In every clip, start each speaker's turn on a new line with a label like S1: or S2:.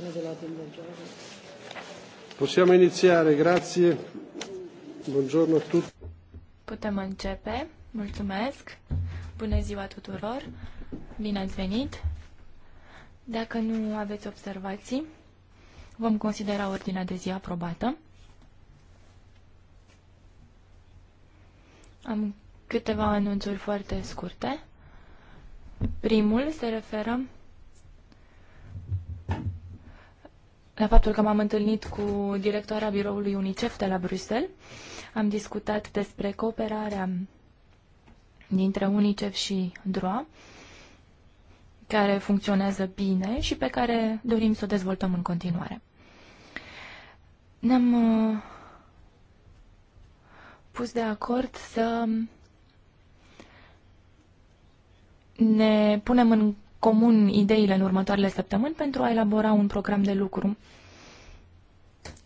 S1: del giorno.
S2: Possiamo iniziare, grazie. Buongiorno a tutti.
S1: Putem începe. Mulțumesc. Bună ziua tuturor. Bine ați venit. Dacă nu aveți observații, vom considera ordinea de zi aprobată. Am câteva anunțuri foarte scurte. Primul se referă la faptul că m-am întâlnit cu directoarea biroului UNICEF de la Bruxelles. Am discutat despre cooperarea dintre UNICEF și DROA, care funcționează bine și pe care dorim să o dezvoltăm în continuare. Ne-am uh, pus de acord să ne punem în comun ideile în următoarele săptămâni pentru a elabora un program de lucru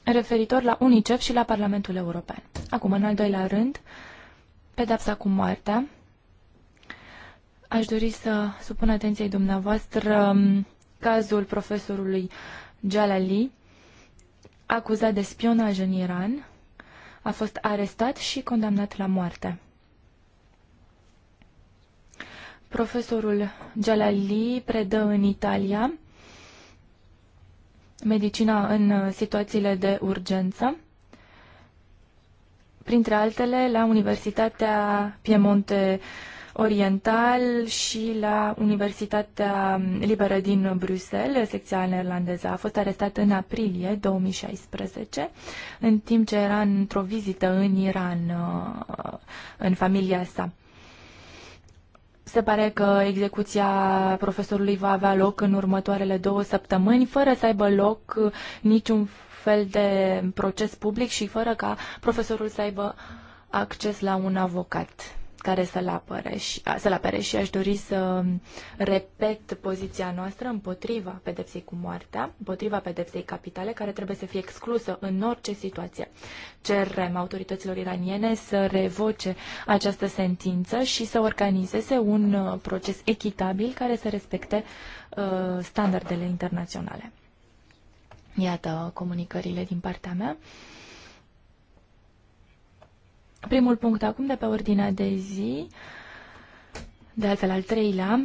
S1: referitor la UNICEF și la Parlamentul European. Acum, în al doilea rând, pedapsa cu moartea. Aș dori să supun atenției dumneavoastră um, cazul profesorului Jalali, acuzat de spionaj în Iran, a fost arestat și condamnat la moarte. Profesorul Jalali predă în Italia medicina în situațiile de urgență, printre altele la Universitatea Piemonte Oriental și la Universitatea Liberă din Bruxelles, secția neerlandeză. A fost arestat în aprilie 2016, în timp ce era într-o vizită în Iran, uh, în familia sa. Se pare că execuția profesorului va avea loc în următoarele două săptămâni, fără să aibă loc niciun fel de proces public și fără ca profesorul să aibă acces la un avocat care să-l, apere și, să-l apere și aș dori să repet poziția noastră împotriva pedepsei cu moartea, împotriva pedepsei capitale, care trebuie să fie exclusă în orice situație. Cerem autorităților iraniene să revoce această sentință și să organizeze un uh, proces echitabil care să respecte uh, standardele internaționale. Iată comunicările din partea mea. Primul punct acum de pe ordinea de zi, de altfel al treilea,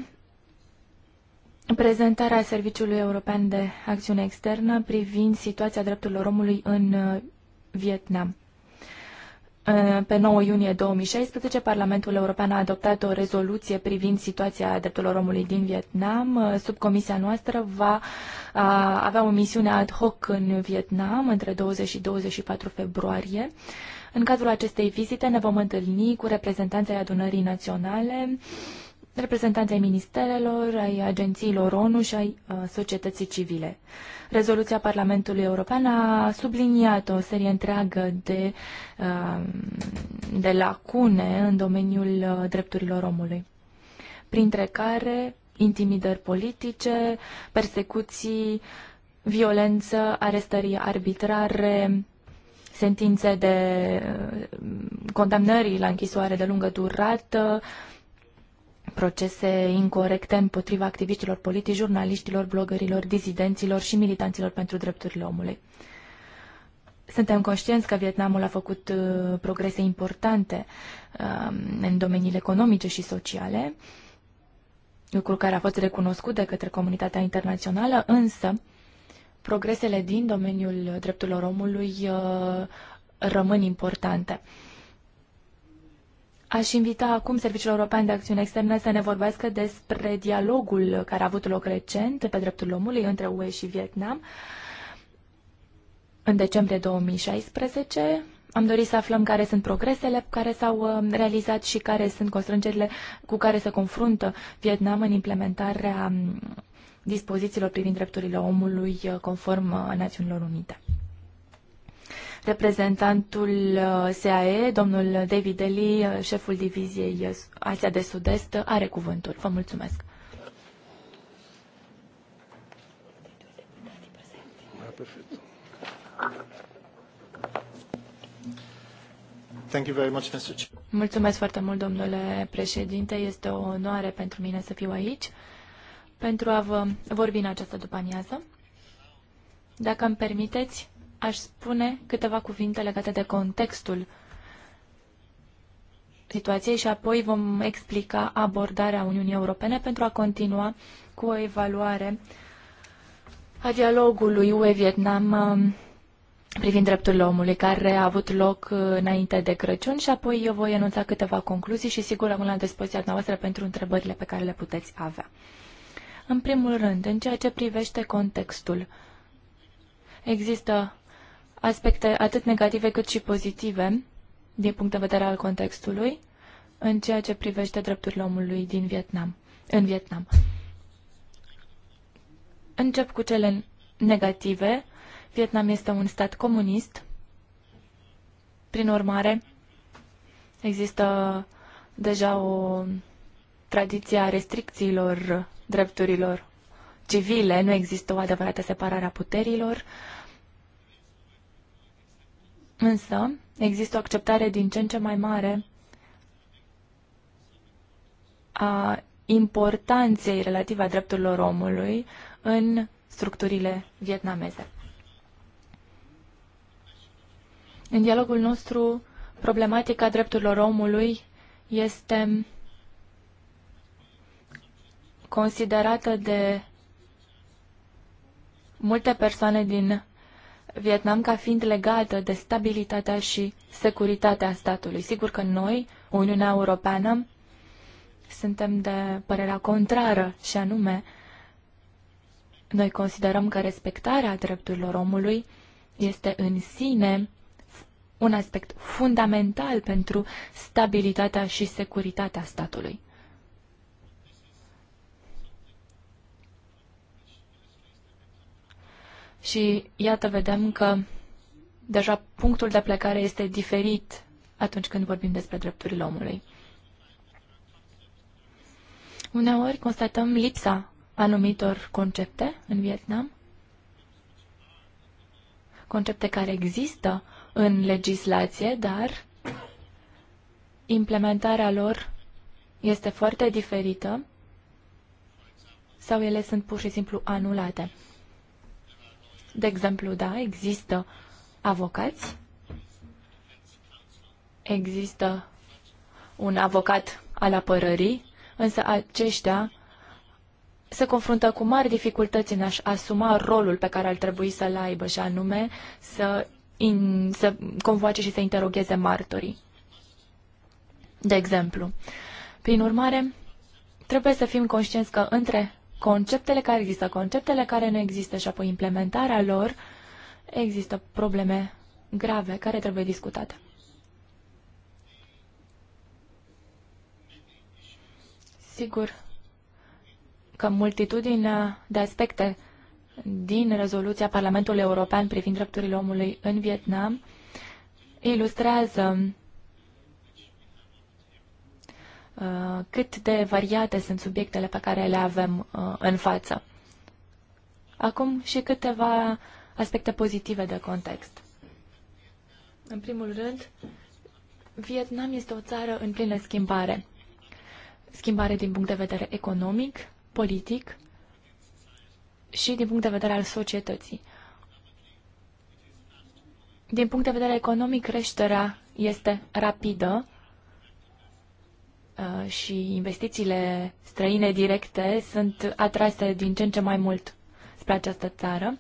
S1: prezentarea Serviciului European de Acțiune Externă privind situația drepturilor omului în uh, Vietnam. Uh, pe 9 iunie 2016, Parlamentul European a adoptat o rezoluție privind situația drepturilor omului din Vietnam. Uh, subcomisia noastră va avea o misiune ad hoc în Vietnam între 20 și 24 februarie în cadrul acestei vizite ne vom întâlni cu reprezentanții adunării naționale, reprezentanții ai ministerelor, ai agențiilor ONU și ai uh, societății civile. Rezoluția Parlamentului European a subliniat o serie întreagă de, um, de lacune în domeniul uh, drepturilor omului, printre care intimidări politice, persecuții, violență, arestări arbitrare, sentințe de uh, condamnări la închisoare de lungă durată, procese incorrecte împotriva activiștilor politici, jurnaliștilor, blogărilor, dizidenților și militanților pentru drepturile omului. Suntem conștienți că Vietnamul a făcut uh, progrese importante um, în domeniile economice și sociale, lucru care a fost recunoscut de către comunitatea internațională, însă progresele din domeniul drepturilor omului uh, rămân importante. Aș invita acum Serviciul European de Acțiune Externă să ne vorbească despre dialogul care a avut loc recent pe dreptul omului între UE și Vietnam în decembrie 2016. Am dorit să aflăm care sunt progresele care s-au uh, realizat și care sunt constrângerile cu care se confruntă Vietnam în implementarea um, dispozițiilor privind drepturile omului uh, conform uh, Națiunilor Unite. Reprezentantul uh, SAE, domnul David Eli, șeful diviziei Asia de Sud-Est, are cuvântul. Vă mulțumesc. Mulțumesc foarte mult, domnule președinte. Este o onoare pentru mine să fiu aici pentru a vă vorbi în această după-amiază. Dacă îmi permiteți, aș spune câteva cuvinte legate de contextul situației și apoi vom explica abordarea Uniunii Europene pentru a continua cu o evaluare a dialogului UE-Vietnam um, privind drepturile omului, care a avut loc uh, înainte de Crăciun și apoi eu voi enunța câteva concluzii și sigur rămân la dispoziția noastră pentru întrebările pe care le puteți avea. În primul rând, în ceea ce privește contextul, există aspecte atât negative cât și pozitive din punct de vedere al contextului în ceea ce privește drepturile omului din Vietnam, în Vietnam. Încep cu cele negative. Vietnam este un stat comunist. Prin urmare, există deja o tradiția restricțiilor drepturilor civile, nu există o adevărată separare a puterilor, însă există o acceptare din ce în ce mai mare a importanței relative a drepturilor omului în structurile vietnameze. În dialogul nostru, problematica drepturilor omului este considerată de multe persoane din Vietnam ca fiind legată de stabilitatea și securitatea statului. Sigur că noi, Uniunea Europeană, suntem de părerea contrară și anume, noi considerăm că respectarea drepturilor omului este în sine un aspect fundamental pentru stabilitatea și securitatea statului. Și iată, vedem că deja punctul de plecare este diferit atunci când vorbim despre drepturile omului. Uneori constatăm lipsa anumitor concepte în Vietnam, concepte care există în legislație, dar implementarea lor este foarte diferită sau ele sunt pur și simplu anulate de exemplu, da, există avocați, există un avocat al apărării, însă aceștia se confruntă cu mari dificultăți în a-și asuma rolul pe care ar trebui să-l aibă, și anume să, in, să convoace și să interogheze martorii. De exemplu. Prin urmare, trebuie să fim conștienți că între conceptele care există, conceptele care nu există și apoi implementarea lor, există probleme grave care trebuie discutate. Sigur că multitudinea de aspecte din rezoluția Parlamentului European privind drepturile omului în Vietnam ilustrează Uh, cât de variate sunt subiectele pe care le avem uh, în față. Acum și câteva aspecte pozitive de context. În primul rând, Vietnam este o țară în plină schimbare. Schimbare din punct de vedere economic, politic și din punct de vedere al societății. Din punct de vedere economic, creșterea este rapidă, Uh, și investițiile străine directe sunt atrase din ce în ce mai mult spre această țară.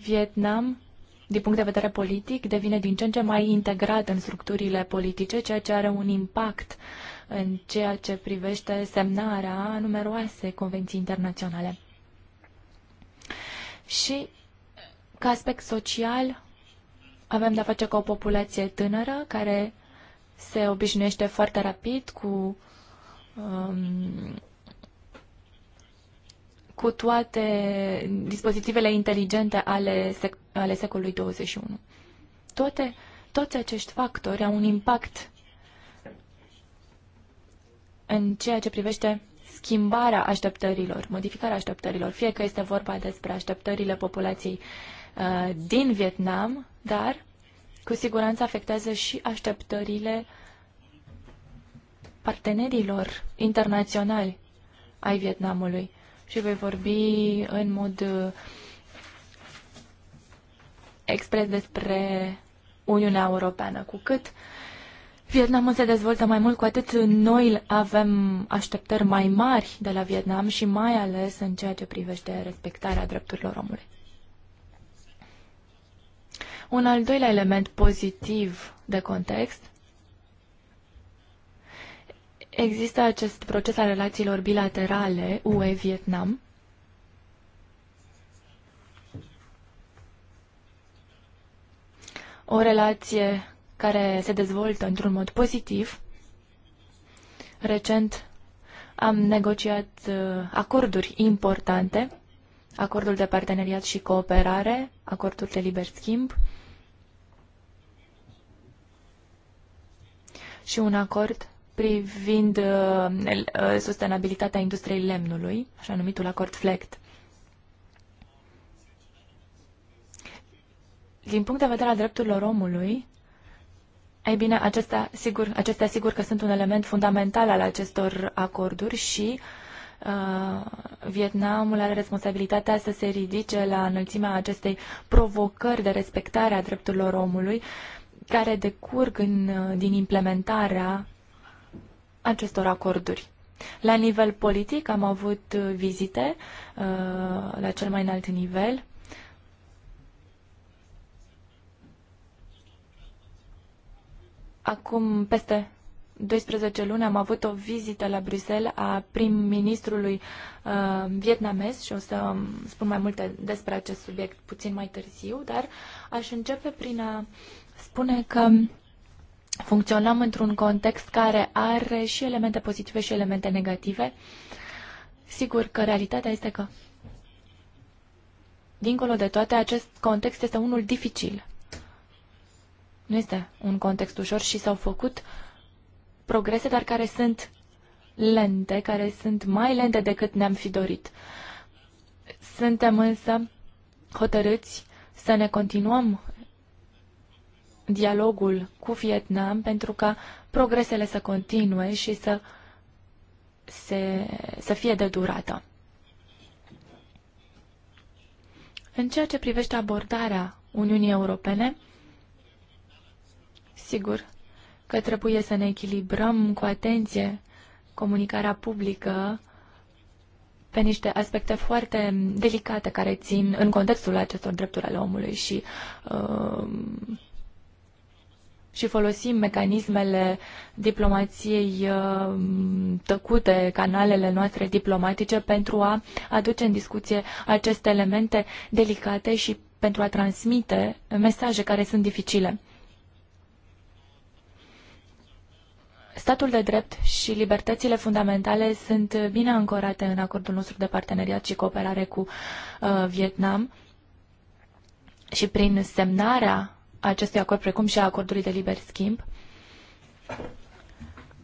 S1: Vietnam, din punct de vedere politic, devine din ce în ce mai integrat în structurile politice, ceea ce are un impact în ceea ce privește semnarea numeroase convenții internaționale. Și, ca aspect social, avem de-a face cu o populație tânără care se obișnuiește foarte rapid cu, um, cu toate dispozitivele inteligente ale, sec- ale secolului 21. Toate, toți acești factori au un impact în ceea ce privește schimbarea așteptărilor, modificarea așteptărilor, fie că este vorba despre așteptările populației uh, din Vietnam, dar cu siguranță afectează și așteptările partenerilor internaționali ai Vietnamului. Și voi vorbi în mod uh, expres despre Uniunea Europeană. Cu cât Vietnamul se dezvoltă mai mult, cu atât noi avem așteptări mai mari de la Vietnam și mai ales în ceea ce privește respectarea drepturilor omului. Un al doilea element pozitiv de context Există acest proces al relațiilor bilaterale UE-Vietnam. O relație care se dezvoltă într-un mod pozitiv. Recent am negociat uh, acorduri importante, acordul de parteneriat și cooperare, acordul de liber schimb, și un acord privind uh, uh, sustenabilitatea industriei lemnului, așa numitul acord FLECT. Din punct de vedere al drepturilor omului, ei bine, acestea sigur, acestea sigur că sunt un element fundamental al acestor acorduri și uh, Vietnamul are responsabilitatea să se ridice la înălțimea acestei provocări de respectare a drepturilor omului uh, care decurg în, uh, din implementarea acestor acorduri. La nivel politic am avut uh, vizite uh, la cel mai înalt nivel. Acum peste 12 luni am avut o vizită la Bruxelles a prim-ministrului uh, vietnamez și o să um, spun mai multe despre acest subiect puțin mai târziu, dar aș începe prin a uh, spune că funcționăm într-un context care are și elemente pozitive și elemente negative. Sigur că realitatea este că, dincolo de toate, acest context este unul dificil. Nu este un context ușor și s-au făcut progrese, dar care sunt lente, care sunt mai lente decât ne-am fi dorit. Suntem însă hotărâți să ne continuăm dialogul cu Vietnam pentru ca progresele să continue și să, se, să fie de durată. În ceea ce privește abordarea Uniunii Europene, sigur că trebuie să ne echilibrăm cu atenție comunicarea publică pe niște aspecte foarte delicate care țin în contextul acestor drepturi ale omului și uh, și folosim mecanismele diplomației uh, tăcute, canalele noastre diplomatice pentru a aduce în discuție aceste elemente delicate și pentru a transmite mesaje care sunt dificile. Statul de drept și libertățile fundamentale sunt bine ancorate în acordul nostru de parteneriat și cooperare cu uh, Vietnam și prin semnarea acestui acord, precum și a acordului de liber schimb,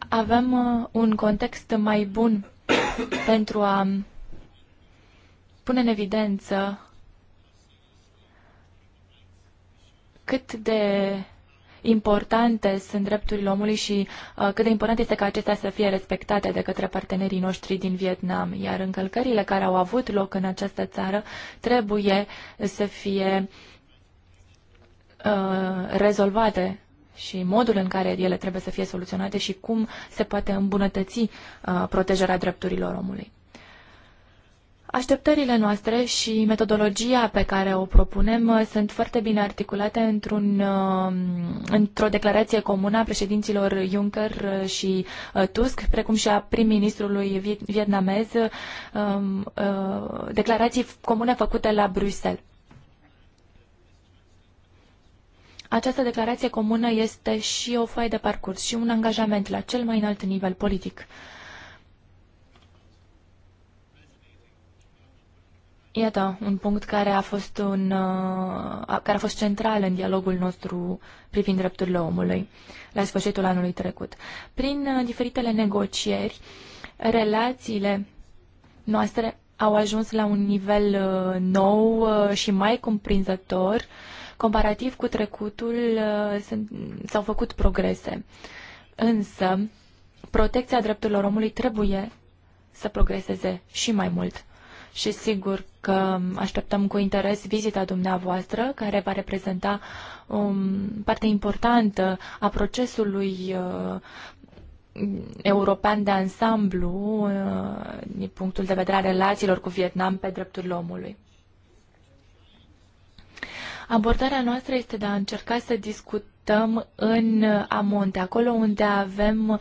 S1: avem uh, un context mai bun pentru a um, pune în evidență cât de importante sunt drepturile omului și uh, cât de important este ca acestea să fie respectate de către partenerii noștri din Vietnam, iar încălcările care au avut loc în această țară trebuie să fie uh, Uh, rezolvate și modul în care ele trebuie să fie soluționate și cum se poate îmbunătăți uh, protejarea drepturilor omului. Așteptările noastre și metodologia pe care o propunem uh, sunt foarte bine articulate într-un, într-o declarație comună a președinților Juncker și Tusk, precum și a prim-ministrului vietnamez, um, declarații comune făcute la Bruxelles. Această declarație comună este și o foaie de parcurs și un angajament la cel mai înalt nivel politic. Iată, un punct care a fost, un, uh, care a fost central în dialogul nostru privind drepturile omului la sfârșitul anului trecut. Prin uh, diferitele negocieri, relațiile noastre au ajuns la un nivel uh, nou și mai cumprinzător uh, Comparativ cu trecutul, uh, s-au făcut progrese. Însă, protecția drepturilor omului trebuie să progreseze și mai mult. Și sigur că așteptăm cu interes vizita dumneavoastră, care va reprezenta o parte importantă a procesului uh, european de ansamblu uh, din punctul de vedere a relațiilor cu Vietnam pe drepturile omului. Abordarea noastră este de a încerca să discutăm în amonte, acolo unde avem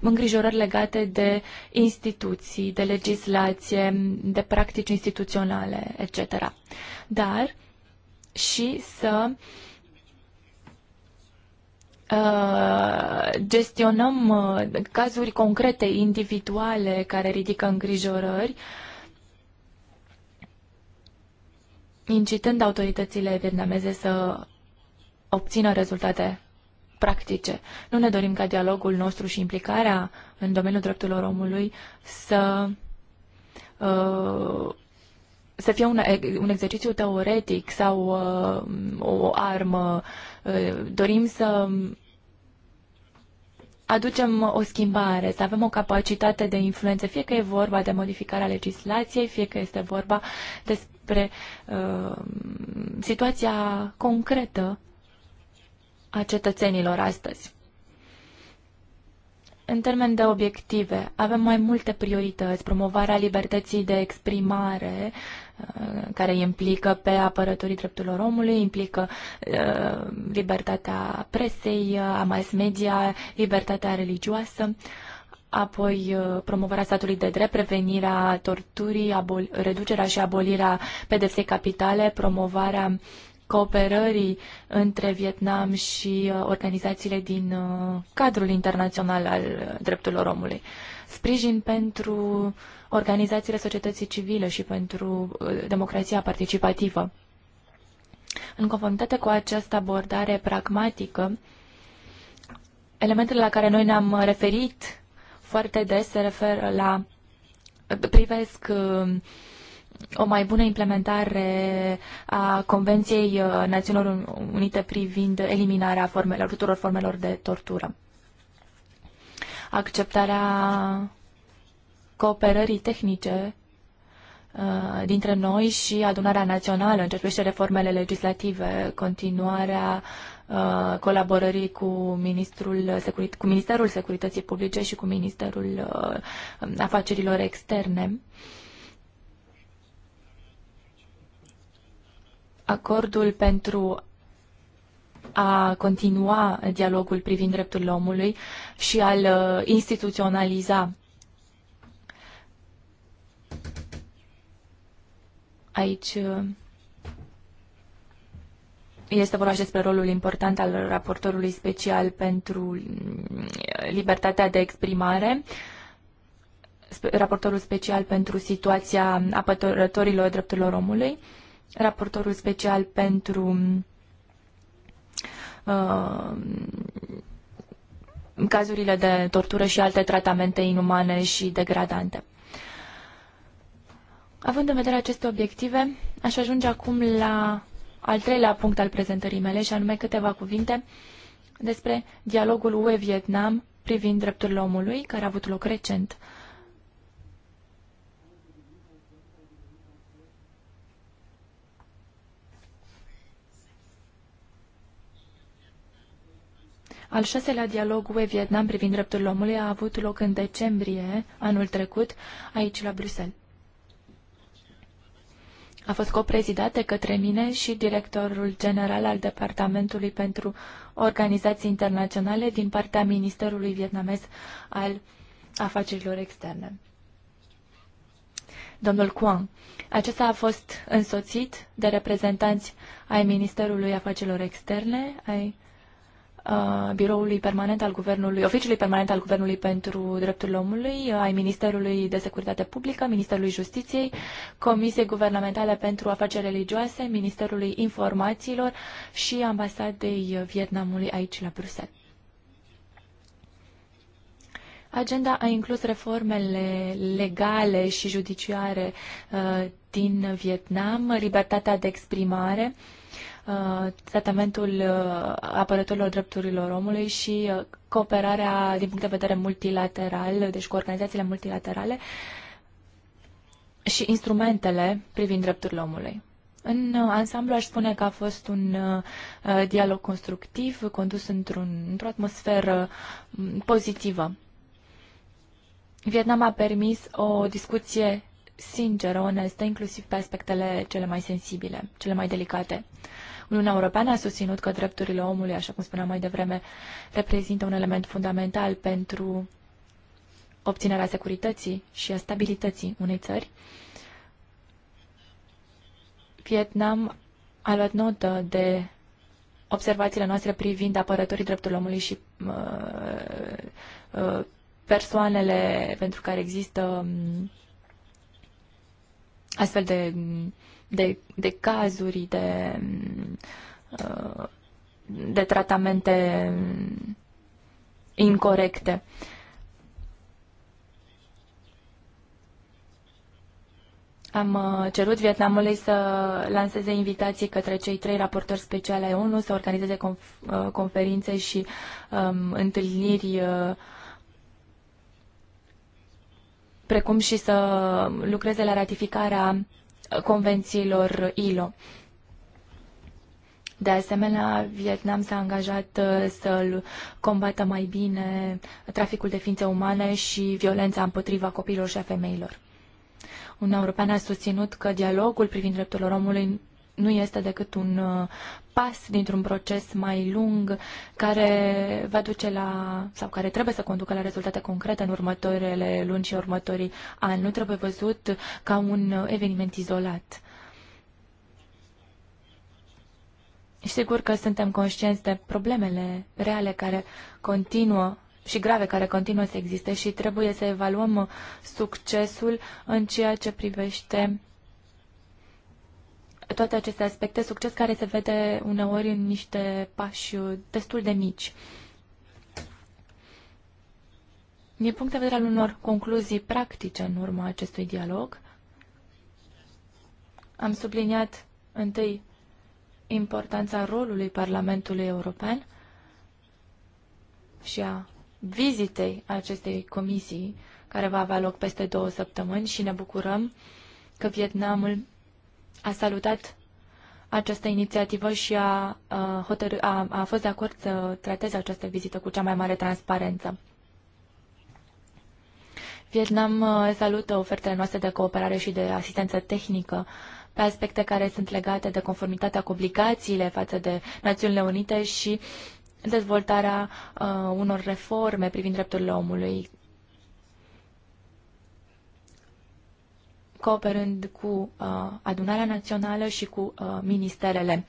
S1: îngrijorări legate de instituții, de legislație, de practici instituționale, etc. Dar și să uh, gestionăm uh, cazuri concrete, individuale, care ridică îngrijorări uh, incitând autoritățile vietnameze să obțină rezultate practice. Nu ne dorim ca dialogul nostru și implicarea în domeniul drepturilor omului să uh, să fie un, un exercițiu teoretic sau uh, o armă. Uh, dorim să aducem o schimbare, să avem o capacitate de influență, fie că e vorba de modificarea legislației, fie că este vorba de despre uh, situația concretă a cetățenilor astăzi. În termen de obiective, avem mai multe priorități, promovarea libertății de exprimare, uh, care implică pe apărătorii drepturilor omului, implică uh, libertatea presei, a mass media, libertatea religioasă apoi uh, promovarea statului de drept, prevenirea torturii, abol- reducerea și abolirea pedepsei capitale, promovarea cooperării între Vietnam și uh, organizațiile din uh, cadrul internațional al drepturilor omului. Sprijin pentru organizațiile societății civile și pentru democrația participativă. În conformitate cu această abordare pragmatică, elementele la care noi ne-am referit foarte des se referă la privesc uh, o mai bună implementare a Convenției uh, Națiunilor Unite privind eliminarea formelor, tuturor formelor de tortură. Acceptarea cooperării tehnice uh, dintre noi și adunarea națională în ce reformele legislative, continuarea Uh, colaborării cu, ministrul Securit- cu Ministerul Securității Publice și cu Ministerul uh, Afacerilor Externe. Acordul pentru a continua dialogul privind drepturile omului și a-l uh, instituționaliza. Aici este vorba și despre rolul important al raportorului special pentru mm, libertatea de exprimare, raportorul special pentru situația apărătorilor drepturilor omului, raportorul special pentru uh, cazurile de tortură și alte tratamente inumane și degradante. Având în vedere aceste obiective, aș ajunge acum la al treilea punct al prezentării mele și anume câteva cuvinte despre dialogul UE-Vietnam privind drepturile omului care a avut loc recent. Al șaselea dialog UE-Vietnam privind drepturile omului a avut loc în decembrie anul trecut aici la Bruxelles a fost coprezidat de către mine și directorul general al Departamentului pentru Organizații Internaționale din partea Ministerului Vietnamez al Afacerilor Externe. Domnul Quang. Acesta a fost însoțit de reprezentanți ai Ministerului Afacerilor Externe, ai biroului permanent al guvernului, oficiului permanent al guvernului pentru drepturile omului, ai Ministerului de Securitate Publică, Ministerului Justiției, Comisiei Guvernamentale pentru Afaceri Religioase, Ministerului Informațiilor și Ambasadei Vietnamului aici la Bruxelles. Agenda a inclus reformele legale și judiciare uh, din Vietnam, libertatea de exprimare, uh, Uh, tratamentul uh, apărătorilor drepturilor omului și uh, cooperarea din punct de vedere multilateral, deci cu organizațiile multilaterale și instrumentele privind drepturile omului. În ansamblu aș spune că a fost un dialog constructiv, condus într-un, într-o atmosferă mm, pozitivă. Vietnam a permis o discuție sinceră, onestă, inclusiv pe aspectele cele mai sensibile, cele mai delicate. Uniunea Europeană a susținut că drepturile omului, așa cum spuneam mai devreme, reprezintă un element fundamental pentru obținerea securității și a stabilității unei țări. Vietnam a luat notă de observațiile noastre privind apărătorii drepturilor omului și uh, uh, persoanele pentru care există um, astfel de um, de, de cazuri, de, de tratamente incorrecte. Am uh, cerut Vietnamului să lanseze invitații către cei trei raportori speciale ai ONU, să organizeze conf- uh, conferințe și um, întâlniri, uh, precum și să lucreze la ratificarea convențiilor ILO. De asemenea, Vietnam s-a angajat uh, să-l combată mai bine traficul de ființe umane și violența împotriva copiilor și a femeilor. Uniunea Europeană a susținut că dialogul privind drepturile omului nu este decât un uh, pas dintr-un proces mai lung care va duce la sau care trebuie să conducă la rezultate concrete în următoarele luni și următorii ani. Nu trebuie văzut ca un uh, eveniment izolat. Și sigur că suntem conștienți de problemele reale care continuă și grave care continuă să existe și trebuie să evaluăm uh, succesul în ceea ce privește toate aceste aspecte, succes care se vede uneori în niște pași destul de mici. Din punct de vedere al unor concluzii practice în urma acestui dialog, am subliniat întâi importanța rolului Parlamentului European și a vizitei acestei comisii care va avea loc peste două săptămâni și ne bucurăm că Vietnamul a salutat această inițiativă și a, a, hotăr- a, a fost de acord să trateze această vizită cu cea mai mare transparență. Vietnam uh, salută ofertele noastre de cooperare și de asistență tehnică pe aspecte care sunt legate de conformitatea cu obligațiile față de Națiunile Unite și dezvoltarea uh, unor reforme privind drepturile omului. cooperând cu uh, adunarea națională și cu uh, ministerele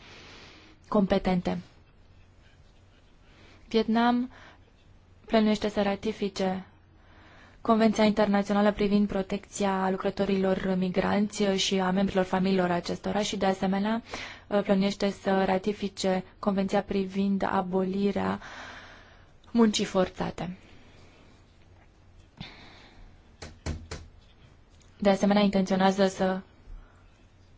S1: competente. Vietnam plănuiește să ratifice Convenția Internațională privind protecția lucrătorilor migranți și a membrilor familiilor acestora și, de asemenea, uh, plănuiește să ratifice Convenția privind abolirea muncii forțate. De asemenea, intenționează să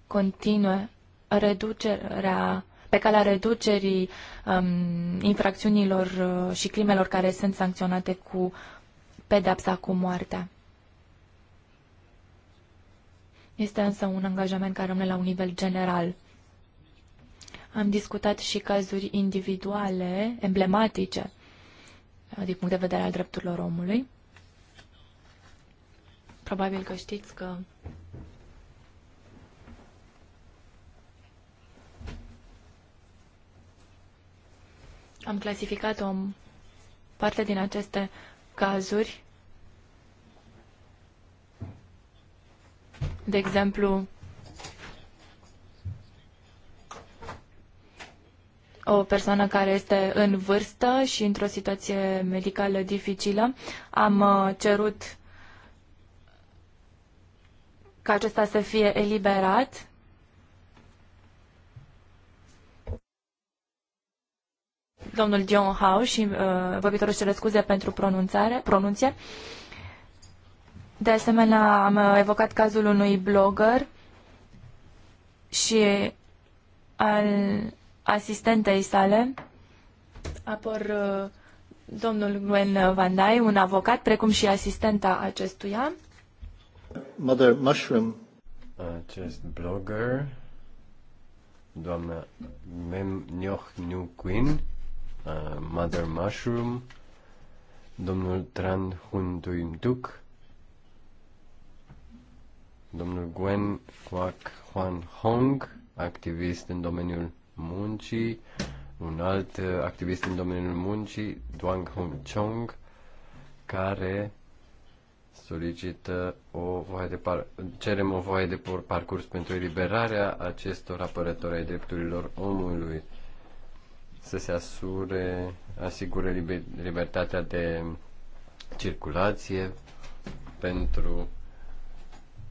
S1: continue reducerea pe calea reducerii um, infracțiunilor uh, și crimelor care sunt sancționate cu pedepsa cu moartea. Este însă un angajament care rămâne la un nivel general. Am discutat și cazuri individuale, emblematice, uh, din punct de vedere al drepturilor omului. Probabil că știți că am clasificat o parte din aceste cazuri, de exemplu, o persoană care este în vârstă și într-o situație medicală dificilă. Am uh, cerut ca acesta să fie eliberat. Domnul John Howe și uh, vorbitorul își cere scuze pentru pronunțare, pronunție. De asemenea, am uh, evocat cazul unui blogger și al asistentei sale, apor uh, domnul Gwen Van Dai, un avocat, precum și asistenta acestuia.
S3: Mother Mushroom. Acest blogger, doamna Mem Nyoh New Queen, uh, Mother Mushroom, domnul Tran Hun Duim Duc, domnul Gwen Quack Huan Hong, activist în domeniul muncii, un alt uh, activist în domeniul muncii, Duang Hong Chong, care solicită o voie de par- cerem o voie de parcurs pentru eliberarea acestor apărători ai drepturilor omului să se asure, asigure liber, libertatea de circulație pentru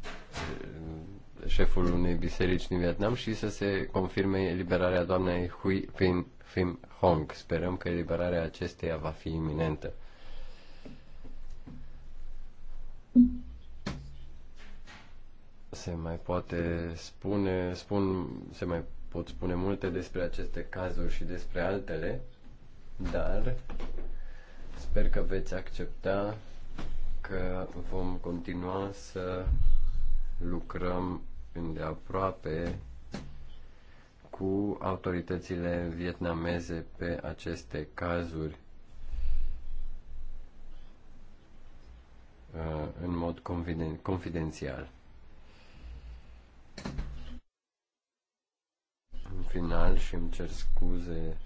S3: eh, șeful unei biserici din Vietnam și să se confirme eliberarea doamnei Hui Phim Hong. Sperăm că eliberarea acesteia va fi iminentă. Se mai poate spune, spun, se mai pot spune multe despre aceste cazuri și despre altele, dar sper că veți accepta că vom continua să lucrăm îndeaproape cu autoritățile vietnameze pe aceste cazuri Uh, în mod confiden- confidențial. În final și îmi cer scuze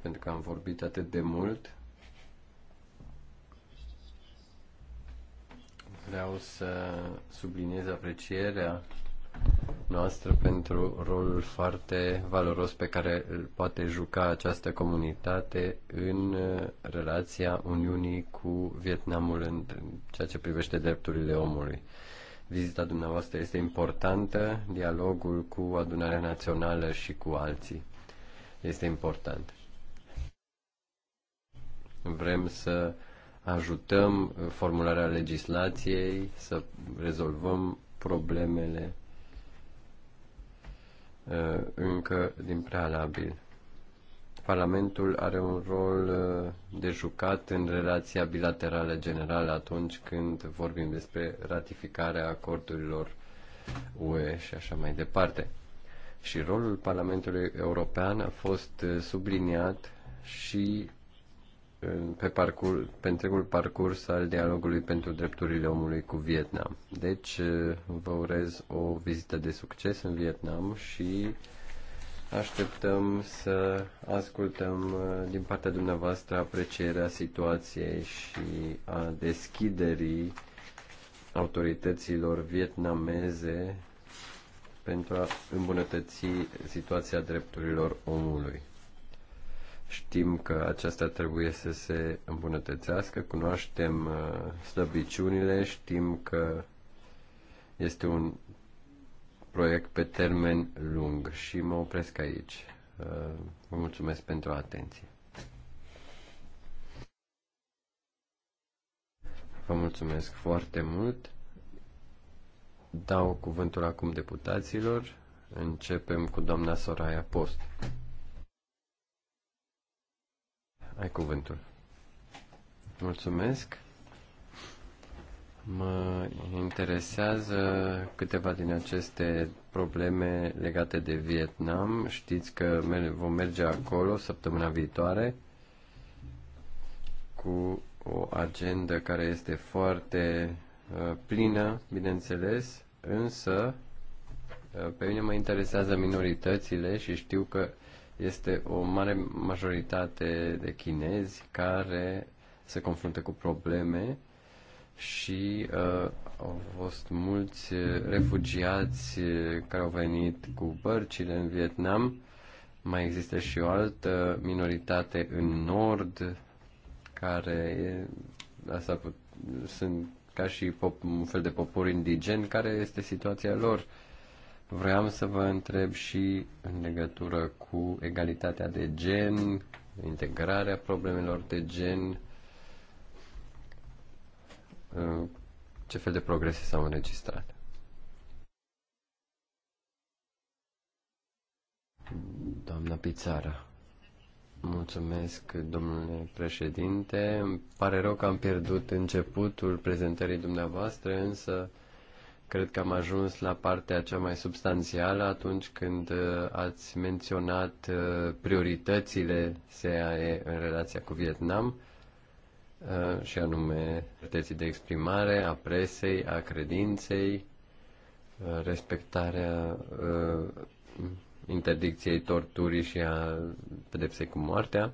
S3: pentru că am vorbit atât de mult. Vreau să subliniez aprecierea noastră pentru rolul foarte valoros pe care îl poate juca această comunitate în uh, relația Uniunii cu Vietnamul în ceea ce privește drepturile omului. Vizita dumneavoastră este importantă, dialogul cu adunarea națională și cu alții este important. Vrem să ajutăm uh, formularea legislației, să rezolvăm problemele Uh, încă din prealabil. Parlamentul are un rol uh, de jucat în relația bilaterală generală atunci când vorbim despre ratificarea acordurilor UE și așa mai departe. Și rolul Parlamentului European a fost uh, subliniat și pe, parcur, pe întregul parcurs al dialogului pentru drepturile omului cu Vietnam. Deci, eh, vă urez o vizită de succes în Vietnam și așteptăm să ascultăm eh, din partea dumneavoastră aprecierea situației și a deschiderii autorităților vietnameze pentru a îmbunătăți situația drepturilor omului. Știm că aceasta trebuie să se îmbunătățească, cunoaștem uh, slăbiciunile, știm că este un proiect pe termen lung și mă opresc aici. Uh, vă mulțumesc pentru atenție. Vă mulțumesc foarte mult. Dau cuvântul acum deputaților. Începem cu doamna Soraya Post ai cuvântul. Mulțumesc. Mă interesează câteva din aceste probleme legate de Vietnam. Știți că vom merge acolo săptămâna viitoare cu o agendă care este foarte uh, plină, bineînțeles, însă uh, pe mine mă interesează minoritățile și știu că este o mare majoritate de chinezi care se confruntă cu probleme și uh, au fost mulți uh, refugiați uh, care au venit cu bărcile în Vietnam. Mai există și o altă minoritate în nord care e, asta da, put, sunt ca și pop, un fel de popor indigen care este situația lor. Uh, Vreau să vă întreb și în legătură cu egalitatea de gen, integrarea problemelor de gen, uh, ce fel de progrese s-au înregistrat. Doamna Pizara, Mulțumesc, domnule președinte. Îmi pare rău că am pierdut începutul prezentării dumneavoastră, însă Cred că am ajuns la partea cea mai substanțială atunci când uh, ați menționat uh, prioritățile SAE în relația cu Vietnam uh, și anume libertății de exprimare, a presei, a credinței, respectarea interdicției torturii și a pedepsei cu moartea.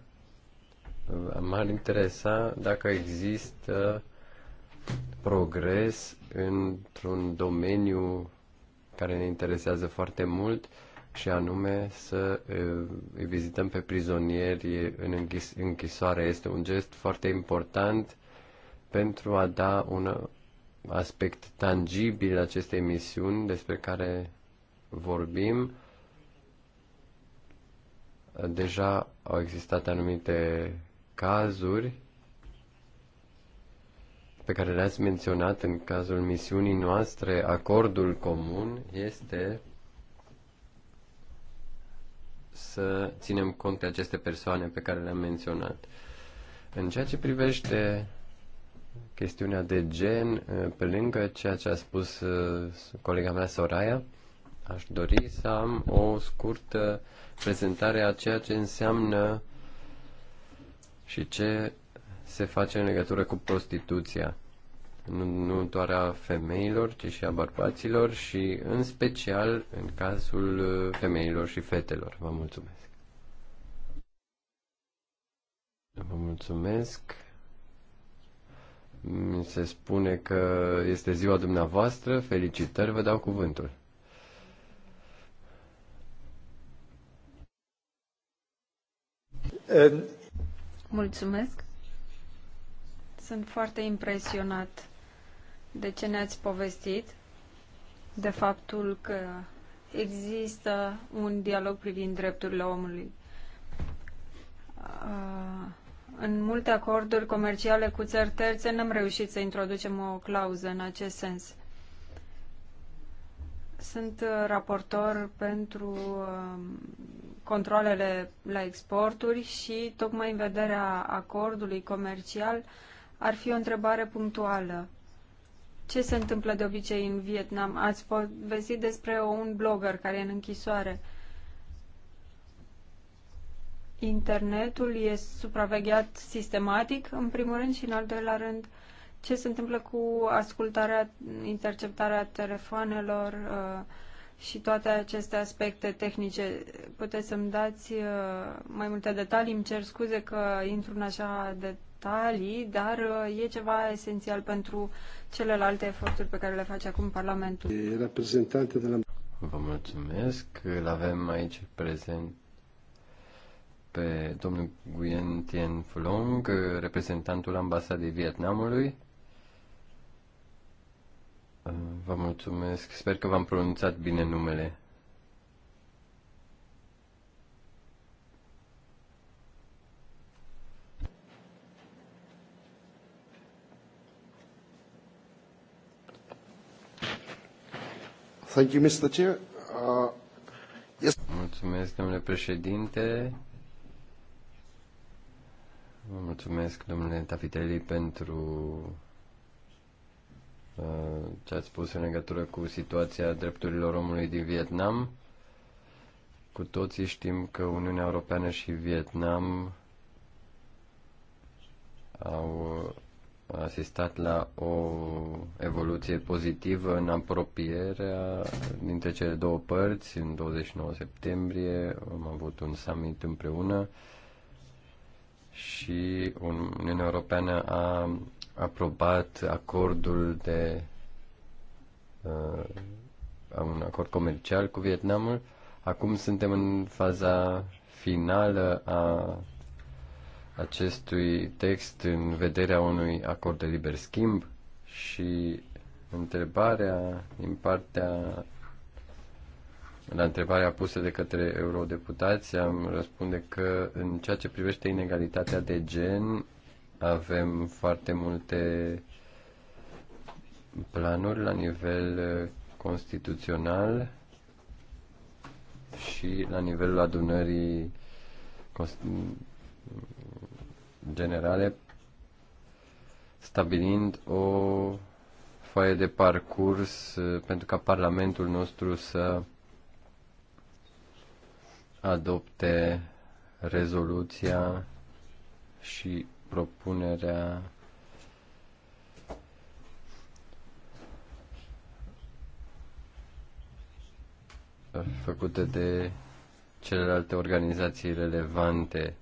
S3: M-ar interesa dacă există uh, progres într-un domeniu care ne interesează foarte mult și anume să îi vizităm pe prizonieri în închis- închisoare. Este un gest foarte important pentru a da un aspect tangibil acestei misiuni despre care vorbim. Deja au existat anumite cazuri pe care le-ați menționat în cazul misiunii noastre, acordul comun este să ținem cont de aceste persoane pe care le-am menționat. În ceea ce privește chestiunea de gen, ă, pe lângă ceea ce a spus ă, colega mea Soraya, aș dori să am o scurtă prezentare a ceea ce înseamnă și ce se face în legătură cu prostituția. Nu, nu doar a femeilor, ci și a bărbaților și în special în cazul uh, femeilor și fetelor. Vă mulțumesc. Vă mulțumesc. Mi se spune că este ziua dumneavoastră. Felicitări, vă dau cuvântul.
S4: Mulțumesc. Sunt foarte impresionat de ce ne-ați povestit, de faptul că există un dialog privind drepturile omului. Uh, în multe acorduri comerciale cu țări terțe n-am reușit să introducem o clauză în acest sens. Sunt uh, raportor pentru um, controlele la exporturi și tocmai în vederea acordului comercial ar fi o întrebare punctuală. Ce se întâmplă de obicei în Vietnam? Ați povestit despre un blogger care e în închisoare. Internetul e supravegheat sistematic, în primul rând, și în al doilea rând, ce se întâmplă cu ascultarea, interceptarea telefoanelor uh, și toate aceste aspecte tehnice. Puteți să-mi dați uh, mai multe detalii? Îmi cer scuze că intru în așa de detalii, dar uh, e ceva esențial pentru celelalte eforturi pe care le face acum Parlamentul.
S3: Reprezentante de la... Vă mulțumesc. Îl avem aici prezent pe domnul Nguyen Tien Phuong, reprezentantul ambasadei Vietnamului. Uh, vă mulțumesc. Sper că v-am pronunțat bine numele. Thank you, Mr. Chair. Uh, yes. Mulțumesc, domnule președinte. Vă mulțumesc, domnule Tafiteli, pentru uh, ce ați spus în legătură cu situația drepturilor omului din Vietnam. Cu toții știm că Uniunea Europeană și Vietnam au asistat la o evoluție pozitivă în apropierea dintre cele două părți. În 29 septembrie am avut un summit împreună și Uniunea Europeană a aprobat acordul de uh, un acord comercial cu Vietnamul. Acum suntem în faza finală a acestui text în vederea unui acord de liber schimb și întrebarea din partea la întrebarea pusă de către eurodeputați am răspunde că în ceea ce privește inegalitatea de gen avem foarte multe planuri la nivel uh, constituțional și la nivelul adunării generale, stabilind o foaie de parcurs eh, pentru ca Parlamentul nostru să adopte rezoluția și propunerea făcute de celelalte organizații relevante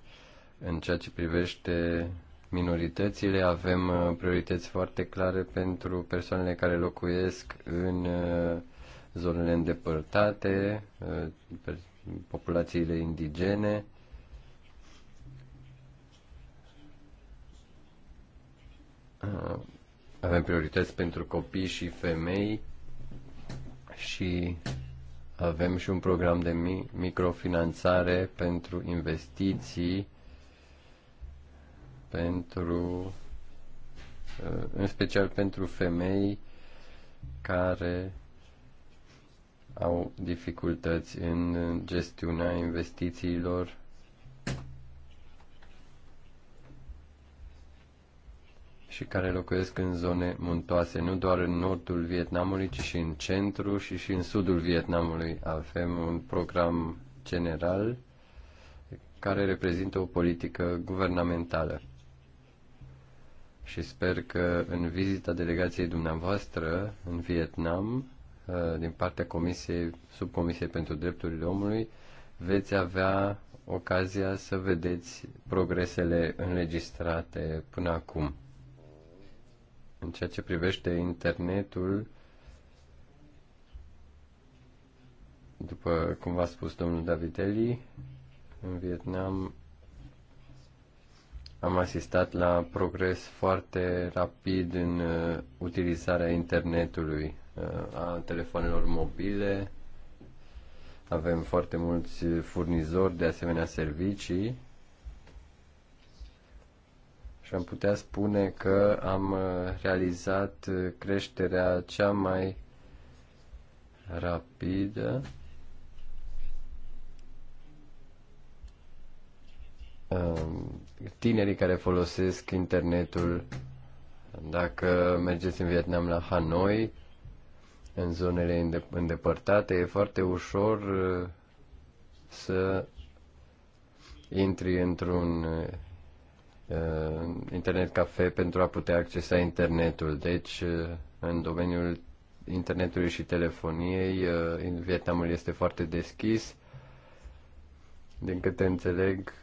S3: în ceea ce privește minoritățile, avem uh, priorități foarte clare pentru persoanele care locuiesc în uh, zonele îndepărtate, uh, populațiile indigene, avem priorități pentru copii și femei și avem și un program de microfinanțare pentru investiții pentru uh, în special pentru femei care au dificultăți în gestiunea investițiilor și care locuiesc în zone muntoase, nu doar în nordul Vietnamului, ci și în centru și și în sudul Vietnamului. Avem un program general care reprezintă o politică guvernamentală și sper că în vizita delegației dumneavoastră în Vietnam, uh, din partea Comisiei, Subcomisiei pentru Drepturile Omului, veți avea ocazia să vedeți progresele înregistrate până acum. În ceea ce privește internetul, după cum v-a spus domnul Davideli, în Vietnam am asistat la progres foarte rapid în uh, utilizarea internetului, uh, a telefonelor mobile. Avem foarte mulți furnizori de asemenea servicii și am putea spune că am uh, realizat uh, creșterea cea mai rapidă Ehm, tinerii care folosesc internetul. Dacă mergeți în Vietnam la Hanoi, în zonele îndepărtate, e foarte ușor eh, să intri într-un eh, internet cafe pentru a putea accesa internetul. Deci, eh, în domeniul internetului și telefoniei, Vietnamul este foarte deschis. Din câte înțeleg,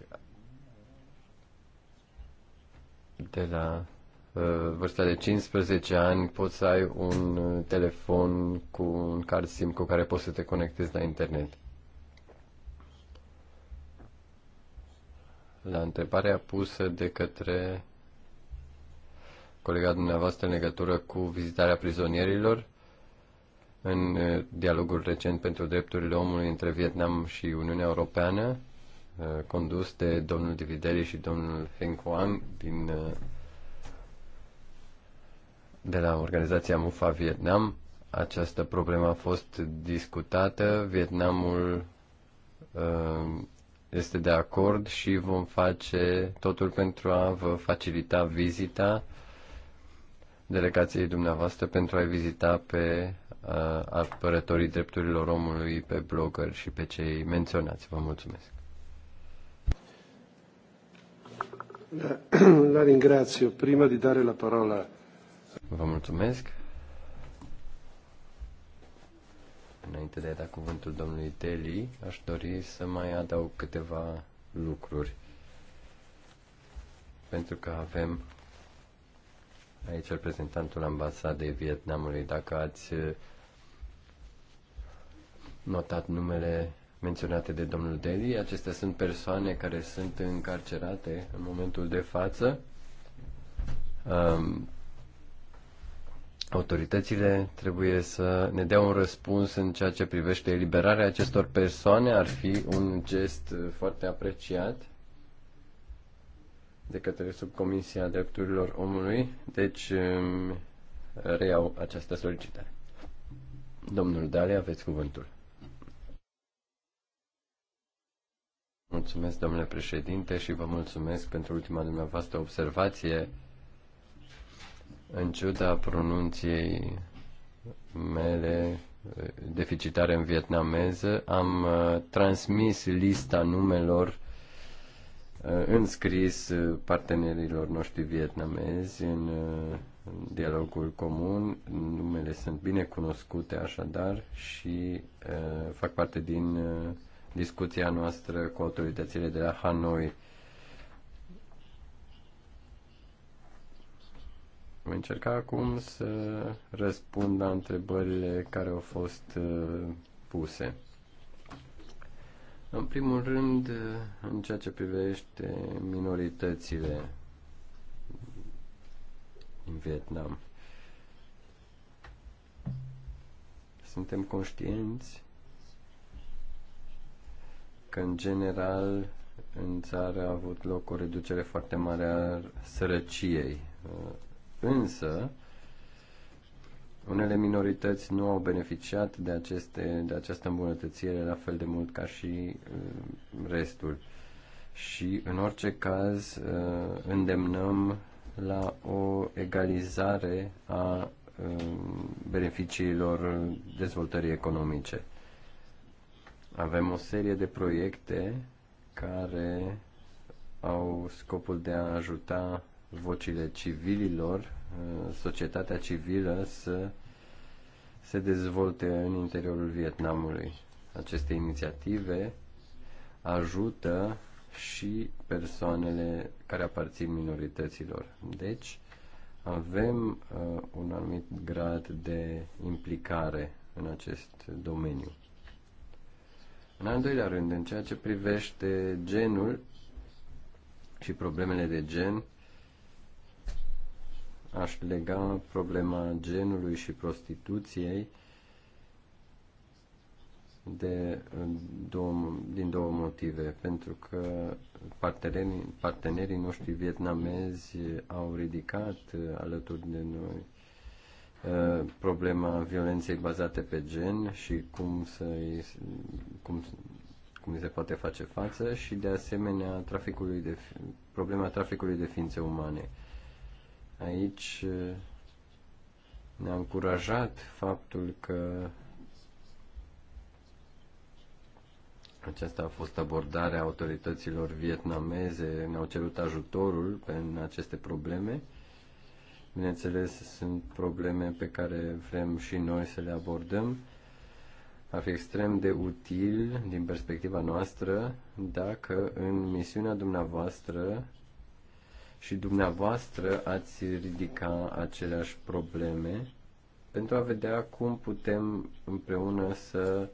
S3: de la uh, vârsta de 15 ani poți să ai un uh, telefon cu un card SIM cu care poți să te conectezi la internet. La întrebarea pusă de către colega dumneavoastră în legătură cu vizitarea prizonierilor, în uh, dialogul recent pentru drepturile omului între Vietnam și Uniunea Europeană, Uh, condus de domnul Divideri și domnul Heng Huang din, uh, de la organizația MUFA Vietnam. Această problemă a fost discutată. Vietnamul uh, este de acord și vom face totul pentru a vă facilita vizita delegației dumneavoastră pentru a-i vizita pe apărătorii drepturilor omului, pe blogger și pe cei menționați. Vă mulțumesc!
S2: La, ringrazio. Prima di dare la parola...
S3: Vă mulțumesc. Înainte de a da cuvântul domnului Deli, aș dori să mai adaug câteva lucruri. Pentru că avem aici reprezentantul ambasadei Vietnamului. Dacă ați eh, notat numele menționate de domnul Deli. Acestea sunt persoane care sunt încarcerate în momentul de față. Um, autoritățile trebuie să ne dea un răspuns în ceea ce privește eliberarea acestor persoane. Ar fi un gest foarte apreciat de către Subcomisia Drepturilor Omului. Deci, um, reiau această solicitare. Domnul Dale, aveți cuvântul. Mulțumesc, domnule președinte, și vă mulțumesc pentru ultima dumneavoastră observație. În ciuda pronunției mele eh, deficitare în vietnameză, am eh, transmis lista numelor eh, înscris partenerilor noștri vietnamezi în dialogul comun. Numele sunt bine cunoscute așadar și fac parte din discuția noastră cu autoritățile de la Hanoi. Voi încerca acum să răspund la întrebările care au fost uh, puse. În primul rând, uh, în ceea ce privește minoritățile din Vietnam, suntem conștienți că în general în țară a avut loc o reducere foarte mare a sărăciei. Însă, unele minorități nu au beneficiat de, aceste, de această îmbunătățire la fel de mult ca și uh, restul. Și, în orice caz, uh, îndemnăm la o egalizare a uh, beneficiilor dezvoltării economice. Avem o serie de proiecte care au scopul de a ajuta vocile civililor, uh, societatea civilă să se dezvolte în interiorul Vietnamului. Aceste inițiative ajută și persoanele care aparțin minorităților. Deci, avem uh, un anumit grad de implicare în acest domeniu. În al doilea rând, în ceea ce privește genul și problemele de gen, aș lega problema genului și prostituției de două, din două motive. Pentru că partenerii, partenerii noștri vietnamezi au ridicat alături de noi problema violenței bazate pe gen și cum, să cum, cum se poate face față și de asemenea traficului de, problema traficului de ființe umane. Aici eh, ne-a încurajat faptul că Aceasta a fost abordarea autorităților vietnameze, ne-au cerut ajutorul în aceste probleme Bineînțeles, sunt probleme pe care vrem și noi să le abordăm. Ar fi extrem de util, din perspectiva noastră, dacă în misiunea dumneavoastră și dumneavoastră ați ridica aceleași probleme pentru a vedea cum putem împreună să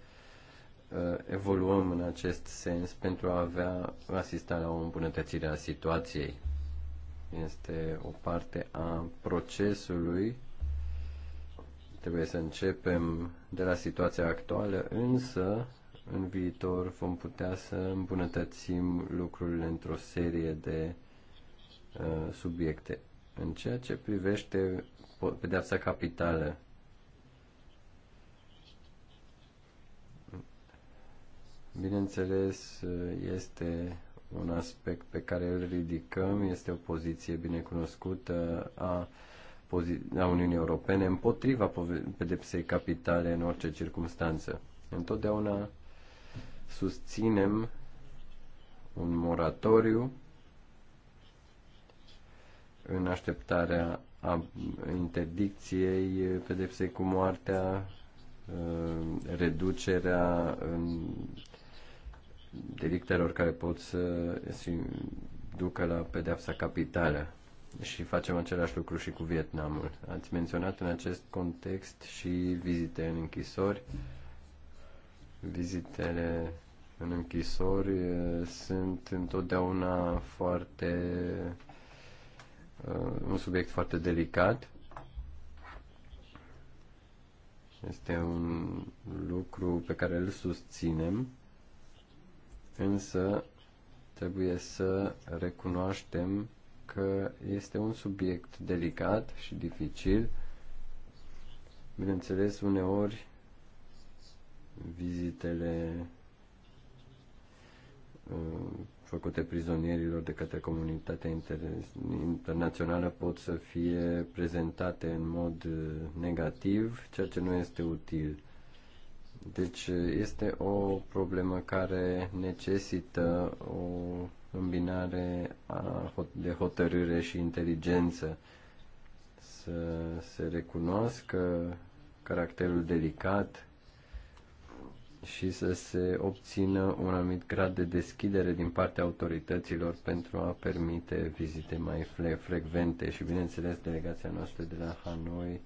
S3: uh, evoluăm în acest sens pentru a avea asistarea la o îmbunătățire a situației. Este o parte a procesului. Trebuie să începem de la situația actuală, însă în viitor vom putea să îmbunătățim lucrurile într-o serie de uh, subiecte. În ceea ce privește pedeapsa capitală, bineînțeles, este un aspect pe care îl ridicăm este o poziție binecunoscută a, a Uniunii Europene împotriva pedepsei capitale în orice circunstanță. Întotdeauna susținem un moratoriu în așteptarea a interdicției pedepsei cu moartea, uh, reducerea în delictelor care pot să ducă la pedeapsa capitală și facem același lucru și cu Vietnamul. Ați menționat în acest context și vizite în închisori. Vizitele în închisori sunt întotdeauna foarte un subiect foarte delicat. Este un lucru pe care îl susținem Însă trebuie să recunoaștem că este un subiect delicat și dificil. Bineînțeles, uneori vizitele uh, făcute prizonierilor de către comunitatea internațională pot să fie prezentate în mod uh, negativ, ceea ce nu este util. Deci este o problemă care necesită o îmbinare a, de hotărâre și inteligență să se recunoască caracterul delicat și să se obțină un anumit grad de deschidere din partea autorităților pentru a permite vizite mai frecvente și bineînțeles delegația noastră de la Hanoi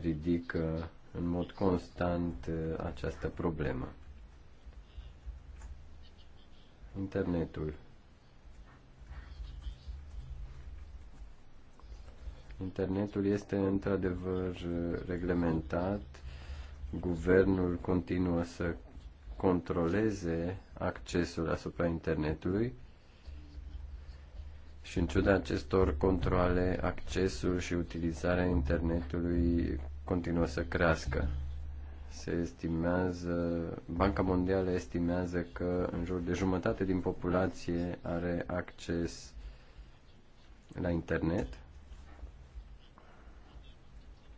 S3: ridică în mod constant uh, această problemă. Internetul. Internetul este într-adevăr uh, reglementat. Guvernul continuă să controleze accesul asupra internetului și în ciuda acestor controle, accesul și utilizarea internetului continuă să crească. Se estimează, Banca Mondială estimează că în jur de jumătate din populație are acces la internet.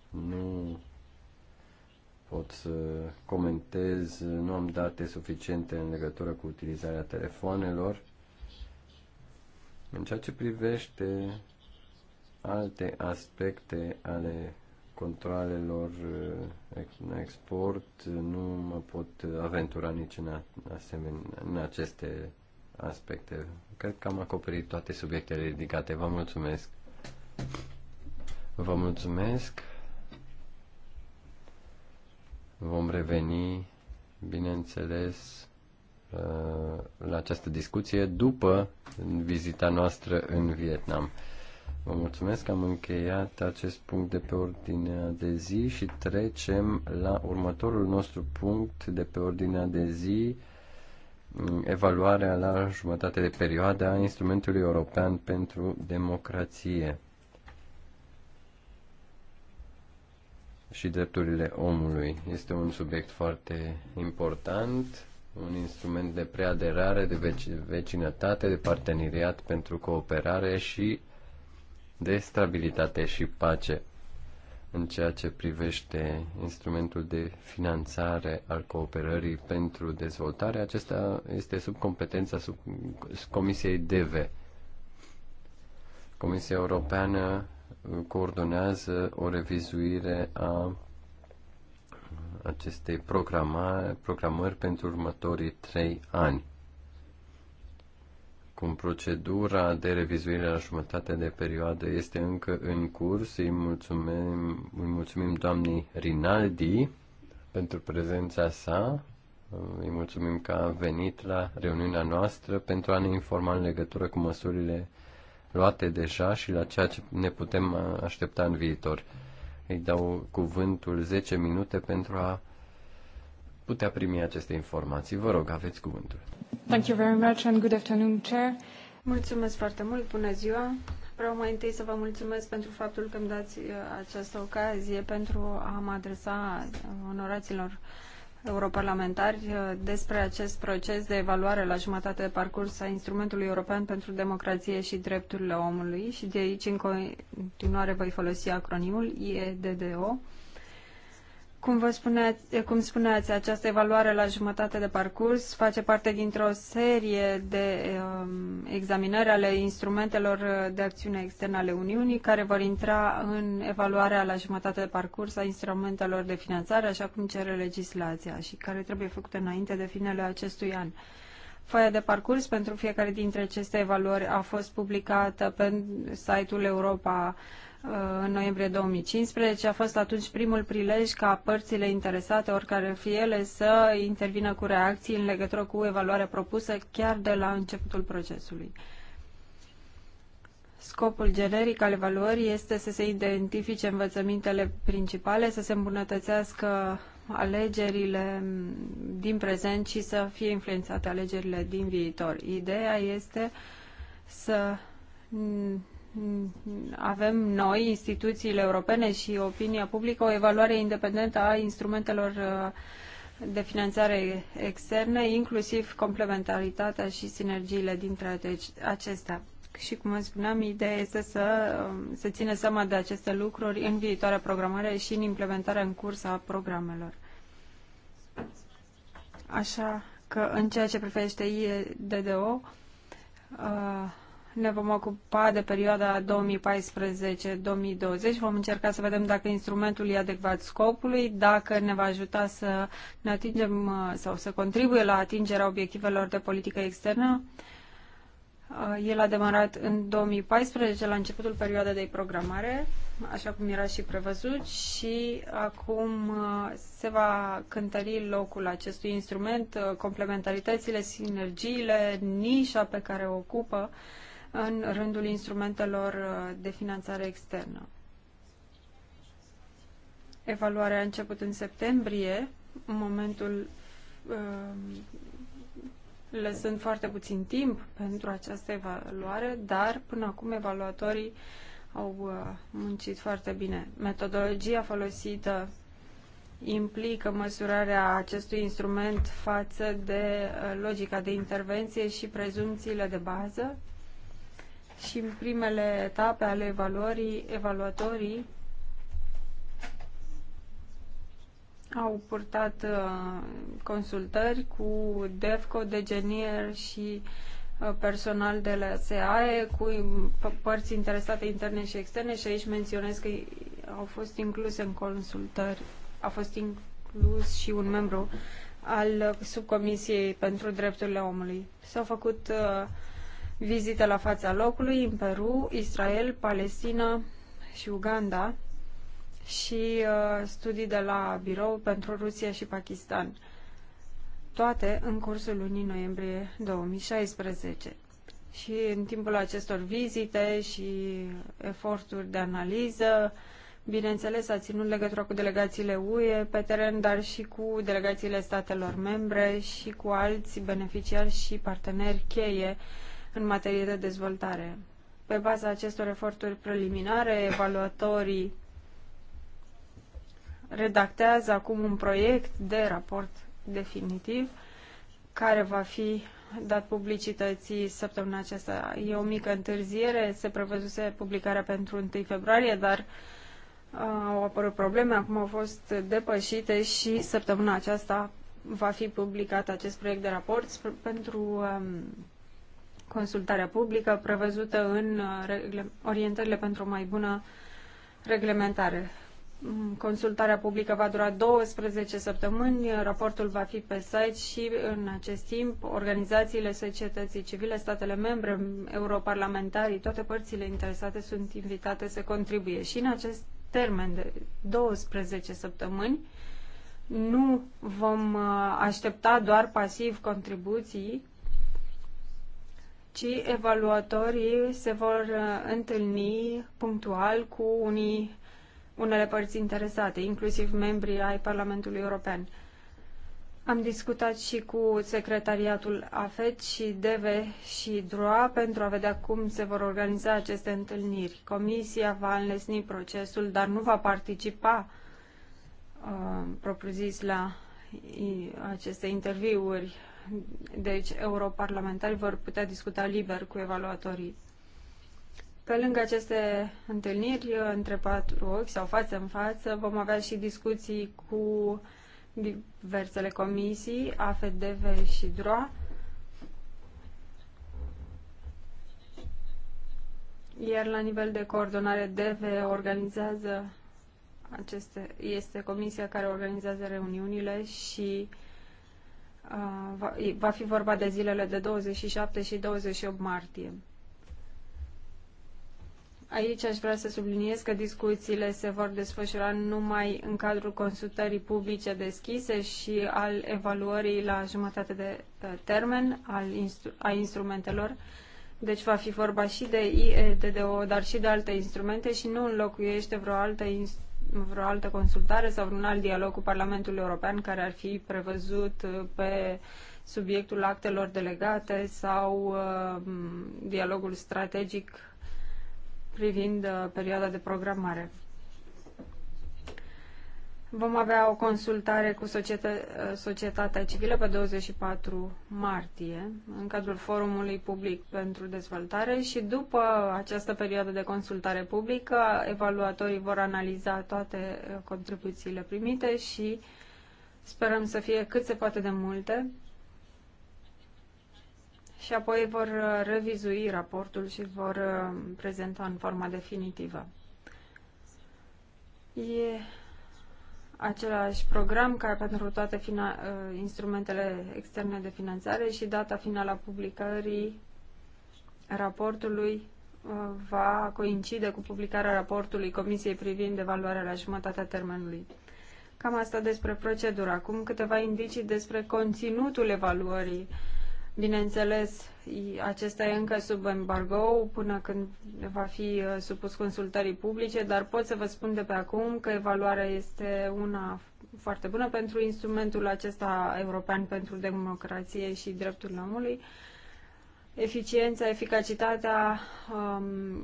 S3: Nu pot să comentez, nu am date suficiente în legătură cu utilizarea telefoanelor. În ceea ce privește alte aspecte ale controlelor la eh, export, eh, nu mă pot aventura nici în, asemenea, în aceste aspecte. Cred că am acoperit toate subiectele ridicate. Vă mulțumesc. Vă mulțumesc. Vom reveni, bineînțeles, eh, la această discuție după vizita noastră în Vietnam. Vă mulțumesc, am încheiat acest punct de pe ordinea de zi și trecem la următorul nostru punct de pe ordinea de zi, mm, evaluarea la jumătate de perioadă a instrumentului european pentru democrație și drepturile omului. Este un subiect foarte important, un instrument de preaderare, de vecinătate, de parteneriat pentru cooperare și de stabilitate și pace în ceea ce privește instrumentul de finanțare al cooperării pentru dezvoltare. Acesta este sub competența sub Comisiei DV. Comisia Europeană coordonează o revizuire a acestei programări pentru următorii trei ani. Cum procedura de revizuire la jumătate de perioadă este încă în curs. Îi mulțumim, îi mulțumim doamnei Rinaldi pentru prezența sa. Îi mulțumim că a venit la reuniunea noastră pentru a ne informa în legătură cu măsurile luate deja și la ceea ce ne putem aștepta în viitor. Îi dau cuvântul 10 minute pentru a putea primi aceste informații. Vă rog, aveți cuvântul.
S4: Thank you very much and good afternoon, Chair. Mulțumesc foarte mult, bună ziua. Vreau mai întâi să vă mulțumesc pentru faptul că îmi dați uh, această ocazie pentru a mă adresa onoraților europarlamentari uh, despre acest proces de evaluare la jumătate de parcurs a Instrumentului European pentru Democrație și Drepturile Omului și de aici în continuare voi folosi acronimul IEDDO. Cum, vă spuneați, cum spuneați, această evaluare la jumătate de parcurs face parte dintr-o serie de um, examinări ale instrumentelor de acțiune externă ale Uniunii, care vor intra în evaluarea la jumătate de parcurs a instrumentelor de finanțare, așa cum cere legislația și care trebuie făcută înainte de finele acestui an. Foaia de parcurs pentru fiecare dintre aceste evaluări a fost publicată pe site-ul Europa în noiembrie 2015. A fost atunci primul prilej ca părțile interesate, oricare fi ele, să intervină cu reacții în legătură cu evaluarea propusă chiar de la începutul procesului. Scopul generic al evaluării este să se identifice învățămintele principale, să se îmbunătățească alegerile din prezent și să fie influențate alegerile din viitor. Ideea este să avem noi, instituțiile europene și opinia publică, o evaluare independentă a instrumentelor uh, de finanțare externe, inclusiv complementaritatea și sinergiile dintre acestea. Și, cum spuneam, ideea este să um, se ține seama de aceste lucruri în viitoarea programare și în implementarea în curs a programelor. Așa că, în ceea ce privește IDDO, uh, ne vom ocupa de perioada 2014-2020. Vom încerca să vedem dacă instrumentul e adecvat scopului, dacă ne va ajuta să ne atingem uh, sau să contribuie la atingerea obiectivelor de politică externă. Uh, el a demarat în 2014, la începutul perioadei de programare, așa cum era și prevăzut, și acum uh, se va cântări locul acestui instrument, complementaritățile, sinergiile, nișa pe care o ocupă în rândul instrumentelor uh, de finanțare externă. Evaluarea a început în septembrie, în momentul uh, lăsând foarte puțin timp pentru această evaluare, dar până acum evaluatorii au uh, muncit foarte bine. Metodologia folosită implică măsurarea acestui instrument față de logica de intervenție și prezumțiile de bază și în primele etape ale evaluării, evaluatorii au purtat uh, consultări cu DEFCO, Degenier și uh, personal de la SEAE cu părți interesate interne și externe și aici menționez că au fost incluse în consultări, a fost inclus și un membru al subcomisiei pentru drepturile omului. S-au făcut uh, vizite la fața locului în Peru, Israel, Palestina și Uganda și uh, studii de la birou pentru Rusia și Pakistan, toate în cursul lunii noiembrie 2016. Și în timpul acestor vizite și eforturi de analiză, bineînțeles, a ținut legătura cu delegațiile UE pe teren, dar și cu delegațiile statelor membre și cu alți beneficiari și parteneri cheie uh, în materie de dezvoltare. Pe baza acestor eforturi preliminare, evaluatorii redactează acum un proiect de raport definitiv care va fi dat publicității săptămâna aceasta. E o mică întârziere, se prevăzuse publicarea pentru 1 februarie, dar uh, au apărut probleme, acum au fost depășite și săptămâna aceasta va fi publicat acest proiect de raport pentru um, consultarea publică prevăzută în uh, orientările pentru o mai bună reglementare. Mm, consultarea publică va dura 12 săptămâni, raportul va fi pe site și în acest timp organizațiile societății civile, statele membre, europarlamentarii, toate părțile interesate sunt invitate să contribuie. Și în acest termen de 12 săptămâni nu vom uh, aștepta doar pasiv contribuții, ci evaluatorii se vor uh, întâlni punctual cu unii, unele părți interesate, inclusiv membrii ai Parlamentului European. Am discutat și cu secretariatul AFET și DEVE și DROA pentru a vedea cum se vor organiza aceste întâlniri. Comisia va înlesni procesul, dar nu va participa uh, propriu-zis la aceste interviuri deci, europarlamentari vor putea discuta liber cu evaluatorii. Pe lângă aceste întâlniri, între patru ochi sau față în față, vom avea și discuții cu diversele comisii, AFDV și DROA. Iar la nivel de coordonare, DV organizează aceste, este comisia care organizează reuniunile și uh, va fi vorba de zilele de 27 și 28 martie. Aici aș vrea să subliniez că discuțiile se vor desfășura numai în cadrul consultării publice deschise și al evaluării la jumătate de uh, termen al instru a instrumentelor. Deci va fi vorba și de IEDDO, dar și de alte instrumente și nu înlocuiește vreo altă instrumentă vreo altă consultare sau un alt dialog cu Parlamentul European care ar fi prevăzut uh, pe subiectul actelor delegate sau uh, dialogul strategic privind uh, perioada de programare. Vom avea o consultare cu societatea civilă pe 24 martie, în cadrul Forumului Public pentru Dezvoltare și după această perioadă de consultare publică, evaluatorii vor analiza toate uh, contribuțiile primite și sperăm să fie cât se poate de multe și apoi vor uh, revizui raportul și vor uh, prezenta în forma definitivă. E același program care pentru toate fina- uh, instrumentele externe de finanțare și data finală a publicării raportului uh, va coincide cu publicarea raportului Comisiei privind evaluarea la jumătatea termenului. Cam asta despre procedură. Acum câteva indicii despre conținutul evaluării uh, Bineînțeles, acesta e încă sub embargo până când va fi uh, supus consultării publice, dar pot să vă spun de pe acum că evaluarea este una foarte bună pentru instrumentul acesta european pentru democrație și drepturile omului. Eficiența, eficacitatea um,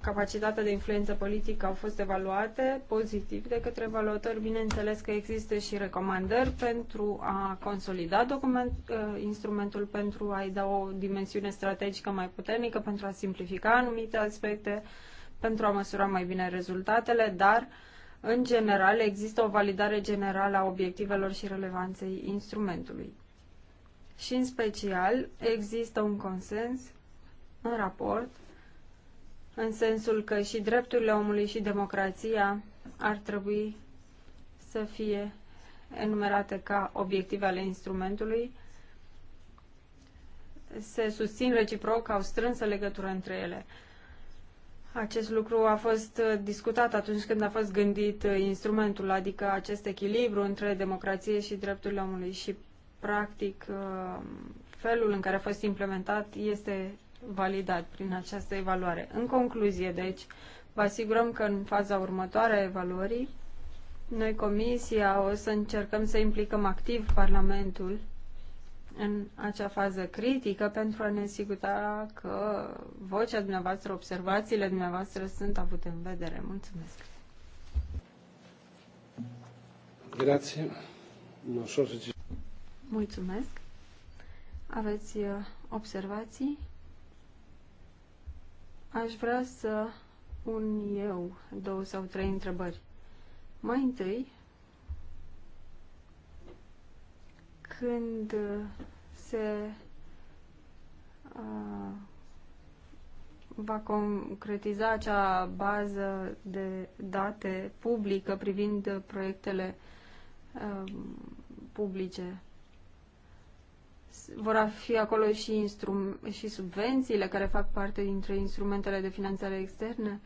S4: capacitatea de influență politică au fost evaluate pozitiv de către evaluatori. Bineînțeles că există și recomandări pentru a consolida document, uh, instrumentul, pentru a-i da o dimensiune strategică mai puternică, pentru a simplifica anumite aspecte, pentru a măsura mai bine rezultatele, dar, în general, există o validare generală a obiectivelor și relevanței instrumentului. Și, în special, există un consens în raport în sensul că și drepturile omului și democrația ar trebui să fie enumerate ca obiective ale instrumentului, se susțin reciproc, au strânsă legătură între ele. Acest lucru a fost discutat atunci când a fost gândit instrumentul, adică acest echilibru între democrație și drepturile omului și, practic, felul în care a fost implementat este validat prin această evaluare. În concluzie, deci, vă asigurăm că în faza următoare a evaluării, noi, Comisia, o să încercăm să implicăm activ Parlamentul în acea fază critică pentru a ne asigura că vocea dumneavoastră, observațiile dumneavoastră sunt avute în vedere. Mulțumesc! Grazie. Mulțumesc. Aveți uh, observații? Aș vrea să pun eu două sau trei întrebări. Mai întâi, când se uh, va concretiza acea bază de date publică privind proiectele uh, publice vor fi acolo și, instrum, și subvențiile care fac parte dintre instrumentele de finanțare externe?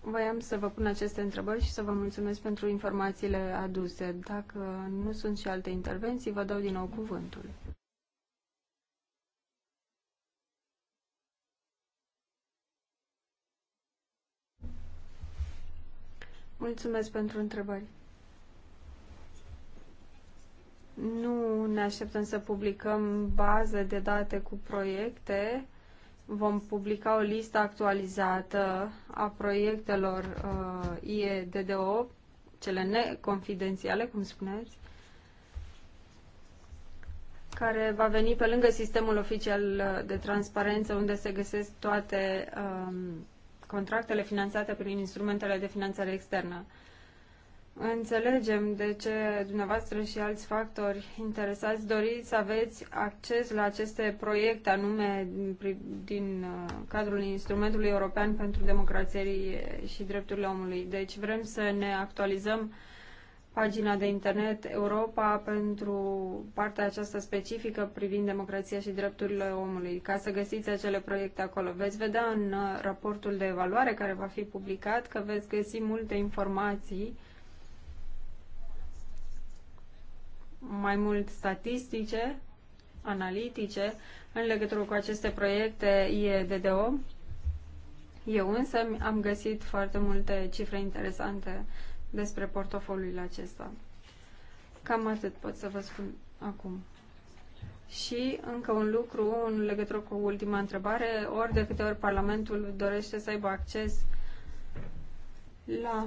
S4: Voiam să vă pun aceste întrebări și să vă mulțumesc pentru informațiile aduse. Dacă nu sunt și alte intervenții, vă dau din nou cuvântul. Mulțumesc pentru întrebări. Nu ne așteptăm să publicăm baze de date cu proiecte. Vom publica o listă actualizată a proiectelor uh, IEDDO, cele neconfidențiale, cum spuneți, care va veni pe lângă sistemul oficial uh, de transparență, unde se găsesc toate um, contractele finanțate prin instrumentele de finanțare externă. Înțelegem de ce dumneavoastră și alți factori interesați doriți să aveți acces la aceste proiecte anume din din uh, cadrul instrumentului european pentru democrație și drepturile omului. Deci vrem să ne actualizăm pagina de internet Europa pentru partea aceasta specifică privind democrația și drepturile omului. Ca să găsiți acele proiecte acolo, veți vedea în uh, raportul de evaluare care va fi publicat că veți găsi multe informații mai mult statistice, analitice, în legătură cu aceste proiecte IEDDO. Eu însă am găsit foarte multe cifre interesante despre portofoliul acesta. Cam atât pot să vă spun acum. Și încă un lucru în legătură cu ultima întrebare. Ori de câte ori Parlamentul dorește să aibă acces la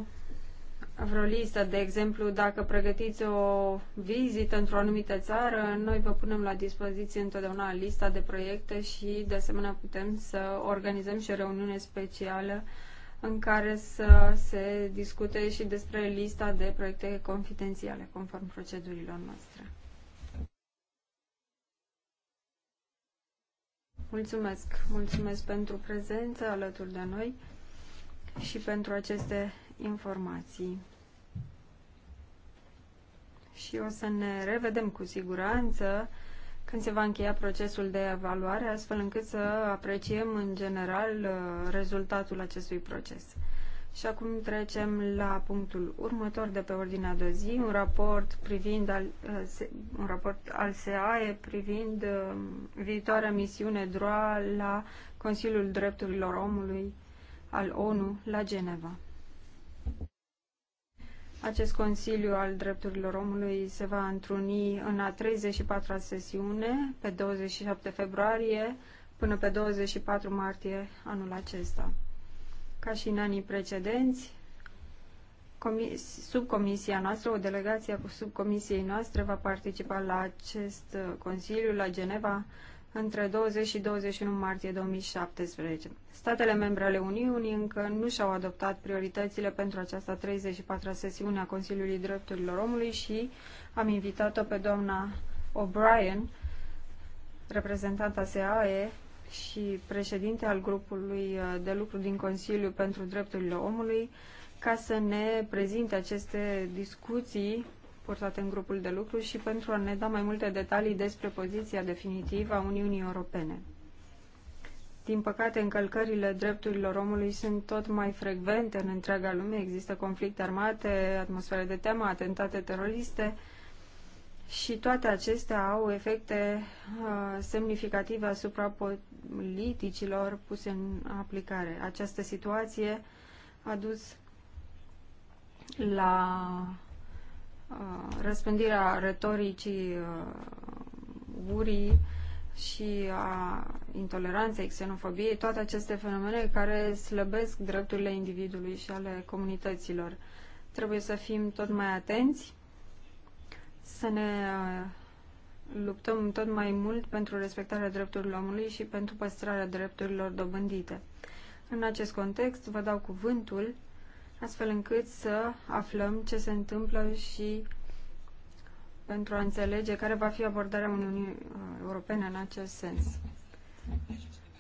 S4: vreo listă, de exemplu, dacă pregătiți o vizită într-o anumită țară, noi vă punem la dispoziție întotdeauna lista de proiecte și, de asemenea, putem să organizăm și o reuniune specială în care să se discute și despre lista de proiecte confidențiale, conform procedurilor noastre. Mulțumesc! Mulțumesc pentru prezență alături de noi și pentru aceste informații. Și o să ne revedem cu siguranță când se va încheia procesul de evaluare, astfel încât să apreciem în general uh, rezultatul acestui proces. Și acum trecem la punctul următor de pe ordinea de zi, un raport privind al, uh, un raport al SEAE privind uh, viitoarea misiune DROA la Consiliul Drepturilor Omului al ONU la Geneva. Acest Consiliu al Drepturilor Omului se va întruni în a 34-a sesiune, pe 27 februarie până pe 24 martie anul acesta. Ca și în anii precedenți, subcomisia noastră, o delegație a subcomisiei noastre va participa la acest Consiliu la Geneva între 20 și 21 martie 2017. Statele membre ale Uniunii încă nu și-au adoptat prioritățile pentru această 34-a sesiune a Consiliului Drepturilor Omului și am invitat-o pe doamna O'Brien, reprezentanta SAE și președinte al grupului uh, de lucru din Consiliu pentru Drepturile Omului, ca să ne prezinte aceste discuții purtate în grupul de lucru și pentru a ne da mai multe detalii despre poziția definitivă a Uniunii Europene. Din păcate, încălcările drepturilor omului sunt tot mai frecvente în întreaga lume. Există conflicte armate, atmosfere de teamă, atentate teroriste și toate acestea au efecte uh, semnificative asupra politicilor puse în aplicare. Această situație a dus la Uh, răspândirea retoricii uh, urii și a intoleranței, xenofobiei, toate aceste fenomene care slăbesc drepturile individului și ale comunităților. Trebuie să fim tot mai atenți, să ne uh, luptăm tot mai mult pentru respectarea drepturilor omului și pentru păstrarea drepturilor dobândite. În acest context, vă dau cuvântul astfel încât să aflăm ce se întâmplă și pentru a înțelege care va fi abordarea Uniunii uh, Europene în acest sens.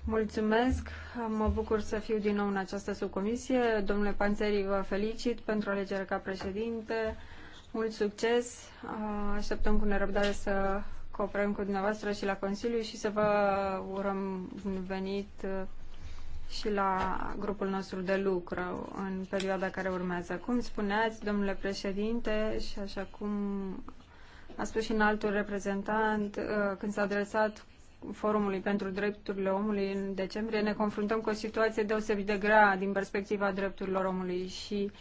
S4: Mulțumesc, mă bucur să fiu din nou în această subcomisie. Domnule Panțeri, vă felicit pentru alegerea ca președinte. Mult succes! Uh, așteptăm cu nerăbdare să cooperăm cu dumneavoastră și la Consiliu și să vă urăm venit uh, și la grupul nostru de lucru în perioada care urmează. Cum spuneați, domnule președinte, și așa cum a spus și în altul reprezentant, uh, când s-a adresat Forumului pentru Drepturile Omului în decembrie, ne confruntăm cu o situație deosebit de grea din perspectiva drepturilor omului și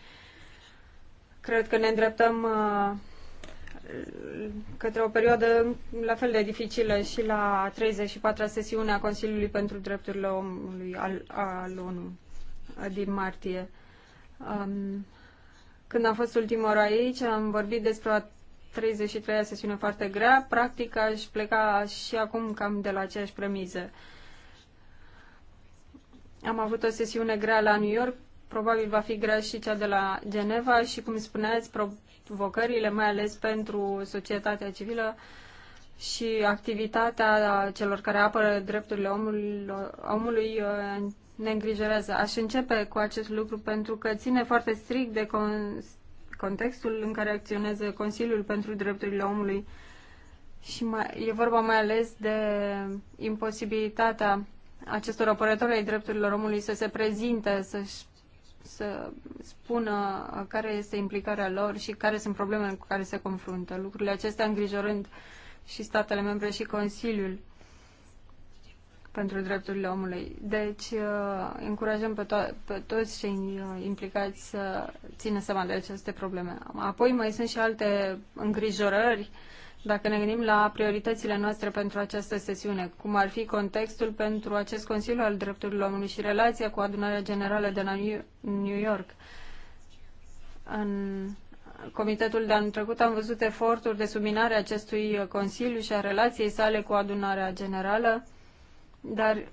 S4: cred că ne îndreptăm uh, către o perioadă la fel de dificilă și la 34-a sesiune a Consiliului pentru Drepturile Omului al, al ONU din martie. Um, când am fost ultima oară aici, am vorbit despre a 33-a sesiune foarte grea. Practic, aș pleca și acum cam de la aceeași premiză. Am avut o sesiune grea la New York, probabil va fi grea și cea de la Geneva și, cum spuneați, provocările, mai ales pentru societatea civilă și activitatea celor care apără drepturile omului, omului uh, ne îngrijorează. Aș începe cu acest lucru pentru că ține foarte strict de con- contextul în care acționează Consiliul pentru Drepturile Omului și mai, e vorba mai ales de imposibilitatea acestor apărători ai drepturilor omului să se prezinte, să-și să spună care este implicarea lor și care sunt problemele cu care se confruntă. Lucrurile acestea îngrijorând și statele membre și Consiliul pentru drepturile omului. Deci, uh, încurajăm pe, to- pe toți cei uh, implicați să țină seama de aceste probleme. Apoi mai sunt și alte îngrijorări dacă ne gândim la prioritățile noastre pentru această sesiune, cum ar fi contextul pentru acest Consiliu al Drepturilor Omului și relația cu adunarea generală de la New York. În Comitetul de anul trecut am văzut eforturi de subminare a acestui Consiliu și a relației sale cu adunarea generală, dar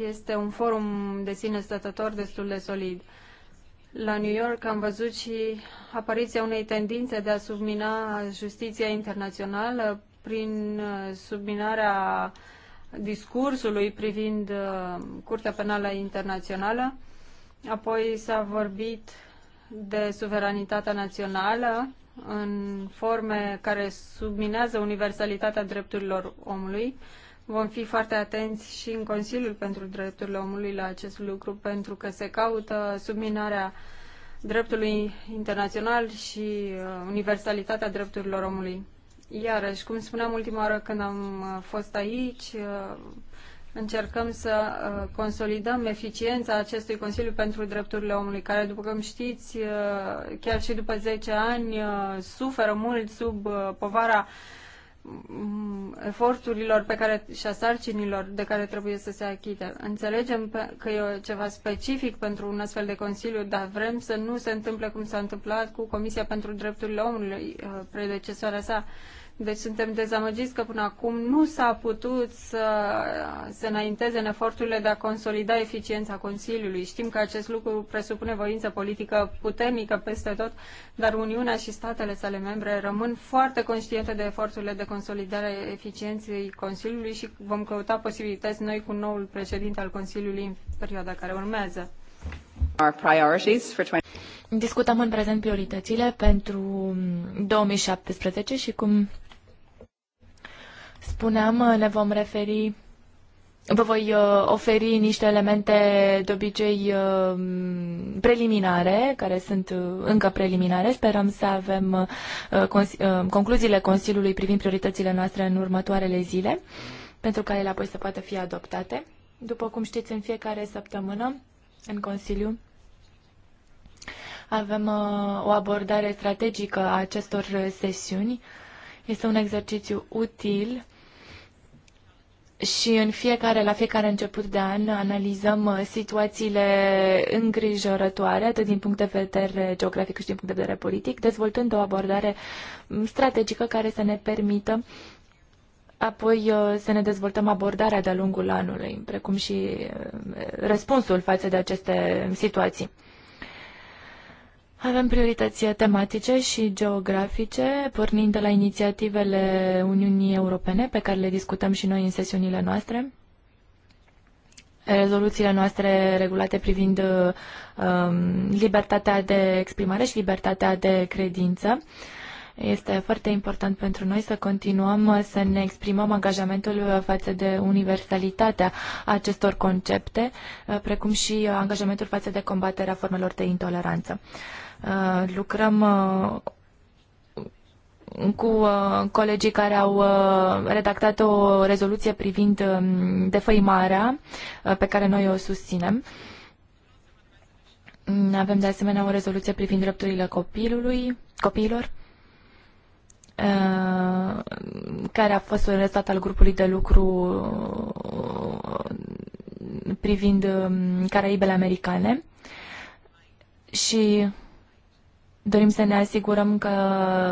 S4: este un forum de sine stătător destul de solid. La New York am văzut și apariția unei tendințe de a submina justiția internațională prin uh, subminarea discursului privind uh, Curtea Penală Internațională. Apoi s-a vorbit de suveranitatea națională în forme care subminează universalitatea drepturilor omului Vom fi foarte atenți și în Consiliul pentru Drepturile Omului la acest lucru, pentru că se caută subminarea dreptului internațional și uh, universalitatea drepturilor omului. Iarăși, cum spuneam ultima oară când am uh, fost aici, uh, încercăm să consolidăm eficiența acestui Consiliu pentru Drepturile Omului, care, după cum știți, chiar și după 10 ani, suferă mult sub povara Mm, eforturilor pe care, și a sarcinilor de care trebuie să se achite. Înțelegem că e ceva specific pentru un astfel de Consiliu, dar vrem să nu se întâmple cum s-a întâmplat cu Comisia pentru Drepturile Omului, uh, predecesoarea sa, deci suntem dezamăgiți că până acum nu s-a putut să se înainteze în eforturile de a consolida eficiența Consiliului. Știm că acest lucru presupune voință politică puternică peste tot, dar Uniunea și statele sale membre rămân foarte conștiente de eforturile de consolidare eficienței Consiliului și vom căuta posibilități noi cu noul președinte al Consiliului în perioada care urmează.
S1: Discutăm în prezent prioritățile pentru 2017 și cum Spuneam, uh, ne vom referi Vă voi uh, oferi niște elemente de obicei uh, preliminare, care sunt încă preliminare. Sperăm să avem concluziile Consiliului privind prioritățile noastre în următoarele zile, pentru care ele apoi să poată fi adoptate. După cum știți, în fiecare săptămână, în Consiliu, avem o abordare strategică a acestor sesiuni. Este un exercițiu util și în fiecare, la fiecare început de an analizăm uh, situațiile îngrijorătoare, atât din punct de vedere geografic cât și din punct de vedere politic, dezvoltând o abordare strategică care să ne permită apoi uh, să ne dezvoltăm abordarea de-a lungul anului, precum și uh, răspunsul față de aceste situații. Avem priorități tematice și geografice, pornind de la inițiativele Uniunii Europene, pe care le discutăm și noi în sesiunile noastre. Rezoluțiile noastre regulate privind um, libertatea de exprimare și libertatea de credință. Este foarte important pentru noi să continuăm să ne exprimăm angajamentul față de universalitatea acestor concepte, precum și angajamentul față de combaterea formelor de intoleranță. Uh, lucrăm uh, cu uh, colegii care au redactat o rezoluție privind um, defăimarea pe care noi o susținem. Avem de asemenea o rezoluție privind drepturile copilului, copiilor, care a fost un rezultat al grupului de lucru privind um, Caraibele Americane. Și dorim să ne asigurăm că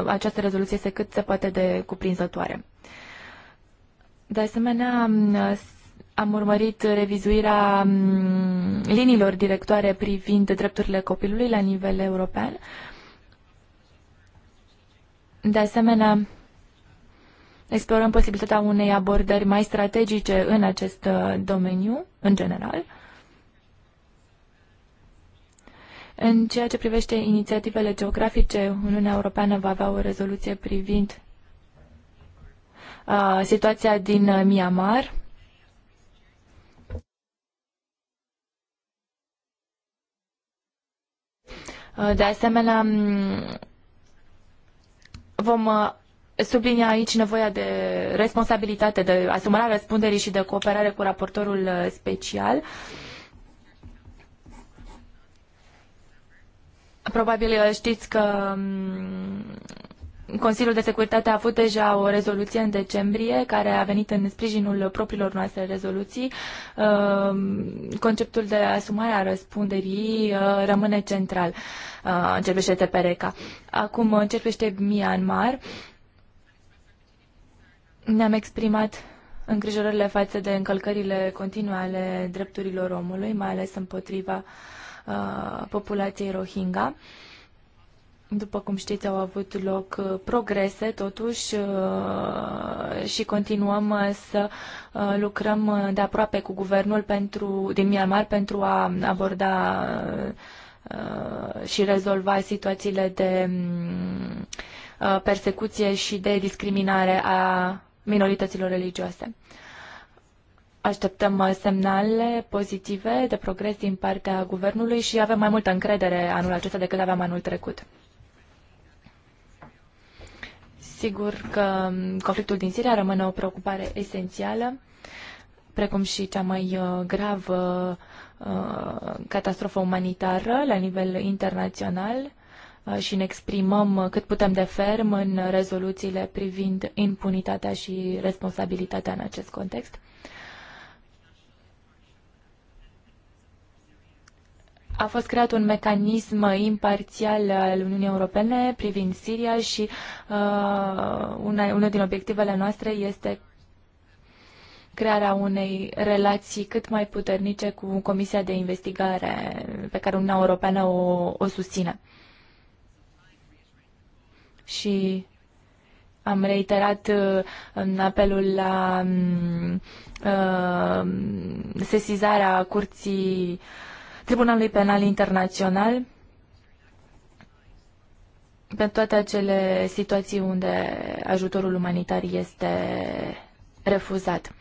S1: această rezoluție este cât se poate de cuprinzătoare. De asemenea, am urmărit revizuirea mm, liniilor directoare privind drepturile copilului la nivel european. De asemenea, explorăm posibilitatea unei abordări mai strategice în acest uh, domeniu, în general. În ceea ce privește inițiativele geografice, Uniunea Europeană va avea o rezoluție privind a, situația din uh, Myanmar. De asemenea, vom uh, sublinia aici nevoia de responsabilitate, de asumarea răspunderii și de cooperare cu raportorul uh, special. Uh, Probabil uh, știți că um, Consiliul de Securitate a avut deja o rezoluție în decembrie care a venit în sprijinul propriilor noastre rezoluții. Um, conceptul de asumare a răspunderii uh, rămâne central uh, în ce privește TPRK. Acum, în Myanmar, ne-am exprimat îngrijorările față de încălcările continue ale drepturilor omului, mai ales împotriva uh, populației Rohingya. După cum știți, au avut loc uh, progrese, totuși, uh, și continuăm uh, să lucrăm de aproape cu guvernul pentru, din Myanmar pentru a aborda și rezolva situațiile de mm, persecuție și de discriminare a minorităților religioase. Așteptăm uh, semnale pozitive de progres din partea guvernului și avem mai multă încredere anul acesta decât aveam anul trecut. Sigur că um, conflictul din Siria rămâne o preocupare esențială, precum și cea mai uh, gravă uh, catastrofă umanitară la nivel internațional și ne exprimăm cât putem de ferm în rezoluțiile privind impunitatea și responsabilitatea în acest context. a fost creat un mecanism imparțial al Uniunii Europene privind Siria și uh, una, unul din obiectivele noastre este crearea unei relații cât mai puternice cu Comisia de Investigare pe care Uniunea Europeană o, o susține. Și am reiterat în uh, apelul la uh, sesizarea curții uh, Tribunalului Penal Internațional pentru toate acele situații unde ajutorul umanitar este refuzat.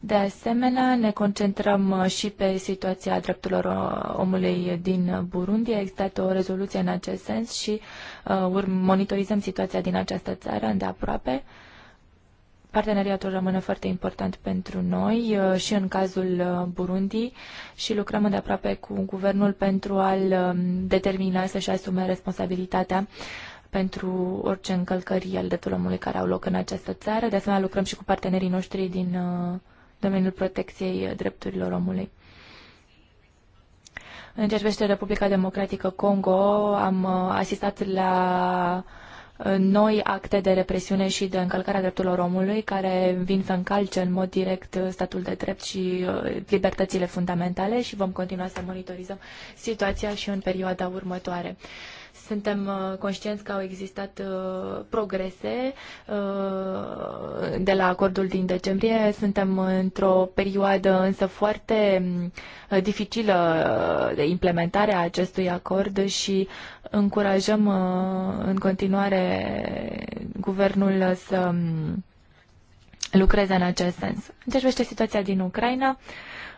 S1: De asemenea, ne concentrăm și pe situația drepturilor omului din Burundi. A existat o rezoluție în acest sens și uh, monitorizăm situația din această țară îndeaproape. aproape Parteneriatul rămâne foarte important pentru noi uh, și în cazul uh, Burundi și lucrăm de aproape cu guvernul pentru a-l um, determina să-și asume responsabilitatea pentru orice încălcări al drepturilor omului care au loc în această țară. De asemenea, lucrăm și cu partenerii noștri din uh, domeniul protecției drepturilor omului. În ceea ce privește Republica Democratică Congo, am asistat la noi acte de represiune și de încălcare a drepturilor omului care vin să încalce în mod direct statul de drept și uh, libertățile fundamentale și vom continua să monitorizăm situația și în perioada următoare. Suntem uh, conștienți că au existat uh, progrese uh, de la acordul din decembrie. Suntem într-o perioadă însă foarte dificilă de implementare a acestui acord și încurajăm în continuare guvernul să um, lucreze în acest sens. Deci, vește situația din Ucraina.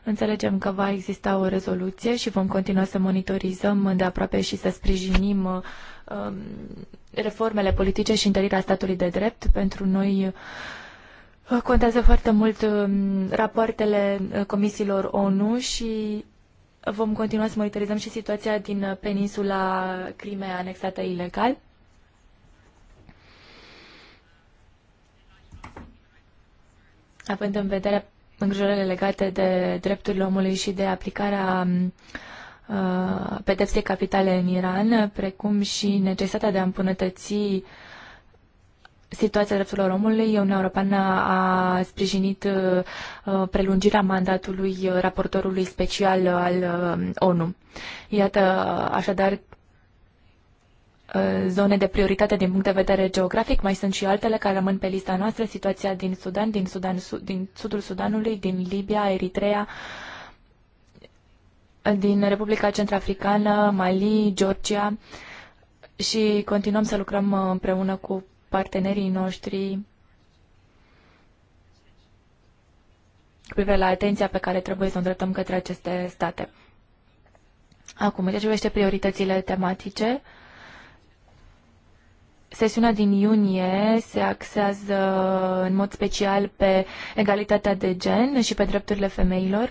S1: Înțelegem că va exista o rezoluție și vom continua să monitorizăm de aproape și să sprijinim uh, um, reformele politice și întărirea statului de drept. Pentru noi uh, contează foarte mult um, rapoartele uh, comisiilor ONU și vom continua să monitorizăm și situația din peninsula Crimea anexată ilegal. având în vedere îngrijorările legate de drepturile omului și de aplicarea um, uh, pedepsei capitale în Iran, precum și necesitatea de a îmbunătăți situația drepturilor omului, Uniunea Europeană a sprijinit uh, uh, prelungirea mandatului raportorului special al um, ONU. Iată, așadar, Uh, zone de prioritate din punct de vedere geografic, mai sunt și altele care rămân pe lista noastră, situația din Sudan, din, Sudan, din sudul Sudanului, din Libia, Eritrea, din Republica Centrafricană, Mali, Georgia și continuăm să lucrăm uh, împreună cu partenerii noștri cu privire la atenția pe care trebuie să o îndreptăm către aceste state. Acum, în ce privește prioritățile tematice, uh, Sesiunea din iunie se axează în mod special pe egalitatea de gen și pe drepturile femeilor,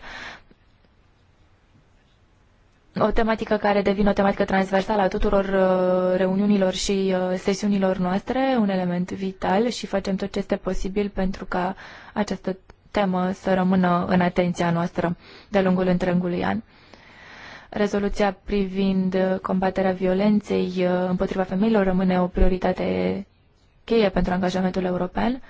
S1: o tematică care devine o tematică transversală a tuturor uh, reuniunilor și uh, sesiunilor noastre, un element vital și facem tot ce este posibil pentru ca această temă să rămână în atenția noastră de-a lungul întregului an. Rezoluția privind combaterea violenței uh, împotriva femeilor rămâne o prioritate cheie pentru angajamentul european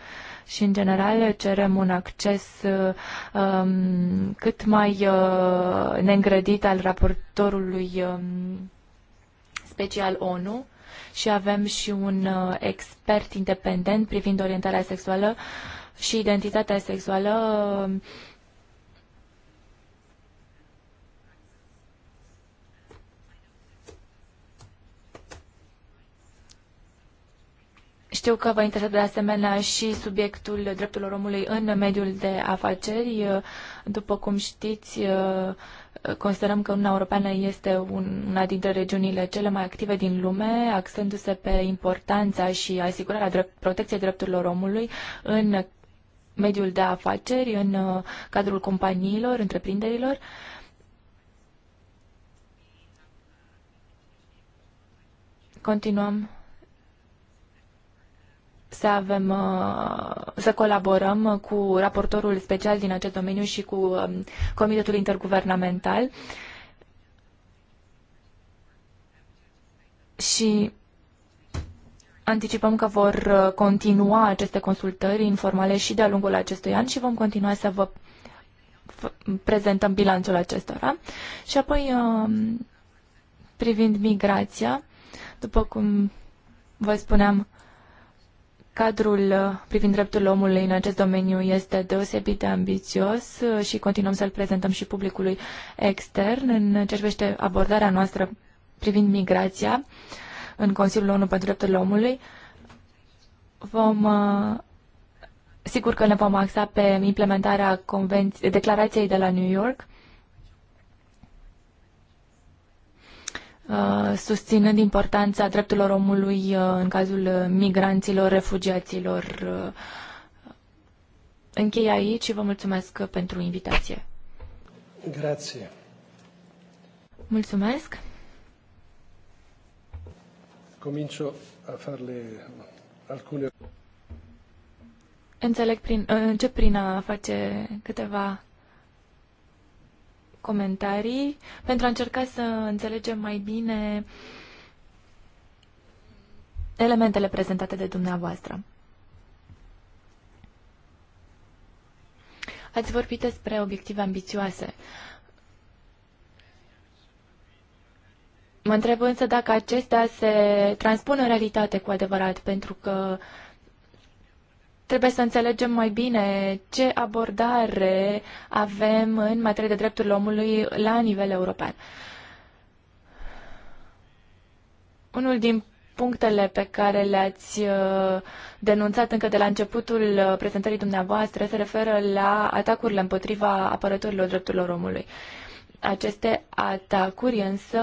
S1: și, în general, cerem un acces uh, um, cât mai uh, neîngrădit al raportorului um, special ONU și avem și un uh, expert independent privind orientarea sexuală și identitatea sexuală. Uh, Știu că vă interesează de asemenea și subiectul drepturilor omului în mediul de afaceri. După cum știți, considerăm că Uniunea Europeană este una dintre regiunile cele mai active din lume, axându-se pe importanța și asigurarea drept, protecției drepturilor omului în mediul de afaceri, în uh, cadrul companiilor, întreprinderilor. Continuăm să avem, uh, să colaborăm cu raportorul special din acest domeniu și cu um, Comitetul Interguvernamental. Și anticipăm că vor uh, continua aceste consultări informale și de-a lungul acestui an și vom continua să vă prezentăm bilanțul acestora. Și apoi, um, privind migrația, după cum vă spuneam, Cadrul uh, privind dreptul omului în acest domeniu este deosebit de ambițios uh, și continuăm să-l prezentăm și publicului extern în ce privește abordarea noastră privind migrația în Consiliul ONU pentru Drepturile Omului. Vom uh, Sigur că ne vom axa pe implementarea declarației de la New York Uh, susținând importanța drepturilor omului uh, în cazul uh, migranților, refugiaților. Închei aici și vă mulțumesc pentru invitație. Grație. Mulțumesc.
S2: Comincio a farle alcune...
S1: Înțeleg prin, încep prin a face câteva comentarii pentru a încerca să înțelegem mai bine elementele prezentate de dumneavoastră. Ați vorbit despre obiective ambițioase. Mă întreb însă dacă acestea se transpun în realitate cu adevărat, pentru că uh, Trebuie să înțelegem mai bine ce abordare avem în materie de drepturile omului la nivel european. Unul din punctele pe care le-ați uh, denunțat încă de la începutul uh, prezentării dumneavoastră se referă la atacurile împotriva apărătorilor drepturilor omului. Uh, aceste atacuri însă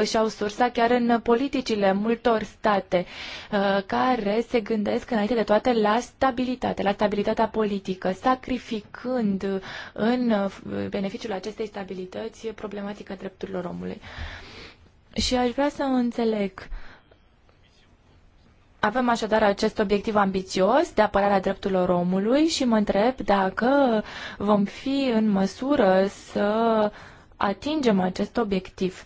S1: își au sursa chiar în politicile multor state uh, care se gândesc înainte de toate la stabilitate, la stabilitatea politică, sacrificând în beneficiul acestei stabilități problematica drepturilor omului. Și aș vrea să înțeleg avem așadar acest obiectiv ambițios de apărare a drepturilor omului și mă întreb dacă vom fi în măsură să atingem acest obiectiv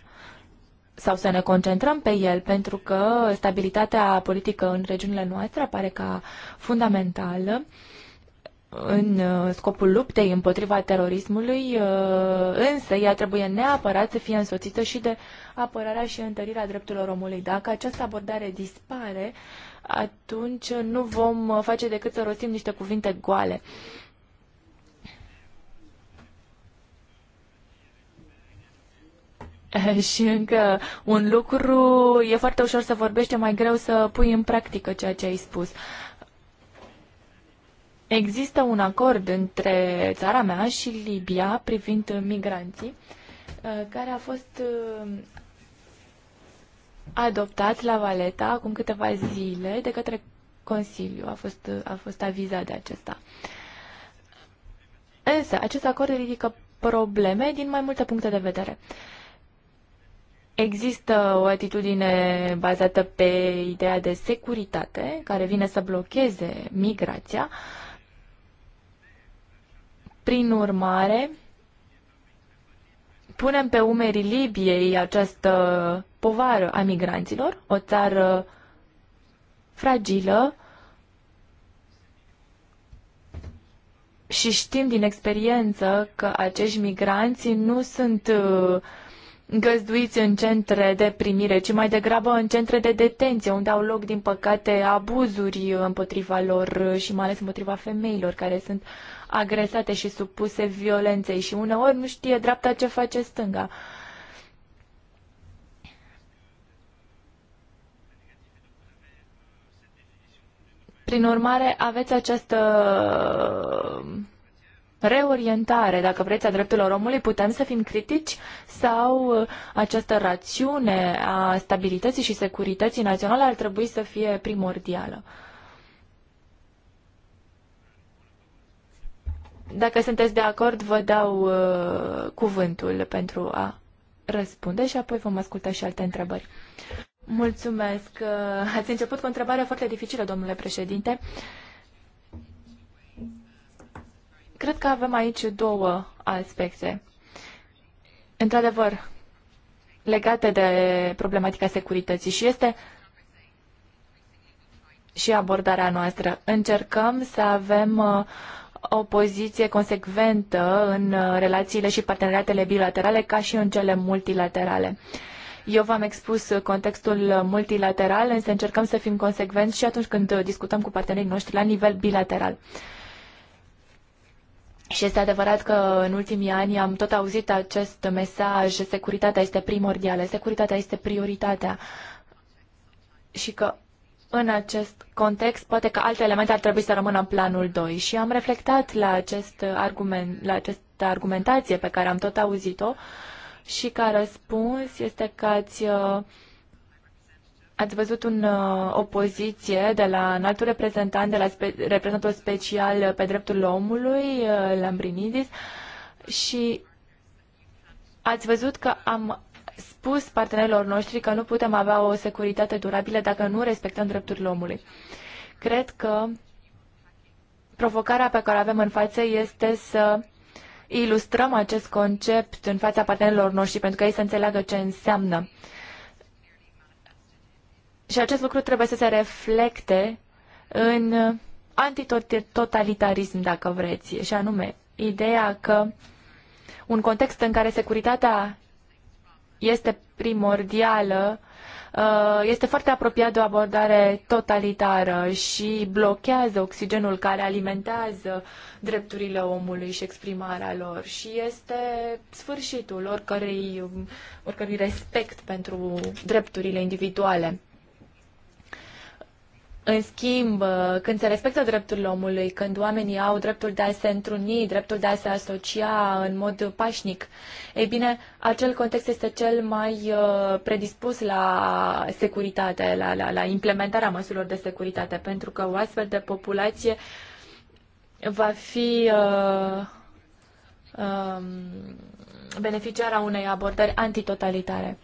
S1: sau să ne concentrăm pe el, pentru că stabilitatea politică în regiunile noastre apare ca fundamentală în uh, scopul luptei împotriva terorismului, uh, însă ea trebuie neapărat să fie însoțită și de apărarea și întărirea drepturilor omului. Dacă această abordare dispare, atunci nu vom face decât să rostim niște cuvinte goale. și încă un lucru, e foarte ușor să vorbești, e mai greu să pui în practică ceea ce ai spus. Există un acord între țara mea și Libia privind migranții, uh, care a fost uh, adoptat la Valeta acum câteva zile de către Consiliu. A fost, uh, a fost avizat de acesta. Însă, acest acord ridică probleme din mai multe puncte de vedere. Uh, Există o atitudine bazată pe ideea de securitate care vine să blocheze migrația. Prin urmare, punem pe umerii Libiei această povară a migranților, o țară fragilă și știm din experiență că acești migranți nu sunt uh, găzduiți în centre de primire, ci mai degrabă în centre de detenție, unde au loc, din păcate, abuzuri împotriva lor și mai ales împotriva femeilor care sunt agresate și supuse violenței și uneori nu știe dreapta ce face stânga. Prin urmare, aveți această reorientare, dacă vreți, a drepturilor omului, putem să fim critici sau uh, această rațiune a stabilității și securității naționale ar trebui să fie primordială? Dacă sunteți de acord, vă dau uh, cuvântul pentru a răspunde și apoi vom asculta și alte întrebări. Mulțumesc. Uh, ați început cu o întrebare foarte dificilă, domnule președinte. Uh, Cred că avem aici două aspecte. Într-adevăr, legate de problematica securității și este și abordarea noastră. Încercăm să avem uh, o poziție consecventă în uh, relațiile și parteneriatele bilaterale ca și în cele multilaterale. Eu v-am expus uh, contextul multilateral, însă încercăm să fim consecvenți și atunci când discutăm cu partenerii noștri la nivel bilateral. Și este adevărat că în ultimii ani am tot auzit acest mesaj, securitatea este primordială, securitatea este prioritatea. Și că în acest context, poate că alte elemente ar trebui să rămână în planul 2. Și am reflectat la, acest argument, la această argumentație pe care am tot auzit-o și ca răspuns este că ați uh, Ați văzut un, uh, o poziție de la un alt reprezentant, de la spe, reprezentantul special pe dreptul omului, uh, Lambrinidis, și ați văzut că am spus partenerilor noștri că nu putem avea o securitate durabilă dacă nu respectăm drepturile omului. Cred că provocarea pe care o avem în față este să ilustrăm acest concept în fața partenerilor noștri pentru că ei să înțeleagă ce înseamnă și acest lucru trebuie să se reflecte în antitotalitarism, dacă vreți, și anume ideea că un context în care securitatea este primordială uh, este foarte apropiat de o abordare totalitară și blochează oxigenul care alimentează drepturile omului și exprimarea lor și este sfârșitul oricărui, oricărui respect pentru drepturile individuale. În schimb, când se respectă drepturile omului, când oamenii au dreptul de a se întruni, dreptul de a se asocia în mod pașnic, ei bine, acel context este cel mai uh, predispus la securitate, la, la, la implementarea măsurilor de securitate, pentru că o astfel de populație va fi uh, uh, um, beneficiara unei abordări antitotalitare.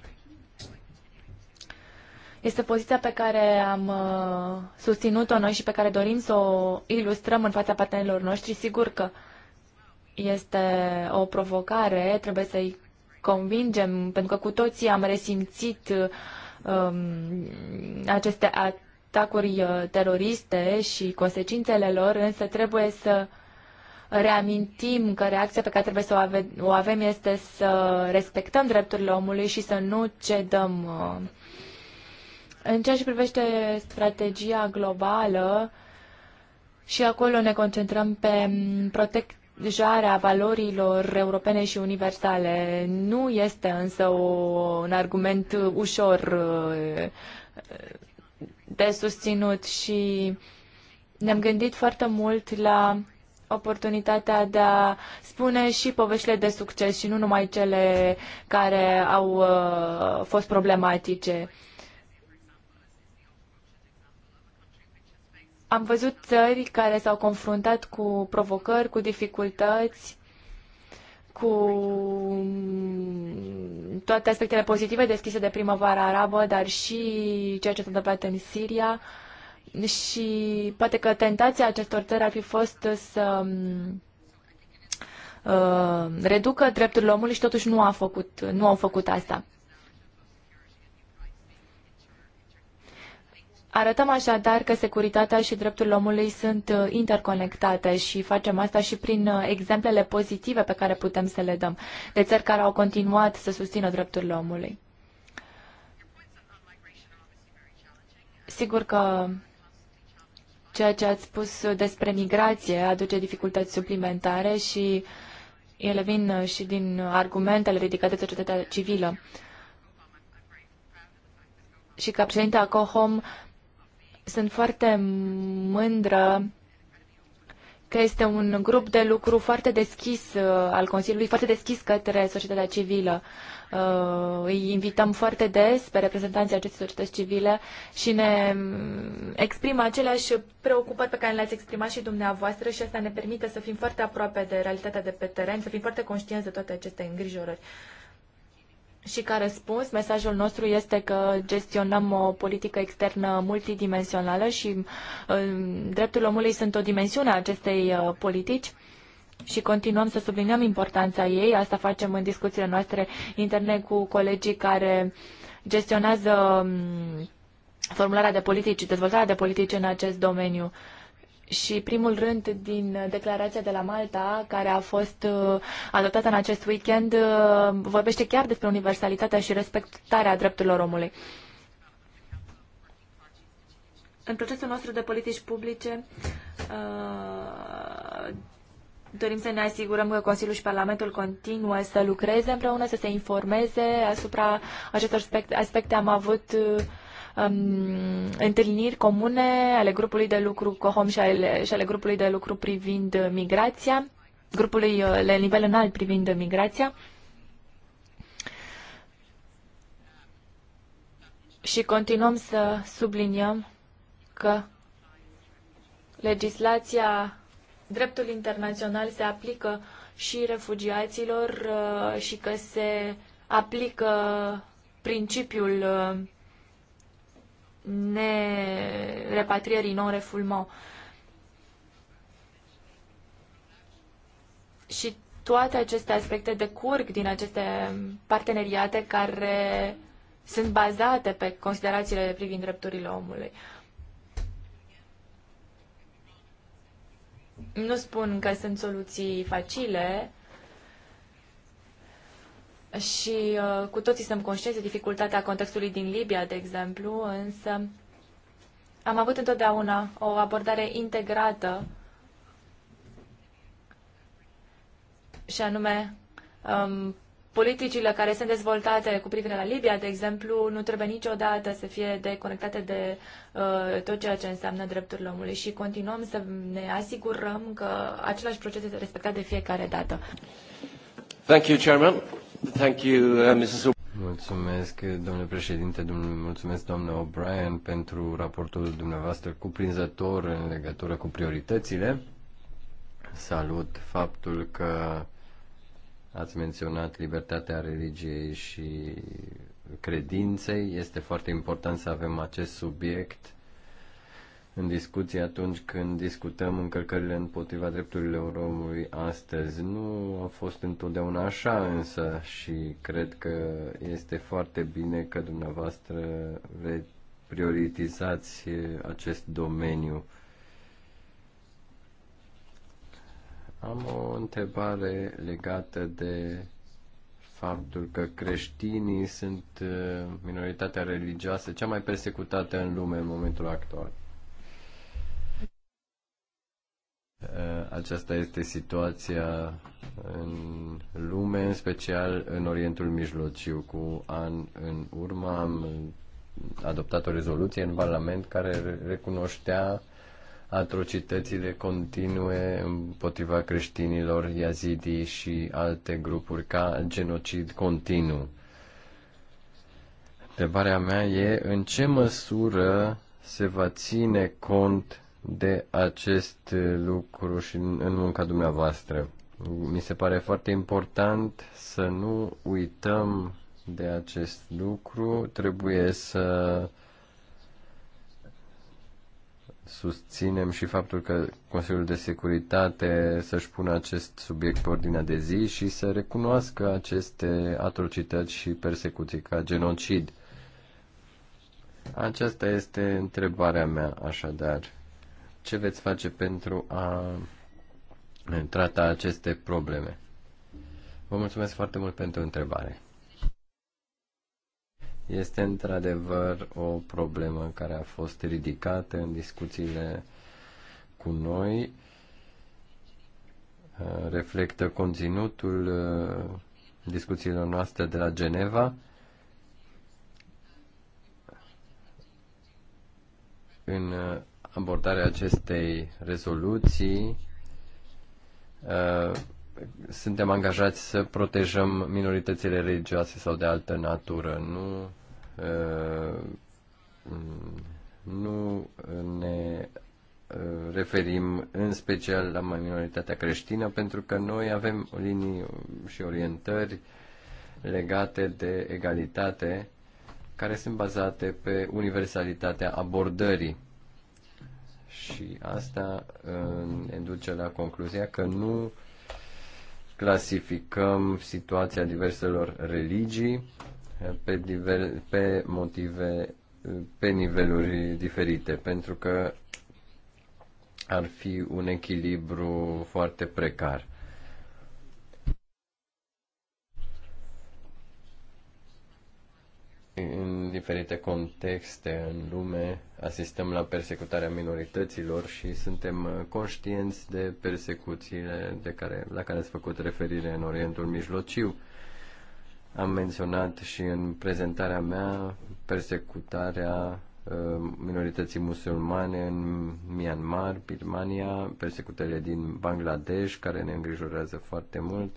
S1: Este poziția pe care am uh, susținut-o noi și pe care dorim să o ilustrăm în fața partenerilor noștri. Sigur că este o provocare, trebuie să-i convingem, pentru că cu toții am resimțit um, aceste atacuri uh, teroriste și consecințele lor, însă trebuie să reamintim că reacția pe care trebuie să o, ave- o avem este să respectăm drepturile omului și să nu cedăm uh, în ceea ce privește strategia globală, și acolo ne concentrăm pe protejarea valorilor europene și universale. Nu este însă o, un argument ușor uh, de susținut și ne-am gândit foarte mult la oportunitatea de a spune și poveștile de succes și nu numai cele care au uh, fost problematice. Am văzut țări care s-au confruntat cu provocări, cu dificultăți, cu mm, toate aspectele pozitive deschise de primăvara arabă, dar și ceea ce s-a întâmplat în Siria. Și poate că tentația acestor țări ar fi fost să mm, uh, reducă drepturile omului și totuși nu, a făcut, nu au făcut asta. Arătăm așadar că securitatea și drepturile omului sunt uh, interconectate și facem asta și prin uh, exemplele pozitive pe care putem să le dăm de țări care au continuat să susțină drepturile omului. Sigur că ceea ce ați spus despre migrație aduce dificultăți suplimentare și ele vin uh, și din argumentele ridicate de societatea civilă. Și ca președinte a COHOM sunt foarte mândră că este un grup de lucru foarte deschis uh, al Consiliului, foarte deschis către societatea civilă. Uh, îi invităm foarte des pe reprezentanții acestei societăți civile și ne mm, exprimă aceleași preocupări pe care le-ați exprimat și dumneavoastră și asta ne permite să fim foarte aproape de realitatea de pe teren, să fim foarte conștienți de toate aceste îngrijorări. Și ca răspuns, mesajul nostru este că gestionăm o politică externă multidimensională și uh, dreptul omului sunt o dimensiune a acestei uh, politici și continuăm să subliniem importanța ei. Asta facem în discuțiile noastre interne cu colegii care gestionează mm, formularea de politici, dezvoltarea de politici în acest domeniu și primul rând din declarația de la Malta, care a fost uh, adoptată în acest weekend, uh, vorbește chiar despre universalitatea și respectarea drepturilor omului. În procesul nostru de politici publice, uh, Dorim să ne asigurăm că Consiliul și Parlamentul continuă să lucreze împreună, să se informeze asupra acestor aspecte. Am avut um, întâlniri comune ale grupului de lucru COHOM și ale, și ale grupului de lucru privind migrația, grupului uh, la nivel înalt privind migrația. Și continuăm să subliniem că legislația, dreptul internațional se aplică și refugiaților uh, și că se aplică principiul uh, repatrierii non-refoulement. Și toate aceste aspecte decurg din aceste parteneriate care sunt bazate pe considerațiile privind drepturile omului. Nu spun că sunt soluții facile, și uh, cu toții suntem conștienți de dificultatea contextului din Libia, de exemplu, însă am avut întotdeauna o abordare integrată și anume um, politicile care sunt dezvoltate cu privire la Libia, de exemplu, nu trebuie niciodată să fie deconectate de uh, tot ceea ce înseamnă drepturile omului și continuăm să ne asigurăm că același proces este respectat de fiecare dată.
S3: Thank you, Chairman. Thank you, uh, Mrs. Mulțumesc, domnule președinte, mulțumesc, doamnă O'Brien, pentru raportul dumneavoastră cuprinzător în legătură cu prioritățile. Salut faptul că ați menționat libertatea religiei și credinței. Este foarte important să avem acest subiect în discuție atunci când discutăm încălcările împotriva drepturilor omului astăzi. Nu a fost întotdeauna așa însă și cred că este foarte bine că dumneavoastră veți prioritizați acest domeniu. Am o întrebare legată de faptul că creștinii sunt uh, minoritatea religioasă cea mai persecutată în lume în momentul actual. Uh, aceasta este situația în lume, în special în Orientul Mijlociu. Cu an în urmă am adoptat o rezoluție în Parlament care recunoștea atrocitățile continue împotriva creștinilor, yazidii și alte grupuri ca genocid continuu. Întrebarea mea e în ce măsură se va ține cont de acest lucru și în, munca dumneavoastră. Mi se pare foarte important să nu uităm de acest lucru. Trebuie să susținem și faptul că Consiliul de Securitate să-și pună acest subiect pe ordinea de zi și să recunoască aceste atrocități și persecuții ca genocid. Aceasta este întrebarea mea, așadar ce veți face pentru a trata aceste probleme? Vă mulțumesc foarte mult pentru întrebare. Este într-adevăr o problemă care a fost ridicată în discuțiile cu noi. Reflectă conținutul uh, discuțiilor noastre de la Geneva. În uh, abordarea acestei rezoluții. Uh, suntem angajați să protejăm minoritățile religioase sau de altă natură. Nu, uh, nu ne uh, referim în special la minoritatea creștină, pentru că noi avem linii și orientări legate de egalitate care sunt bazate pe universalitatea abordării și asta ne duce la concluzia că nu clasificăm situația diverselor religii pe, diver, pe motive, pe niveluri diferite, pentru că ar fi un echilibru foarte precar. în diferite contexte în lume, asistăm la persecutarea minorităților și suntem conștienți de persecuțiile de care, la care ați făcut referire în Orientul Mijlociu. Am menționat și în prezentarea mea persecutarea uh, minorității musulmane în Myanmar, Birmania, persecutările din Bangladesh, care ne îngrijorează foarte mult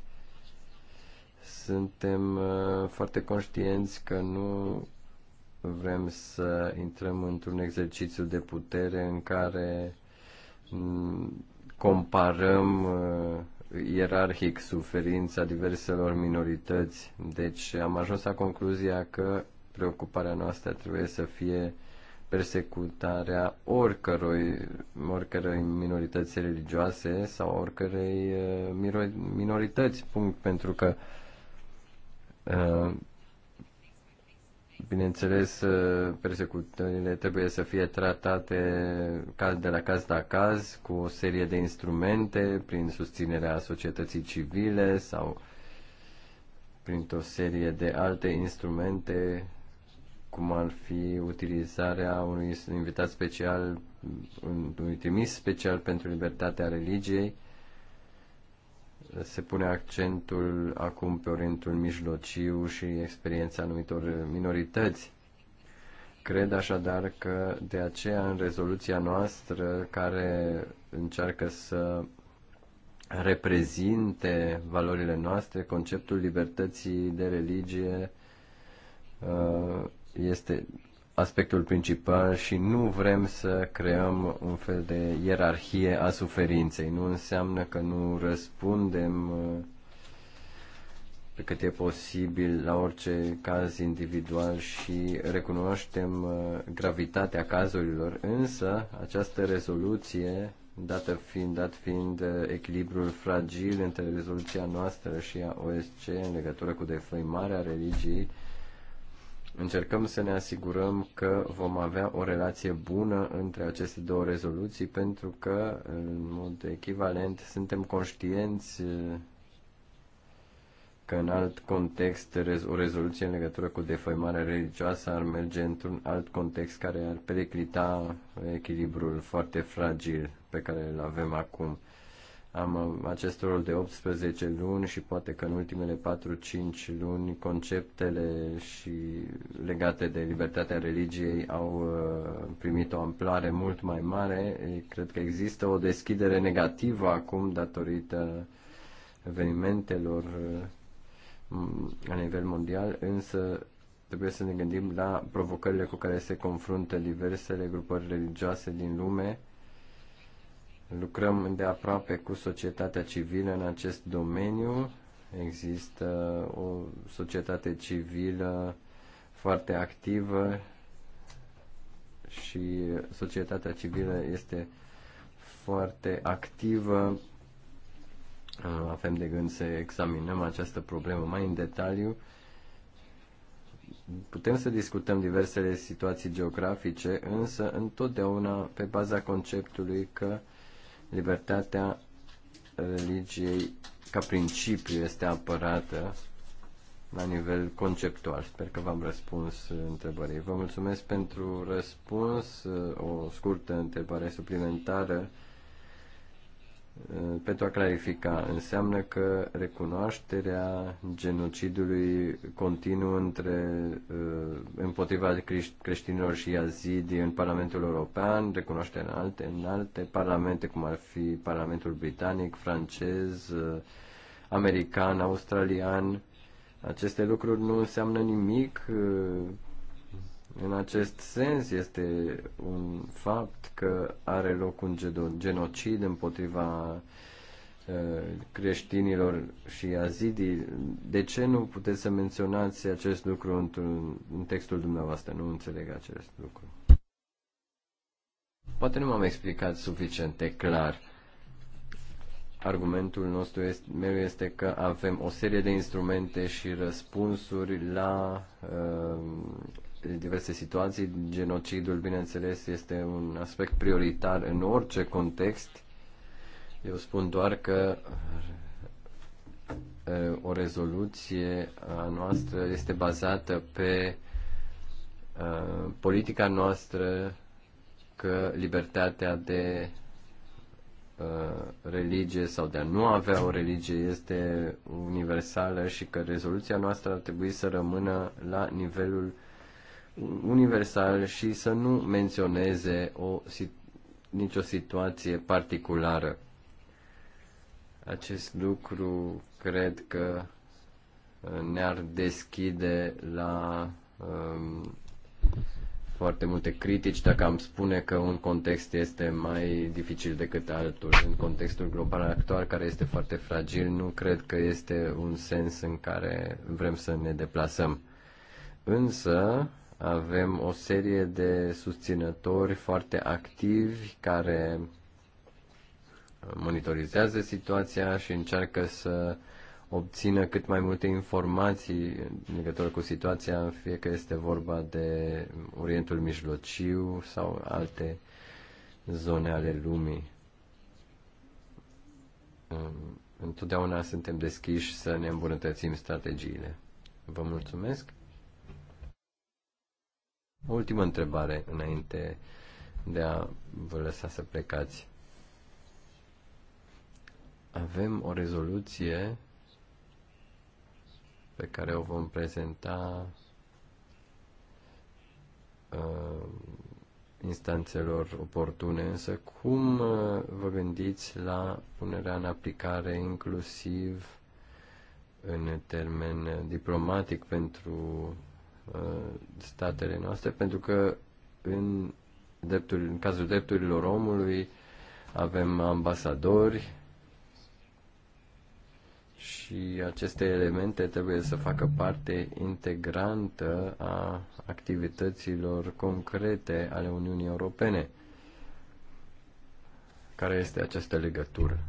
S3: suntem uh, foarte conștienți că nu vrem să intrăm într-un exercițiu de putere în care mm, comparăm uh, ierarhic suferința diverselor minorități. Deci am ajuns la concluzia că preocuparea noastră trebuie să fie persecutarea oricărui, oricărei minorități religioase sau oricărei uh, minorități, punct, pentru că uh, Uh, bineînțeles, uh, persecutările trebuie să fie tratate de la caz la caz cu o serie de instrumente prin susținerea societății civile sau printr-o serie de alte instrumente cum ar fi utilizarea unui invitat special, unui trimis special pentru libertatea religiei, se pune accentul acum pe Orientul Mijlociu și experiența anumitor minorități. Cred așadar că de aceea în rezoluția noastră care încearcă să reprezinte valorile noastre, conceptul libertății de religie uh, este aspectul principal și nu vrem să creăm un fel de ierarhie a suferinței. Nu înseamnă că nu răspundem uh, pe cât e posibil la orice caz individual și recunoaștem uh, gravitatea cazurilor, însă această rezoluție, dată fiind, dat fiind uh, echilibrul fragil între rezoluția noastră și a OSC în legătură cu defăimarea religiei, Încercăm să ne asigurăm că vom avea o relație bună între aceste două rezoluții pentru că, în mod echivalent, suntem conștienți uh, că în alt context o rezoluție în legătură cu defăimarea religioasă ar merge într-un alt context care ar periclita echilibrul foarte fragil pe care îl avem acum. Am acest rol de 18 luni și poate că în ultimele 4-5 luni conceptele și legate de libertatea religiei au uh, primit o amplare mult mai mare. Cred că există o deschidere negativă acum datorită evenimentelor uh, la nivel mondial, însă trebuie să ne gândim la provocările cu care se confruntă diversele grupări religioase din lume Lucrăm de aproape cu societatea civilă în acest domeniu. Există o societate civilă foarte activă și societatea civilă este foarte activă. Avem de gând să examinăm această problemă mai în detaliu. Putem să discutăm diversele situații geografice, însă întotdeauna pe baza conceptului că libertatea religiei ca principiu este apărată la nivel conceptual. Sper că v-am răspuns întrebării. Vă mulțumesc pentru răspuns. O scurtă întrebare suplimentară pentru a clarifica, înseamnă că recunoașterea genocidului continuu între, uh, împotriva creștinilor și yazidi în Parlamentul European, recunoașterea în alte, în alte parlamente, cum ar fi Parlamentul Britanic, francez, uh, american, australian. Aceste lucruri nu înseamnă nimic uh, în acest sens este un fapt că are loc un genocid împotriva uh, creștinilor și azidii. De ce nu puteți să menționați acest lucru în textul dumneavoastră? Nu înțeleg acest lucru. Poate nu m-am explicat suficient de clar. Argumentul nostru este, meu este că avem o serie de instrumente și răspunsuri la uh, diverse situații. Genocidul, bineînțeles, este un aspect prioritar în orice context. Eu spun doar că uh, o rezoluție a noastră este bazată pe uh, politica noastră că libertatea de uh, religie sau de a nu avea o religie este universală și că rezoluția noastră ar trebui să rămână la nivelul uh, universal și să nu menționeze o, nicio situație particulară. Acest lucru cred că ne-ar deschide la um, foarte multe critici dacă am spune că un context este mai dificil decât altul. În contextul global actual, care este foarte fragil, nu cred că este un sens în care vrem să ne deplasăm. Însă, avem o serie de susținători foarte activi care monitorizează situația și încearcă să obțină cât mai multe informații în legătură cu situația, fie că este vorba de Orientul Mijlociu sau alte zone ale lumii. Întotdeauna suntem deschiși să ne îmbunătățim strategiile. Vă mulțumesc! O ultimă întrebare înainte de a vă lăsa să plecați. Avem o rezoluție pe care o vom prezenta uh, instanțelor oportune, însă cum uh, vă gândiți la punerea în aplicare inclusiv în termen diplomatic pentru Uh, statele noastre, pentru că în, drepturi, în cazul drepturilor omului avem ambasadori și aceste elemente trebuie să facă parte integrantă a activităților concrete ale Uniunii Europene. Care este această legătură?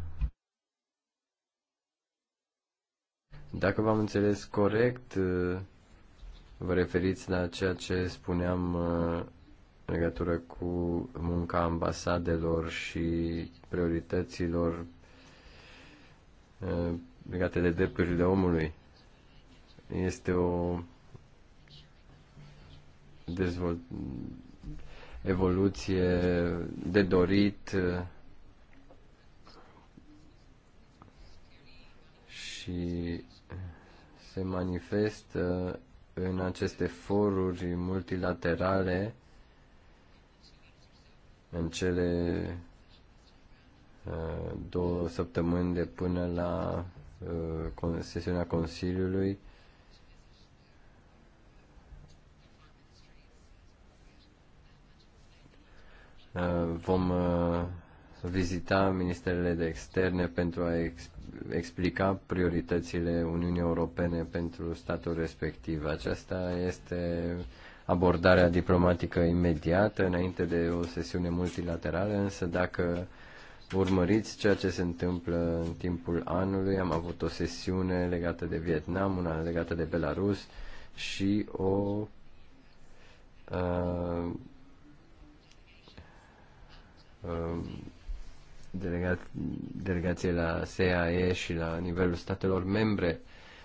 S3: Dacă v-am înțeles corect, uh, Vă referiți la ceea ce spuneam uh, în legătură cu munca ambasadelor și priorităților uh, legate de drepturile omului. Este o dezvolt evoluție de dorit uh, și se manifestă în aceste foruri multilaterale, în cele uh, două săptămâni de până la uh, sesiunea Consiliului, uh, vom vizita ministerele de externe pentru a explica prioritățile Uniunii Europene pentru statul respectiv. Aceasta este abordarea diplomatică imediată înainte de o sesiune multilaterală, însă dacă urmăriți ceea ce se întâmplă în timpul anului, am avut o sesiune legată de Vietnam, una legată de Belarus și o uh, uh, delega, delegație la SAE și la nivelul statelor membre.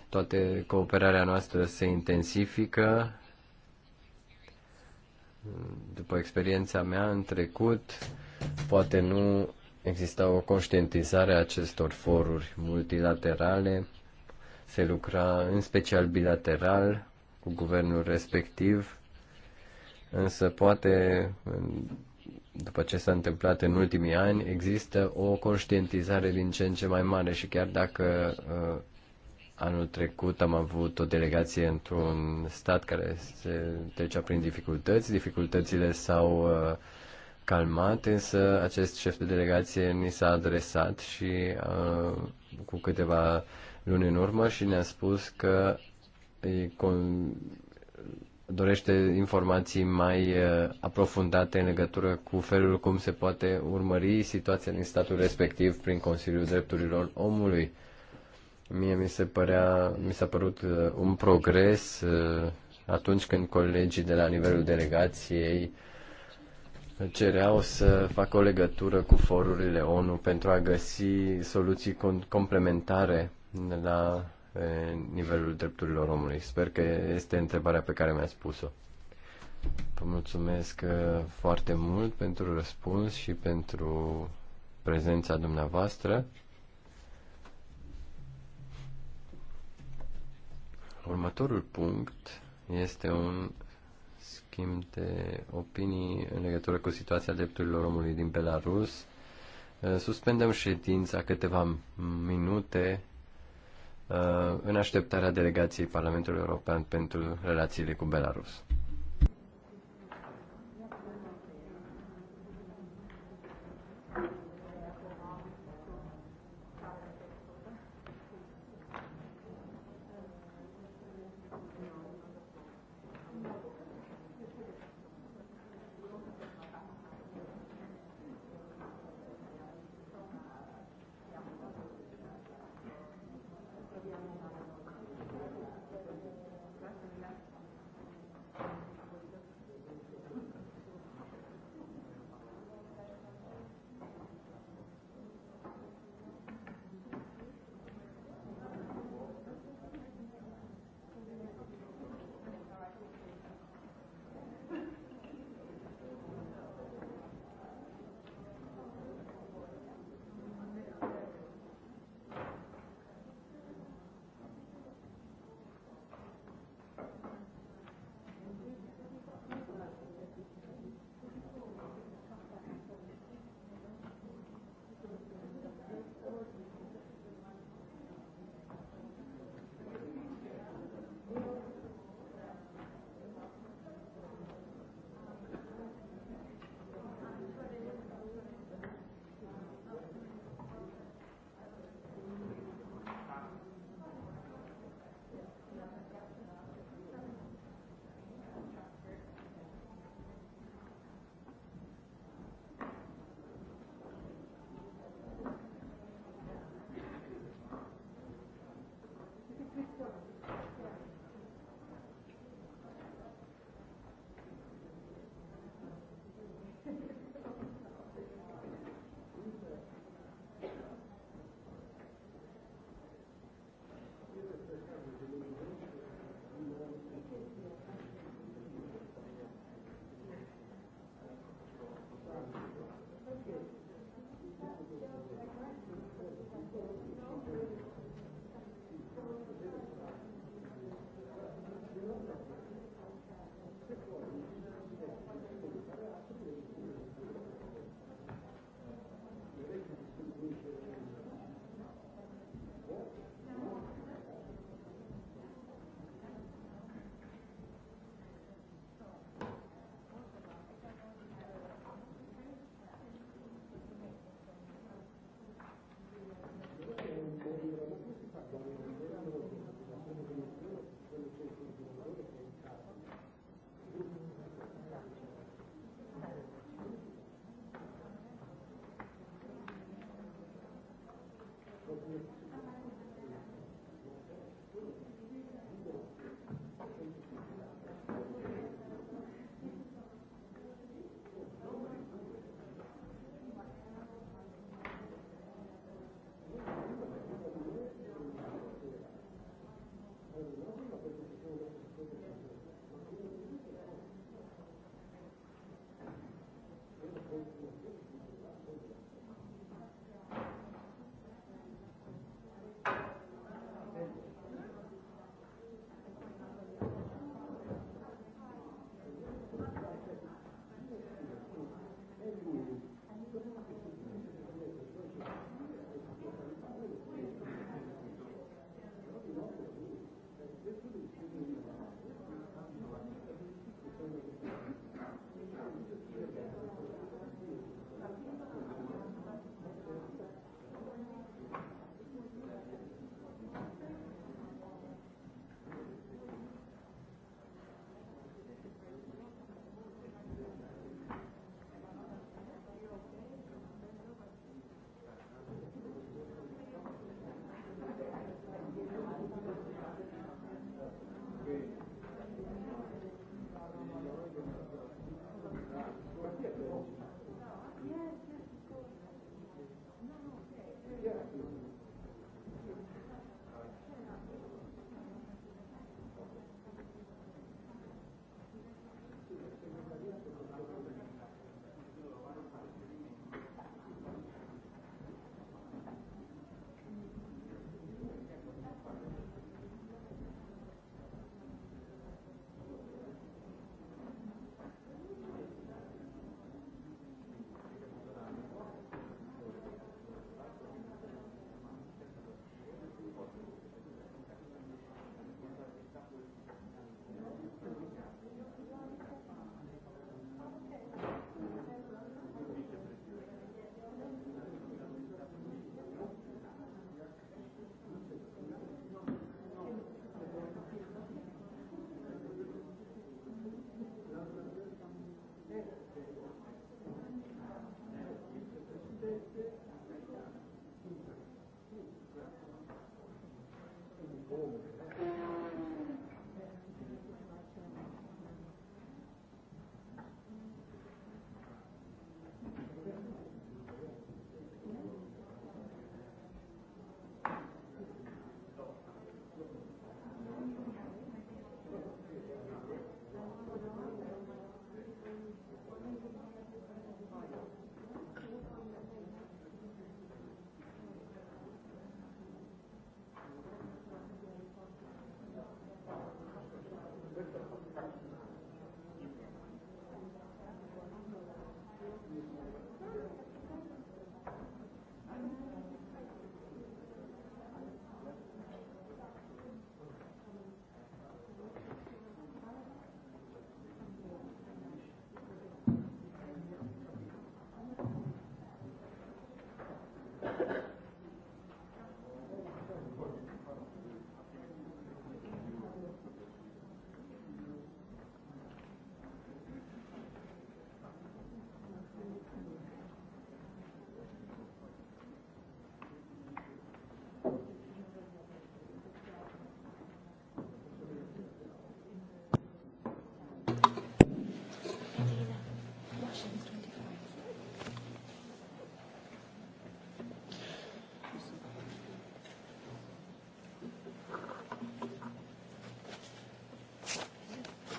S3: Toate cooperarea noastră se intensifică. După experiența mea în trecut, poate nu exista o conștientizare a acestor foruri multilaterale. Se lucra în special bilateral cu guvernul respectiv, însă poate după ce s-a întâmplat în ultimii ani, există o conștientizare din ce în ce mai mare și chiar dacă uh, anul trecut am avut o delegație într-un stat care se trecea prin dificultăți, dificultățile s-au uh, calmat, însă acest șef de delegație ni s-a adresat și uh, cu câteva luni în urmă și ne-a spus că dorește informații mai uh, aprofundate în legătură cu felul cum se poate urmări situația din statul respectiv prin Consiliul Drepturilor Omului. Mie mi se părea, mi s-a părut uh, un progres uh, atunci când colegii de la nivelul delegației cereau să facă o legătură cu forurile ONU pentru a găsi soluții complementare la pe nivelul drepturilor omului. Sper că este întrebarea pe care mi-a spus-o. Vă mulțumesc uh, foarte mult pentru răspuns și pentru prezența dumneavoastră. Următorul punct este un schimb de opinii în legătură cu situația drepturilor omului din Belarus. Uh, suspendăm ședința câteva minute Uh, în așteptarea delegației Parlamentului European pentru relațiile cu Belarus.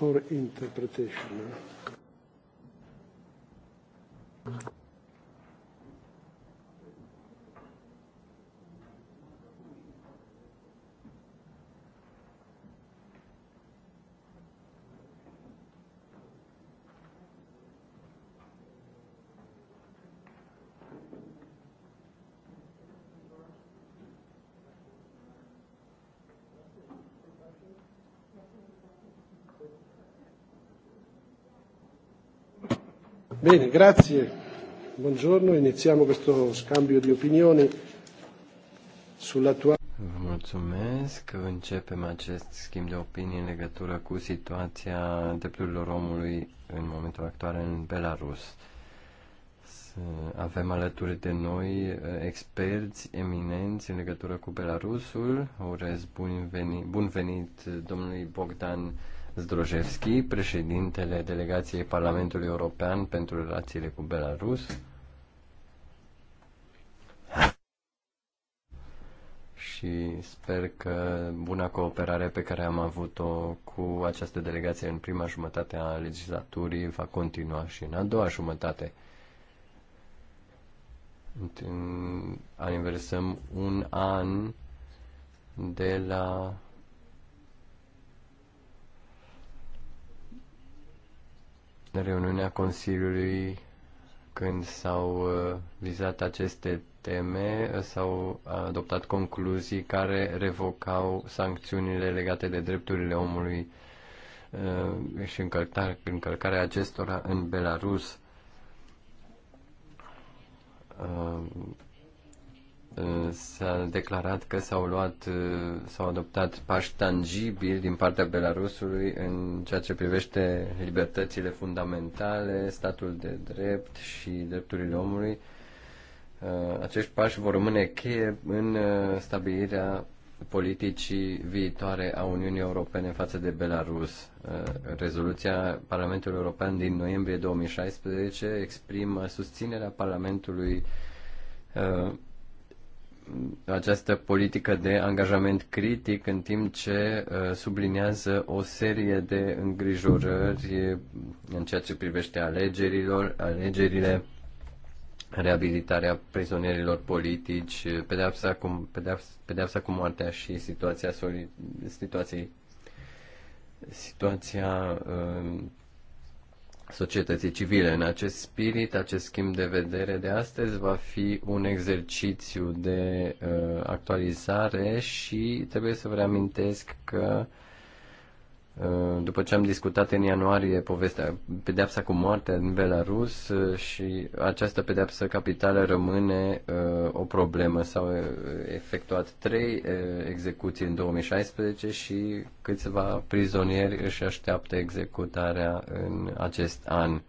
S2: for interpretation. Bene, grazie. Buongiorno, iniziamo questo scambio di opinioni
S3: sull'attuale. Vă mulțumesc. Începem acest schimb de opinii în legătură cu situația drepturilor omului în momentul actual în Belarus. Avem alături de noi eh, experți eminenți în legătură cu Belarusul. Urez bun venit, bun venit eh, domnului Bogdan Zdrojevski, președintele delegației Parlamentului European pentru relațiile cu Belarus. Și sper că buna cooperare pe care am avut-o cu această delegație în prima jumătate a legislaturii va continua și în a doua jumătate. Aniversăm un an de la reuniunea Consiliului când s-au uh, vizat aceste teme, uh, s-au adoptat concluzii care revocau sancțiunile legate de drepturile omului uh, și încălcarea acestora în Belarus Eh, s-a declarat că s-au luat, eh, s-au adoptat pași tangibili din partea Belarusului în ceea ce privește libertățile fundamentale, statul de drept și drepturile omului. Eh, acești pași vor rămâne cheie în stabilirea politicii viitoare a Uniunii Europene față de Belarus. Rezoluția Parlamentului European din noiembrie 2016 exprimă susținerea Parlamentului această politică de angajament critic în timp ce uh, subliniază o serie de îngrijorări în ceea ce privește alegerilor, alegerile, reabilitarea prizonierilor politici, pedeapsa cu, pedeapsa, pedeapsa cu moartea și situația, situației, situația uh, societății civile. În acest spirit, acest schimb de vedere de astăzi va fi un exercițiu de uh, actualizare și trebuie să vă reamintesc că uh, Uh, după ce am discutat în ianuarie povestea, pedeapsa cu moartea în Belarus uh, și această pedeapsă capitală rămâne uh, o problemă. S-au efectuat trei execuții în 2016 și câțiva prizonieri își așteaptă executarea în acest an.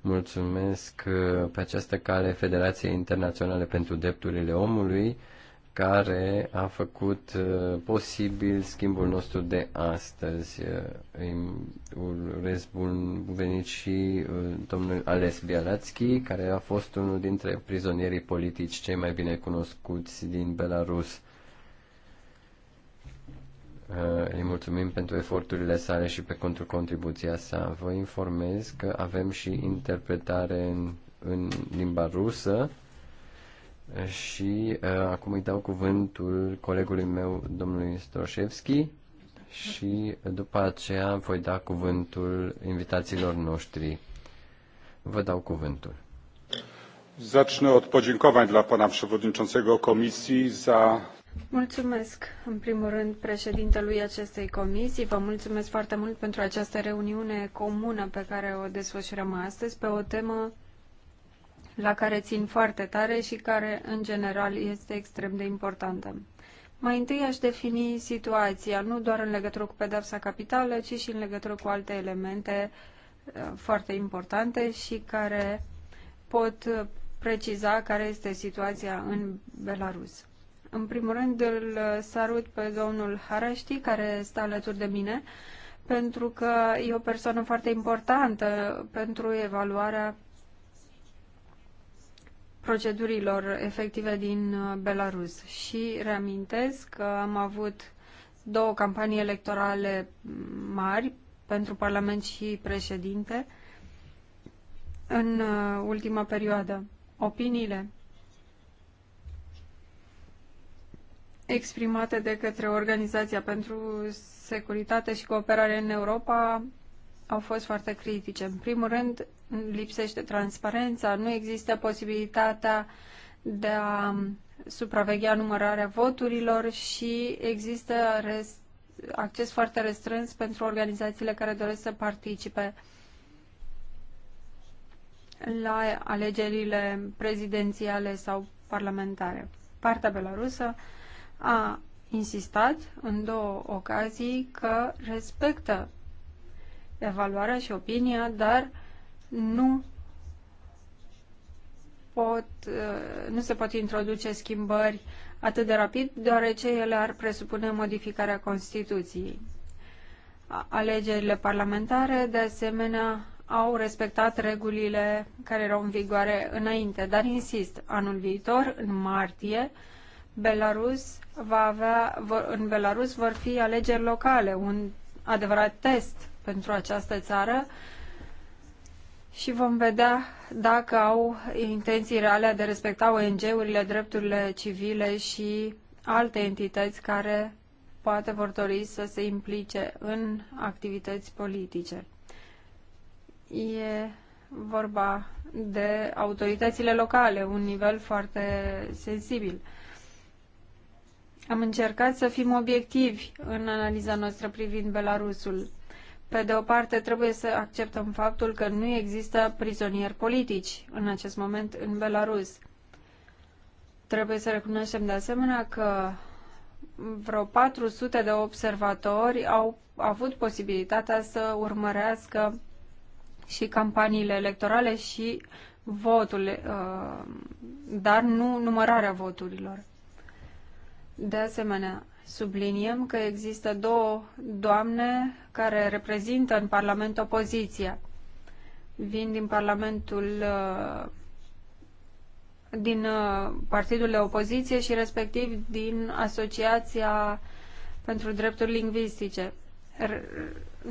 S3: Mulțumesc pe această cale Federației Internaționale pentru Drepturile Omului care a făcut uh, posibil schimbul nostru de astăzi. Uh, îi urez bun venit și uh, domnul Ales Bialatski, care a fost unul dintre prizonierii politici cei mai bine cunoscuți din Belarus. Uh, îi mulțumim pentru eforturile sale și pentru contribuția sa. Vă informez că avem și interpretare în, în limba rusă și uh, acum îi dau cuvântul colegului meu, domnului Stroșevski, și după aceea voi da cuvântul invitațiilor noștri. Vă dau cuvântul.
S2: Zacznę od podziękowań dla pana przewodniczącego komisji za
S4: Mulțumesc, în primul rând, președintelui acestei comisii. Vă mulțumesc foarte mult pentru această reuniune comună pe care o desfășurăm astăzi pe o temă la care țin foarte tare și care, în general, este extrem de importantă. Mai întâi aș defini situația, nu doar în legătură cu pedepsa capitală, ci și în legătură cu alte elemente uh, foarte importante și care pot preciza care este situația în Belarus. În primul rând îl salut pe domnul Haraști, care stă alături de mine, pentru că e o persoană foarte importantă pentru evaluarea procedurilor efective din uh, Belarus. Și reamintesc că am avut două campanii electorale mari pentru Parlament și președinte în uh, ultima perioadă. Opiniile exprimate de către Organizația pentru Securitate și Cooperare în Europa au fost foarte critice. În primul rând, lipsește transparența, nu există posibilitatea de a supraveghea numărarea voturilor și există acces foarte restrâns pentru organizațiile care doresc să participe la alegerile prezidențiale sau parlamentare. Partea belarusă a insistat în două ocazii că respectă evaluarea și opinia, dar uh, nu pot, uh, nu se pot introduce schimbări atât de rapid, deoarece ele ar presupune modificarea Constituției. Alegerile parlamentare, de asemenea, au respectat regulile care erau în vigoare înainte, dar insist, anul viitor, în martie, Belarus va avea, vor, în Belarus vor fi alegeri locale, un adevărat test pentru această țară, uh, și vom vedea dacă au intenții reale de respecta ONG-urile, drepturile civile și alte entități care poate vor dori să se implice în activități politice. E vorba de autoritățile locale, un nivel foarte sensibil. Am încercat să fim obiectivi în analiza noastră privind Belarusul pe de o parte, trebuie să acceptăm faptul că nu există prizonieri politici în acest moment în Belarus. Trebuie să recunoaștem de asemenea că vreo 400 de observatori au avut posibilitatea să urmărească și campaniile electorale și votul, uh, dar nu numărarea voturilor. De asemenea, subliniem că există două doamne care reprezintă în Parlament opoziția. Vin din Parlamentul uh, din uh, partidul de opoziție și respectiv din Asociația pentru Drepturi Lingvistice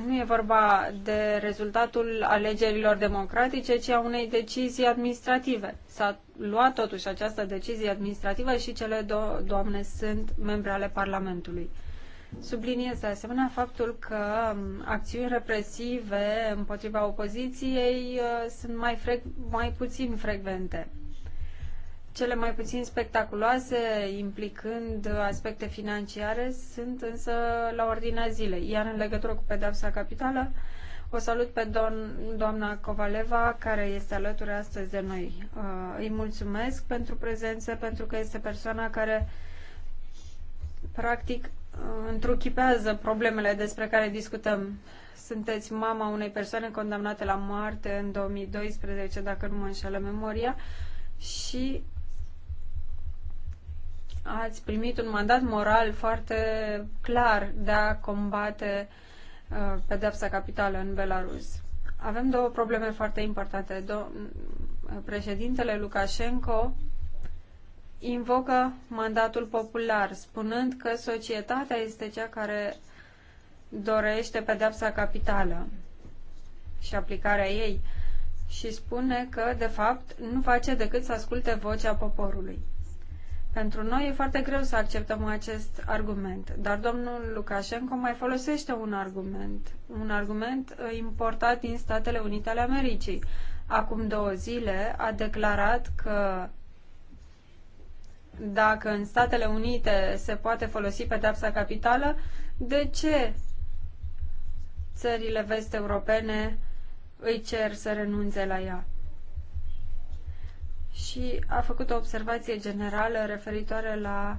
S4: nu e vorba de rezultatul alegerilor democratice, ci a unei decizii administrative. S-a luat totuși această decizie administrativă și cele două doamne sunt membre ale Parlamentului. Subliniez de asemenea faptul că um, acțiuni represive împotriva opoziției uh, sunt mai, frec- mai puțin frecvente. Cele mai puțin spectaculoase, implicând aspecte financiare, sunt însă la ordinea zilei. Iar în legătură cu pedepsa capitală, o salut pe don, doamna Covaleva, care este alături astăzi de noi. Uh, îi mulțumesc pentru prezență, pentru că este persoana care, practic, uh, întruchipează problemele despre care discutăm. Sunteți mama unei persoane condamnate la moarte în 2012, dacă nu mă înșală memoria, și ați primit un mandat moral foarte clar de a combate uh, pedepsa capitală în Belarus. Avem două probleme foarte importante. Do- uh, președintele Lukashenko invocă mandatul popular, spunând că societatea este cea care dorește pedepsa capitală și aplicarea ei și spune că, de fapt, nu face decât să asculte vocea poporului. Pentru noi e foarte greu să acceptăm acest argument, dar domnul Lukashenko mai folosește un argument, un argument uh, importat din Statele Unite ale Americii. Acum două zile a declarat că dacă în Statele Unite se poate folosi pedepsa capitală, de ce țările vest-europene îi cer să renunțe la ea? și a făcut o observație generală referitoare la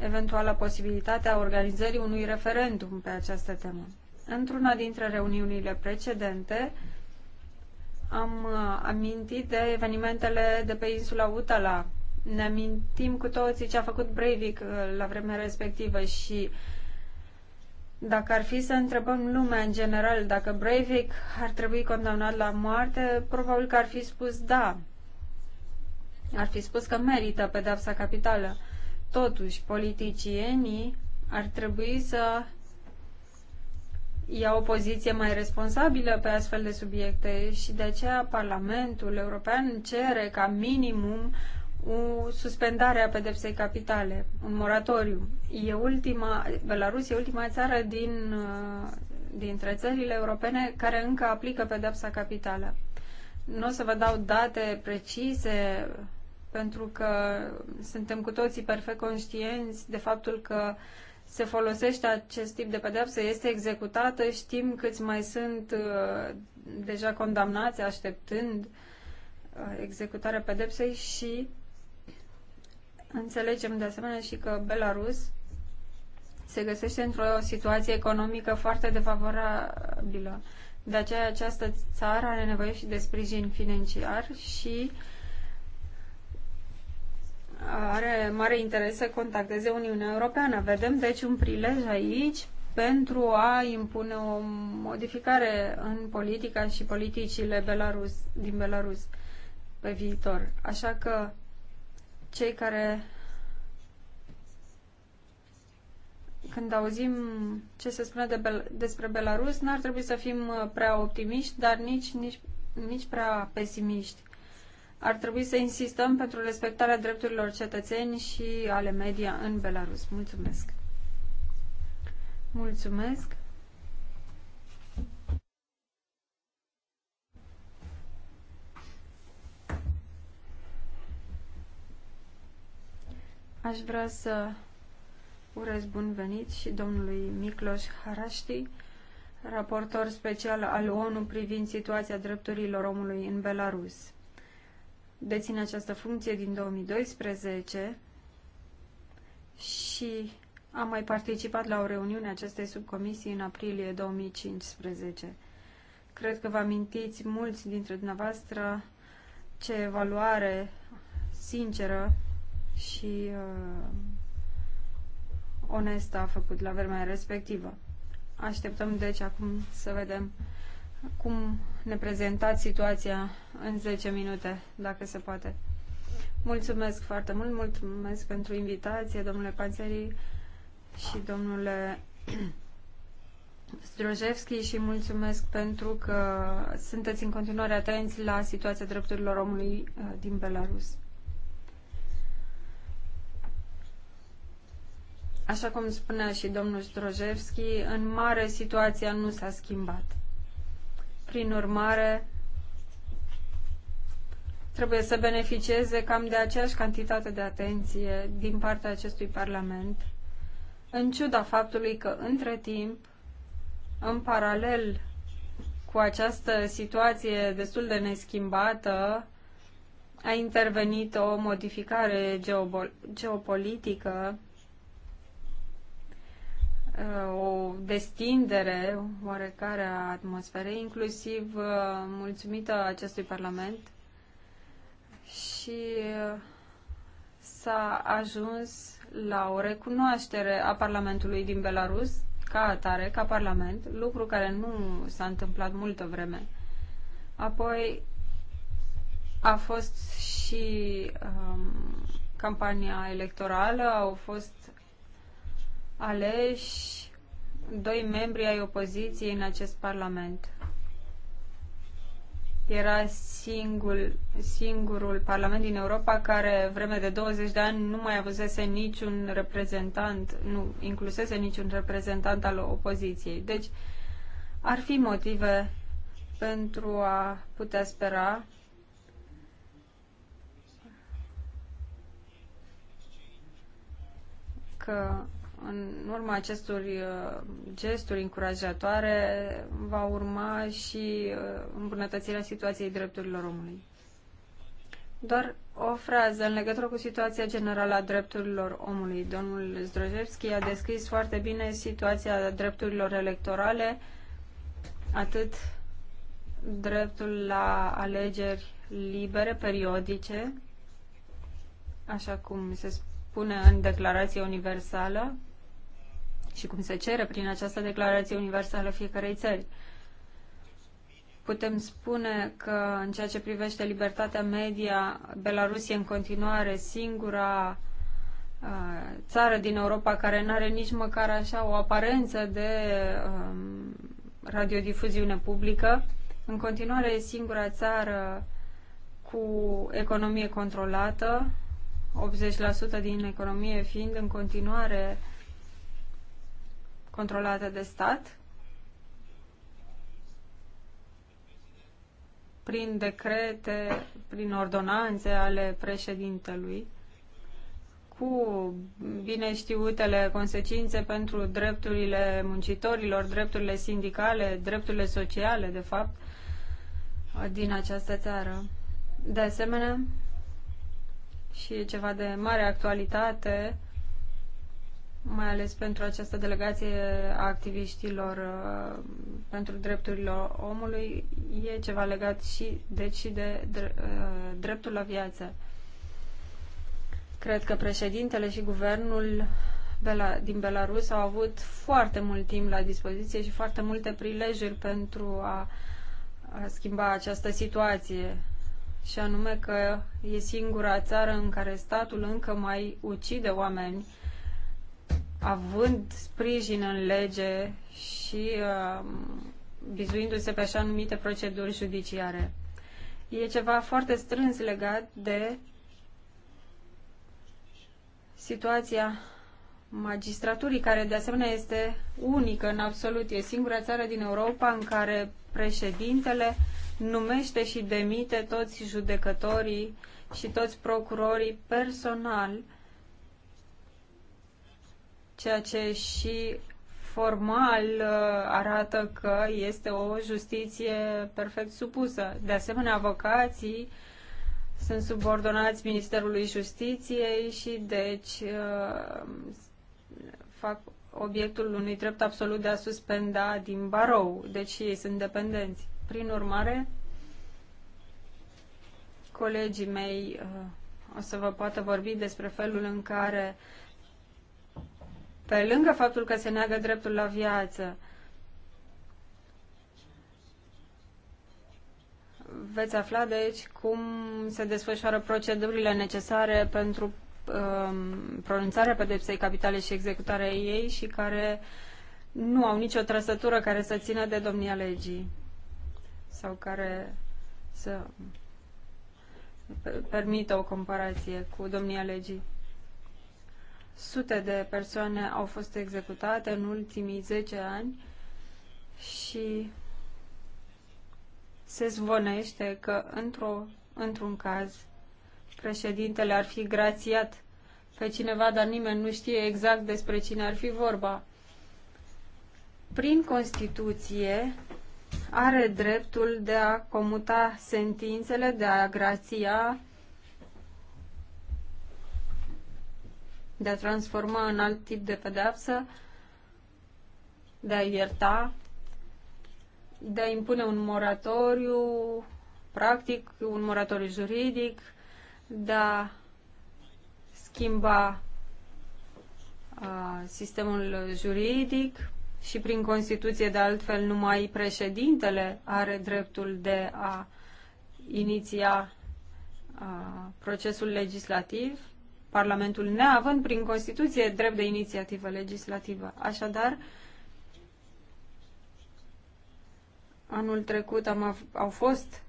S4: eventuala posibilitatea organizării unui referendum pe această temă. Într-una dintre reuniunile precedente am uh, amintit de evenimentele de pe insula Utala. Ne amintim cu toții ce a făcut Breivik uh, la vremea respectivă și dacă ar fi să întrebăm lumea în general dacă Breivik ar trebui condamnat la moarte, probabil că ar fi spus da ar fi spus că merită pedepsa capitală. Totuși, politicienii ar trebui să ia o poziție mai responsabilă pe astfel de subiecte și de aceea Parlamentul European cere ca minimum o suspendare a pedepsei capitale, un moratoriu. E ultima, Belarus e ultima țară din, uh, dintre țările europene care încă aplică pedepsa capitală. Nu o să vă dau date precise pentru că suntem cu toții perfect conștienți de faptul că se folosește acest tip de pedeapsă, este executată, știm câți mai sunt uh, deja condamnați așteptând uh, executarea pedepsei și înțelegem de asemenea și că Belarus se găsește într-o situație economică foarte defavorabilă. De aceea această țară are nevoie și de sprijin financiar și uh, are mare interes să contacteze Uniunea Europeană. Vedem deci un prilej aici pentru a impune o modificare în politica și politicile Belarus, din Belarus pe viitor. Așa că cei care când auzim ce se spune de Bel- despre Belarus, n-ar trebui să fim prea optimiști, dar nici, nici, nici prea pesimiști ar trebui să insistăm pentru respectarea drepturilor cetățeni și ale media în Belarus. Mulțumesc! Mulțumesc! Aș vrea să urez bun venit și domnului Miklos Haraști, raportor special al ONU privind situația drepturilor omului în Belarus deține această funcție din 2012 și am mai participat la o reuniune a acestei subcomisii în aprilie 2015. Cred că vă amintiți mulți dintre dumneavoastră ce evaluare sinceră și uh, onestă a făcut la vremea respectivă. Așteptăm deci acum să vedem cum ne prezentați situația în 10 minute, dacă se poate. Mulțumesc foarte mult, mulțumesc pentru invitație, domnule Panțeri și domnule Strojevski și mulțumesc pentru că sunteți în continuare atenți la situația drepturilor omului uh, din Belarus. Așa cum spunea și domnul Strojevski, în mare situația nu s-a schimbat. Prin urmare, trebuie să beneficieze cam de aceeași cantitate de atenție din partea acestui Parlament, în ciuda faptului că, între timp, în paralel cu această situație destul de neschimbată, a intervenit o modificare geopolitică o destindere oarecare a atmosferei, inclusiv uh, mulțumită acestui Parlament și uh, s-a ajuns la o recunoaștere a Parlamentului din Belarus ca atare, ca Parlament, lucru care nu s-a întâmplat multă vreme. Apoi a fost și um, campania electorală, au fost aleși doi membri ai opoziției în acest parlament. Era singur, singurul parlament din Europa care vreme de 20 de ani nu mai avusese niciun reprezentant, nu inclusese niciun reprezentant al opoziției. Deci ar fi motive pentru a putea spera că în urma acestor uh, gesturi încurajatoare va urma și uh, îmbunătățirea situației drepturilor omului. Doar o frază în legătură cu situația generală a drepturilor omului. Domnul Zdrojevski a descris foarte bine situația drepturilor electorale, atât dreptul la alegeri libere, periodice, așa cum se spune în Declarația Universală, și cum se cere prin această declarație universală fiecarei țări. Putem spune că în ceea ce privește libertatea media, Belarus e în continuare singura uh, țară din Europa care nu are nici măcar așa o aparență de um, radiodifuziune publică. În continuare e singura țară cu economie controlată, 80% din economie fiind în continuare controlată de stat prin decrete, prin ordonanțe ale președintelui cu bineștiutele consecințe pentru drepturile muncitorilor, drepturile sindicale, drepturile sociale, de fapt, din această țară. De asemenea, și e ceva de mare actualitate, mai ales pentru această delegație a activiștilor uh, pentru drepturile omului, e ceva legat și, deci, și de uh, dreptul la viață. Cred că președintele și guvernul din Belarus au avut foarte mult timp la dispoziție și foarte multe prilejuri pentru a, a schimba această situație. Și anume că e singura țară în care statul încă mai ucide oameni având sprijin în lege și uh, bizuindu-se pe așa numite proceduri judiciare. E ceva foarte strâns legat de situația magistraturii, care de asemenea este unică în absolut. E singura țară din Europa în care președintele numește și demite toți judecătorii și toți procurorii personal ceea ce și formal uh, arată că este o justiție perfect supusă. De asemenea, avocații sunt subordonați Ministerului Justiției și deci uh, fac obiectul unui drept absolut de a suspenda din barou, deci ei sunt dependenți. Prin urmare, colegii mei uh, o să vă poată vorbi despre felul în care uh, pe lângă faptul că se neagă dreptul la viață, veți afla de aici cum se desfășoară procedurile necesare pentru um, pronunțarea pedepsei capitale și executarea ei și care nu au nicio trăsătură care să țină de domnia legii sau care să permită o comparație cu domnia legii sute de persoane au fost executate în ultimii 10 ani și se zvonește că într-o, într-un caz președintele ar fi grațiat pe cineva, dar nimeni nu știe exact despre cine ar fi vorba. Prin Constituție are dreptul de a comuta sentințele, de a grația de a transforma în alt tip de pedeapsă, de a ierta, de a impune un moratoriu practic, un moratoriu juridic, de a schimba a, sistemul juridic și prin Constituție, de altfel, numai președintele are dreptul de a iniția a, procesul legislativ Parlamentul, neavând prin Constituție drept de inițiativă legislativă. Așadar, anul trecut am au fost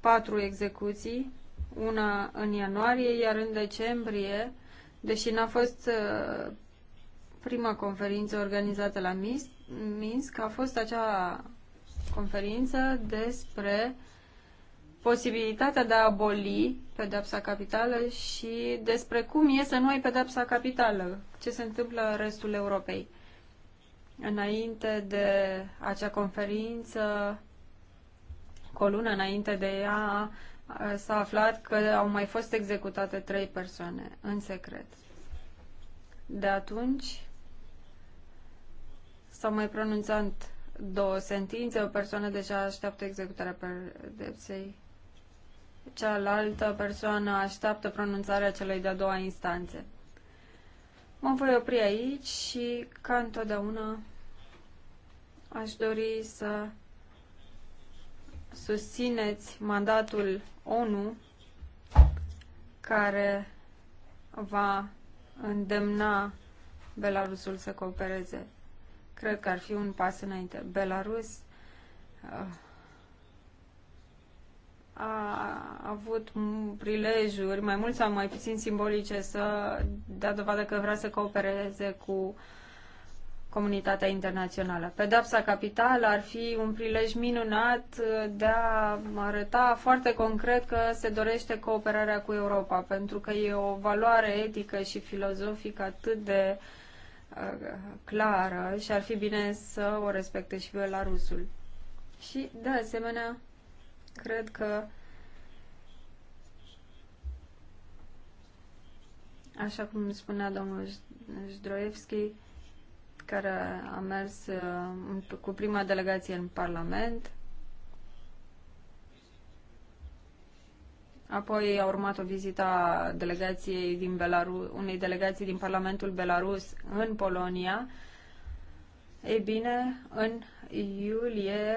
S4: patru execuții, una în ianuarie, iar în decembrie, deși n-a fost uh, prima conferință organizată la Minsk, a fost acea conferință despre uh, posibilitatea de a aboli pedepsa capitală și despre cum e să nu ai pedepsa capitală, ce se întâmplă în restul Europei. Înainte de acea conferință, cu o lună înainte de ea, s-a aflat că au mai fost executate trei persoane în secret. De atunci s-au mai pronunțat două sentințe, o persoană deja așteaptă executarea pedepsei cealaltă persoană așteaptă pronunțarea celei de-a doua instanțe. Mă voi opri aici și, ca întotdeauna, aș dori să susțineți mandatul ONU care va îndemna Belarusul să coopereze. Cred că ar fi un pas înainte. Belarus uh, a avut prilejuri, mai mult sau mai puțin simbolice, să dea dovadă că vrea să coopereze cu comunitatea internațională. Pedapsa capitală ar fi un prilej minunat de a arăta foarte concret că se dorește cooperarea cu Europa, pentru că e o valoare etică și filozofică atât de uh, clară și ar fi bine să o respecte și Belarusul. Și, de asemenea, Cred că așa cum spunea domnul Zdroevski, care a mers uh, cu prima delegație în Parlament, Apoi a urmat o vizită a delegației din Belarus, unei delegații din Parlamentul Belarus în Polonia ei bine, în iulie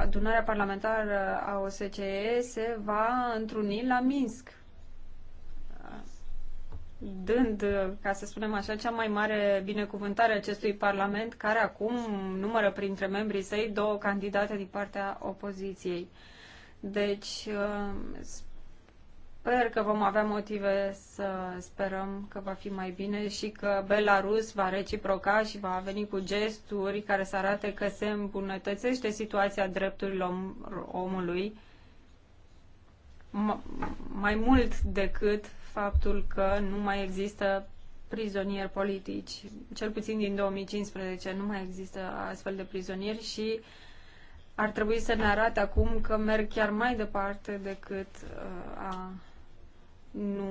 S4: adunarea parlamentară a OSCE se va întruni la Minsk, dând, ca să spunem așa, cea mai mare binecuvântare acestui parlament, care acum numără printre membrii săi două candidate din partea opoziției. Deci, ă, Sper că vom avea motive să sperăm că va fi mai bine și că Belarus va reciproca și va veni cu gesturi care să arate că se îmbunătățește situația drepturilor om omului mai mult decât faptul că nu mai există prizonieri politici. Cel puțin din 2015 nu mai există astfel de prizonieri și ar trebui să ne arate acum că merg chiar mai departe decât uh, a nu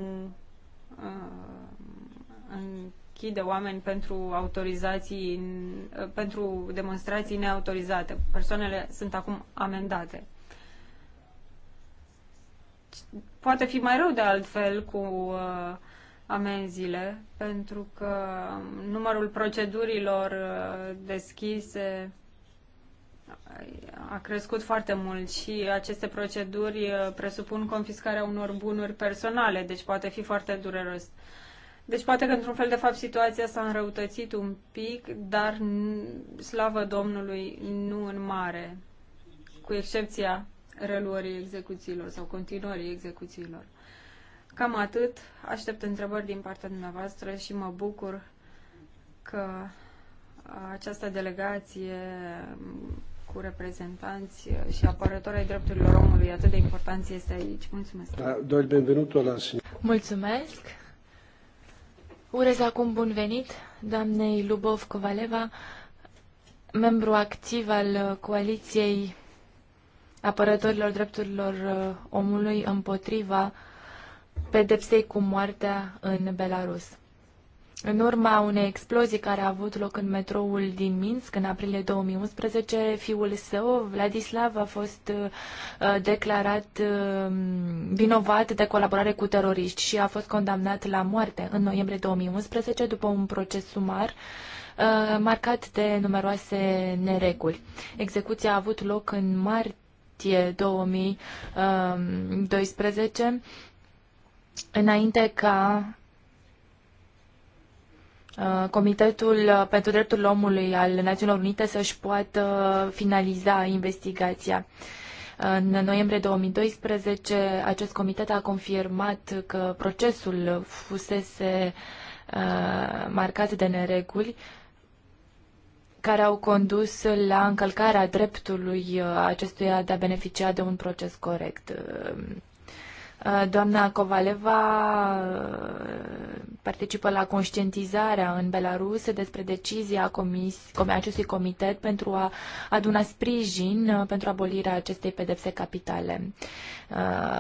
S4: închide oameni pentru autorizații, pentru demonstrații neautorizate. Persoanele sunt acum amendate. Poate fi mai rău de altfel cu uh, amenziile, pentru că numărul procedurilor deschise a crescut foarte mult și aceste proceduri uh, presupun confiscarea unor bunuri personale, deci poate fi foarte dureros. Deci poate că într-un fel de fapt situația s-a înrăutățit un pic, dar slavă Domnului nu în mare, cu excepția reluării execuțiilor sau continuării execuțiilor. Cam atât. Aștept întrebări din partea dumneavoastră și mă bucur că această delegație cu reprezentanți uh, și apărători ai drepturilor omului. Atât de importanți, este aici. Mulțumesc.
S3: Da,
S1: Mulțumesc. Urez acum bun venit doamnei Lubov Covaleva, membru activ al uh, Coaliției Apărătorilor Drepturilor uh, Omului împotriva pedepsei cu moartea în Belarus. În urma unei explozii care a avut loc în metroul din Minsk în aprilie 2011, fiul său, Vladislav, a fost uh, declarat um, vinovat de colaborare cu teroriști și a fost condamnat la moarte în noiembrie 2011 după un proces sumar uh, marcat de numeroase nereguli. Execuția a avut loc în martie 2012, um, înainte ca Uh, Comitetul uh, pentru Drepturile Omului al Națiunilor Unite să-și poată uh, finaliza investigația. În noiembrie 2012, acest comitet a confirmat că procesul fusese marcat de nereguli care au condus la încălcarea dreptului acestuia de a beneficia de un proces corect. Uh, doamna Covaleva uh, participă la conștientizarea în Belarus despre decizia comis, acestui comitet pentru a aduna sprijin uh, pentru abolirea acestei pedepse capitale.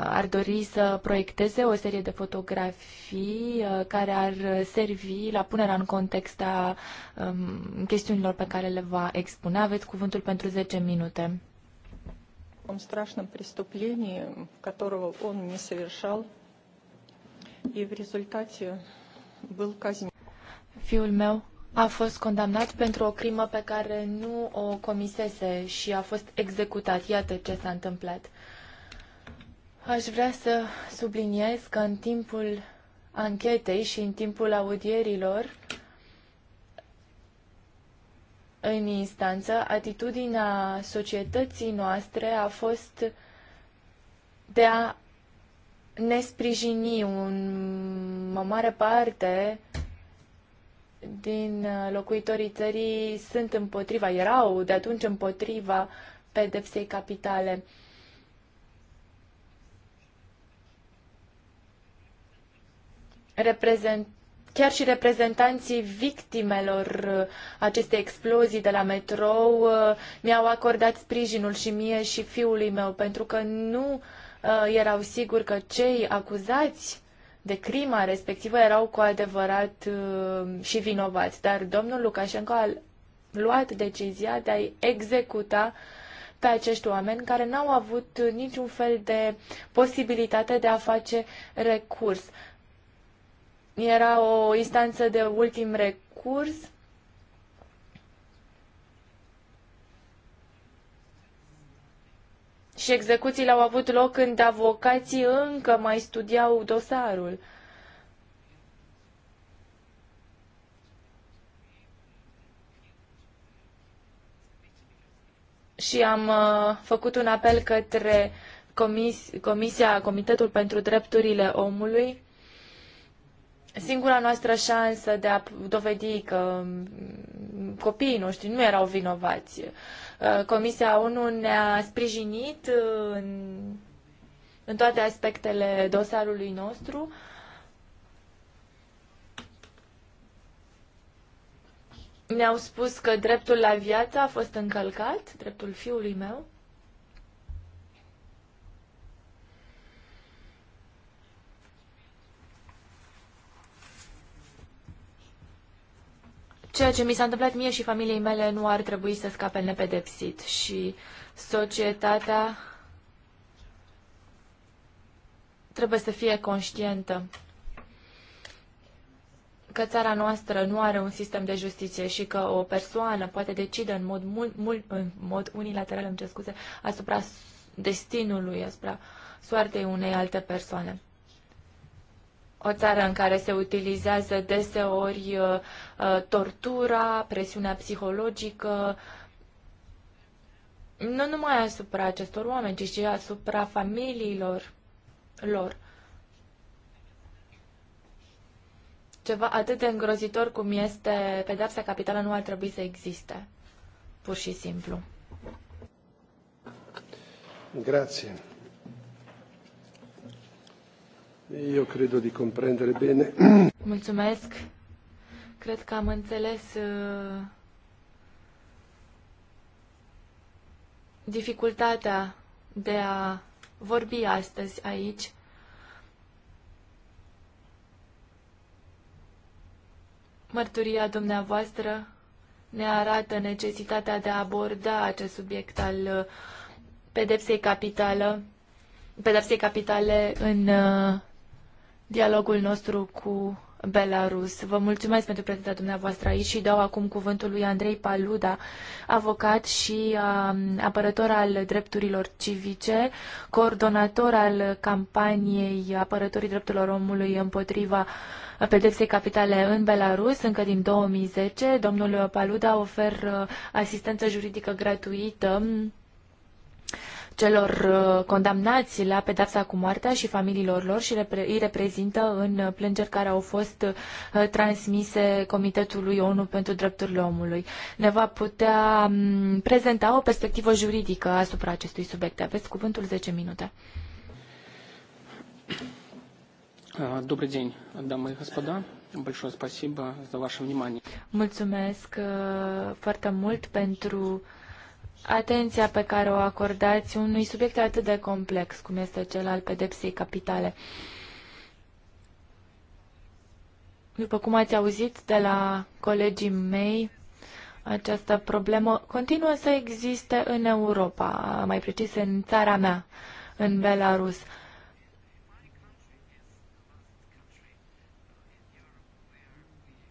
S1: Ar dori să proiecteze o serie de fotografii care ar servi la punerea în context a um, chestiunilor pe care le va expune. Aveți cuvântul pentru 10 minute
S4: том страшном преступлении, которого он не совершал,
S1: и в результате был казнен. Fiul meu a fost condamnat pentru o crimă pe care nu o comisese și a fost executat. Iată ce s-a întâmplat. Aș vrea să subliniez că în timpul anchetei și în timpul audierilor, în instanță, atitudinea societății noastre a fost de a ne sprijini un, o mare parte din locuitorii țării sunt împotriva, erau de atunci împotriva pedepsei capitale. Reprezent Chiar și reprezentanții victimelor uh, acestei explozii de la metrou uh, mi-au acordat sprijinul și mie și fiului meu, pentru că nu uh, erau siguri că cei acuzați de crima respectivă erau cu adevărat și vinovați. Dar domnul Lukashenko a luat decizia de a-i executa pe acești oameni care n-au avut niciun fel de posibilitate de a face recurs. Era o instanță de ultim recurs. Și execuțiile au avut loc când avocații încă mai studiau dosarul. și am uh, făcut un apel către comis Comisia, Comitetul pentru Drepturile Omului singura noastră șansă de a dovedi că mm, copiii noștri nu erau vinovați. Uh, Comisia ONU ne-a sprijinit uh, în, în toate aspectele dosarului nostru. Ne-au spus că dreptul la viață a fost încălcat, dreptul fiului meu. Ceea ce mi s-a întâmplat mie și familiei mele nu ar trebui să scape nepedepsit și societatea trebuie să fie conștientă că țara noastră nu are un sistem de justiție și că o persoană poate decide în mod, mul, mul, în mod unilateral, îmi cer scuze, asupra destinului, asupra soartei unei alte persoane o țară în care se utilizează deseori uh, uh, tortura, presiunea psihologică, nu numai asupra acestor oameni, ci și asupra familiilor lor. Ceva atât de îngrozitor cum este pedapsa capitală nu ar trebui să existe, pur și simplu.
S2: Grazie. Eu cred de comprendere bine.
S1: Mulțumesc. Cred că am înțeles uh, dificultatea de a vorbi astăzi aici. Mărturia dumneavoastră ne arată necesitatea de a aborda acest subiect al uh, pedepsei capitală, pedepsei capitale în uh, dialogul nostru cu Belarus. Vă mulțumesc pentru prezența dumneavoastră aici și dau acum cuvântul lui Andrei Paluda, avocat și um, apărător al drepturilor civice, coordonator al campaniei apărătorii drepturilor omului împotriva pedepsei capitale în Belarus încă din 2010. Domnul Paluda oferă asistență juridică gratuită celor uh, condamnați la pedapsa cu moartea și familiilor lor și îi reprezintă în plângeri care au fost uh, transmise Comitetului ONU pentru Drepturile Omului. Ne va putea um, prezenta o perspectivă juridică asupra acestui subiect. Aveți cuvântul 10 minute.
S2: Uh, Добрый день, дамы и господа. Большое спасибо за ваше внимание.
S1: Mulțumesc foarte mult pentru atenția pe care o acordați unui subiect atât de complex cum este cel al pedepsei capitale. După cum ați auzit de la colegii mei, această problemă continuă să existe în Europa, mai precis în țara mea, în Belarus.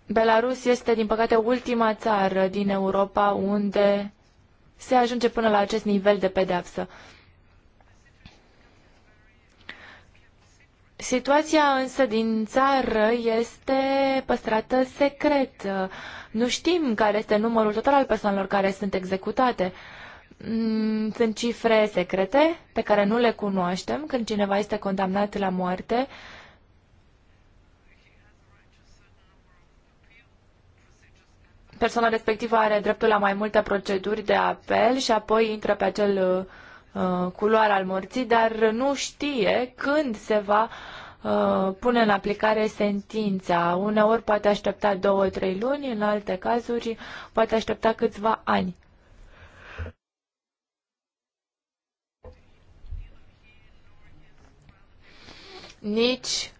S1: Belarus este, din păcate, ultima țară din Europa unde se ajunge până la acest nivel de pedeapsă. Situația însă din țară este păstrată secret. Nu știm care este numărul total al persoanelor care sunt executate. Mm, sunt cifre secrete pe care nu le cunoaștem când cineva este condamnat la moarte. Uh, persoana respectivă are dreptul la mai multe proceduri de apel și apoi intră pe acel uh, culoar al morții, dar nu știe când se va uh, pune în aplicare sentința. Uneori poate aștepta două, trei luni, în alte cazuri poate aștepta câțiva ani. Nici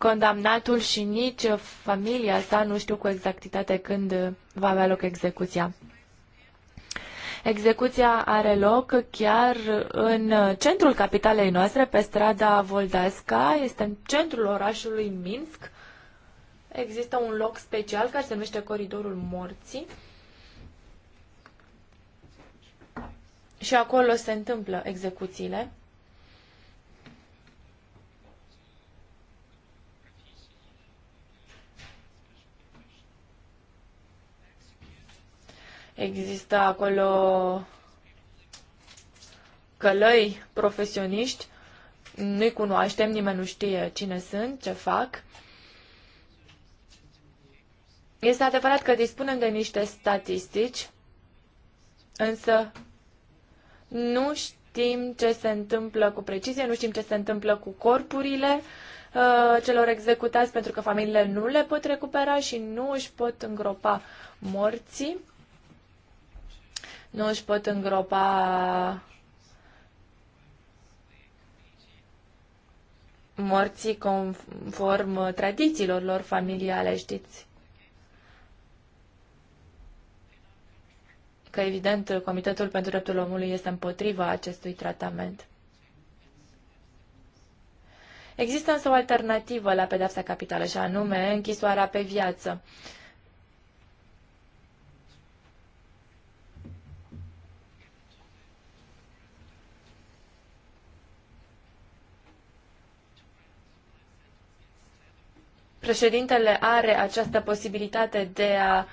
S1: condamnatul și nici familia sa nu știu cu exactitate când va avea loc execuția. Execuția are loc chiar în centrul capitalei noastre, pe strada Voldasca, este în centrul orașului Minsk. Există un loc special care se numește Coridorul Morții. Și acolo se întâmplă execuțiile. Există acolo călăi profesioniști, nu-i cunoaștem, nimeni nu știe cine sunt, ce fac. Este adevărat că dispunem de niște statistici, însă nu știm ce se întâmplă cu precizie, nu știm ce se întâmplă cu corpurile uh, celor executați, pentru că familiile nu le pot recupera și nu își pot îngropa morții nu își pot îngropa morții conform tradițiilor lor familiale, știți? Că, evident, Comitetul pentru Dreptul Omului este împotriva acestui tratament. Există însă o alternativă la pedepsa capitală, și anume închisoarea pe viață. Uh, președintele are această posibilitate de a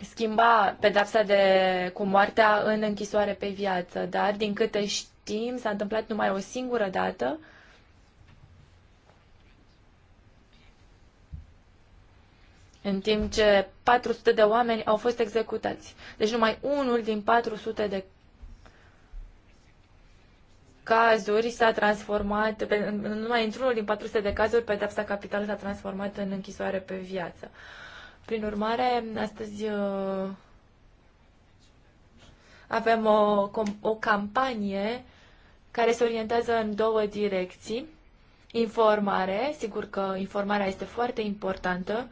S1: schimba pedapsa de, cu moartea în închisoare pe viață, dar din câte știm s-a întâmplat numai o singură dată. în timp ce 400 de oameni au fost executați. Deci numai unul din 400 de cazuri s-a transformat, pe, numai într-unul din 400 de cazuri, pedepsa capitală s-a transformat în închisoare pe viață. Prin urmare, astăzi uh, avem o, o campanie care se orientează în două direcții. Informare, sigur că informarea este foarte importantă.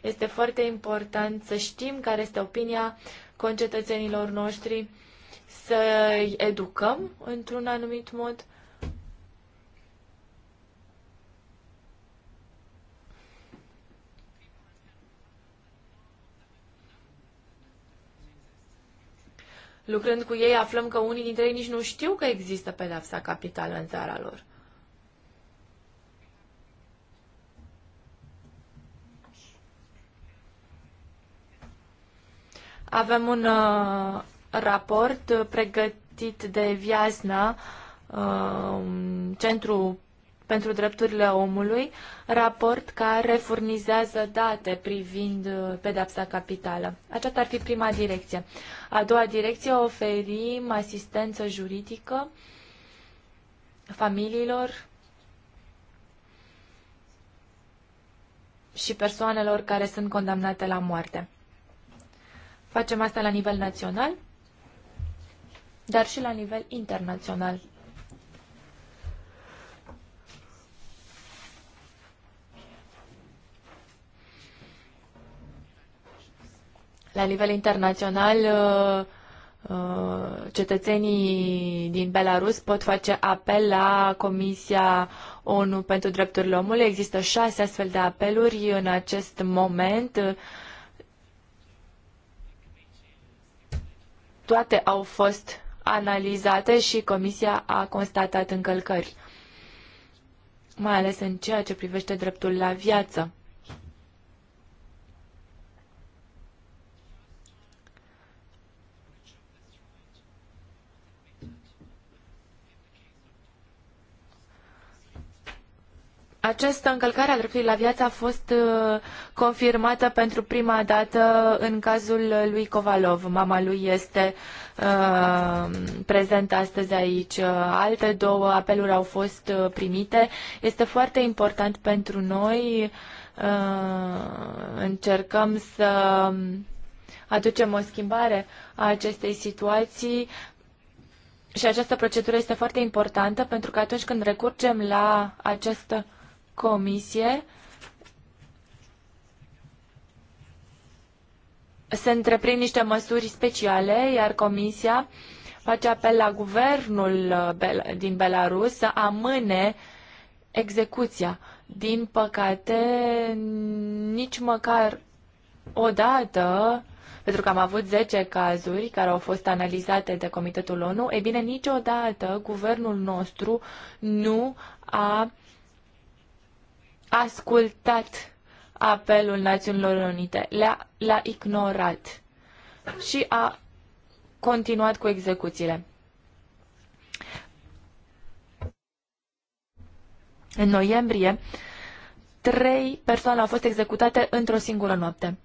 S1: Este foarte important să știm care este opinia concetățenilor noștri să îi educăm într-un anumit mod. Lucrând cu ei, aflăm că unii dintre ei nici nu știu că există pedapsa capitală în țara lor. Avem un uh, raport pregătit de Viasna, um, Centru pentru Drepturile Omului, raport care furnizează date privind uh, pedapsa capitală. Aceasta ar fi prima direcție. A doua direcție, oferim asistență juridică familiilor și persoanelor care sunt condamnate la moarte. Facem asta la nivel național dar și la nivel internațional. La nivel internațional, uh, uh, cetățenii din Belarus pot face apel la Comisia ONU pentru Drepturile Omului. Există șase astfel de apeluri în acest moment. Toate au fost analizate și Comisia a constatat încălcări, mai ales în ceea ce privește dreptul la viață. Această încălcare a dreptului la viață a fost uh, confirmată pentru prima dată în cazul lui Kovalov. Mama lui este uh, prezentă astăzi aici. Alte două apeluri au fost uh, primite. Este foarte important pentru noi. încercăm să aducem o schimbare a acestei situații. Și această procedură este foarte importantă pentru că atunci când recurgem la această comisie se întreprind niște măsuri speciale, iar comisia face apel la guvernul uh, din Belarus să amâne execuția. Din păcate, nici măcar o dată, pentru că am avut 10 cazuri care au fost analizate de Comitetul ONU, e bine, niciodată guvernul nostru nu a ascultat apelul Națiunilor Unite, le-a, l-a ignorat și a continuat cu execuțiile. În noiembrie, trei persoane au fost executate într-o singură noapte.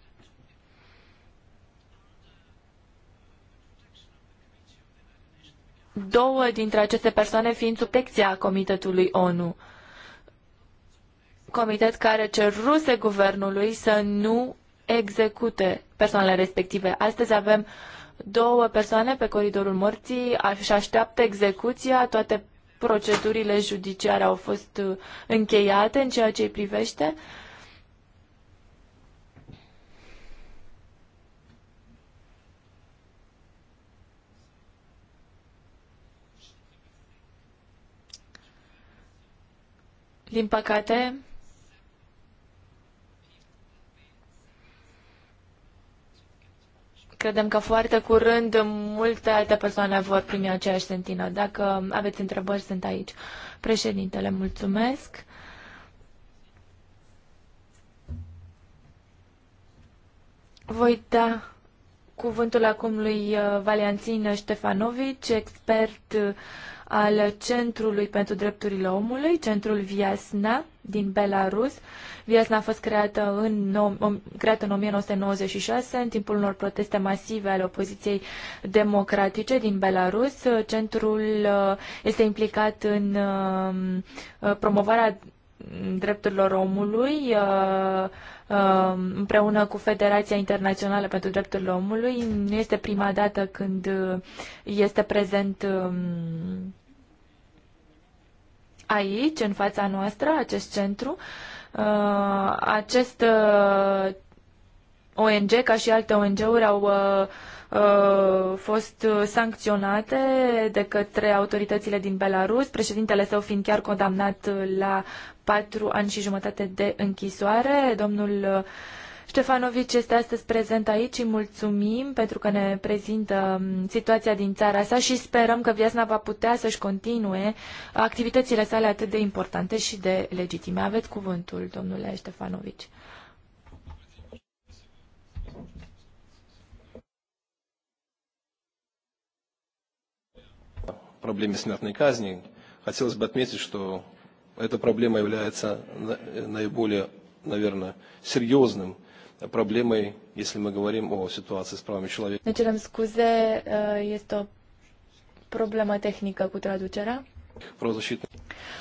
S1: Două dintre aceste persoane fiind protecția Comitetului ONU comitet care ceruse guvernului să nu execute persoanele respective. Astăzi avem două persoane pe coridorul morții și așteaptă execuția. Toate procedurile judiciare au fost uh, încheiate în ceea ce îi privește. Din păcate, Credem că foarte curând multe alte persoane vor primi aceeași sentină. Dacă aveți întrebări, sunt aici. Președintele, mulțumesc. Voi da cuvântul acum lui uh, Valianțin Ștefanovici, expert uh, al Centrului pentru Drepturile Omului, Centrul Viasna din Belarus. Viasna a fost creată în, creată în 1996 în timpul unor proteste masive ale opoziției democratice din Belarus. Centrul uh, este implicat în uh, uh, promovarea drepturilor omului, Um, împreună cu Federația Internațională pentru Drepturile Omului. Nu este prima dată când uh, este prezent um, aici, în fața noastră, acest centru. Uh, acest uh, ONG, ca și alte ONG-uri, au Uh, fost uh, sancționate de către autoritățile din Belarus, președintele său fiind chiar condamnat uh, la patru ani și jumătate de închisoare. Domnul Ștefanovici este astăzi prezent aici, îi mulțumim pentru că ne prezintă um, situația din țara sa și sperăm că Viasna va putea să-și continue activitățile sale atât de importante și de legitime. Aveți cuvântul, domnule Ștefanovici.
S2: проблеме смертной казни. Хотелось бы отметить, что эта проблема является наиболее, наверное, серьезным проблемой, если мы говорим о ситуации с правами человека.
S1: Ne cerem скузе, este o problemă tehnică cu traducerea.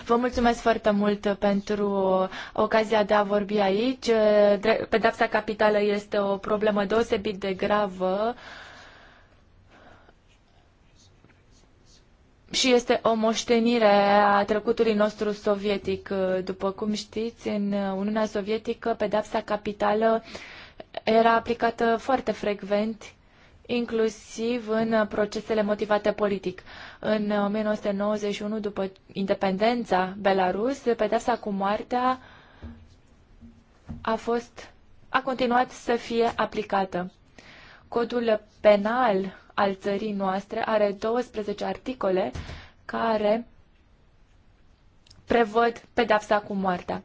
S1: Vă mulțumesc foarte mult pentru ocazia de a vorbi aici. Pedapsa capitală este o problemă deosebit de gravă și este o moștenire a trecutului nostru sovietic. După cum știți, în Uniunea Sovietică, pedapsa capitală era aplicată foarte frecvent, inclusiv în procesele motivate politic. În 1991, după independența Belarus, pedapsa cu moartea a fost a continuat să fie aplicată. Codul penal al țării noastre are 12 articole care prevăd pedapsa cu moartea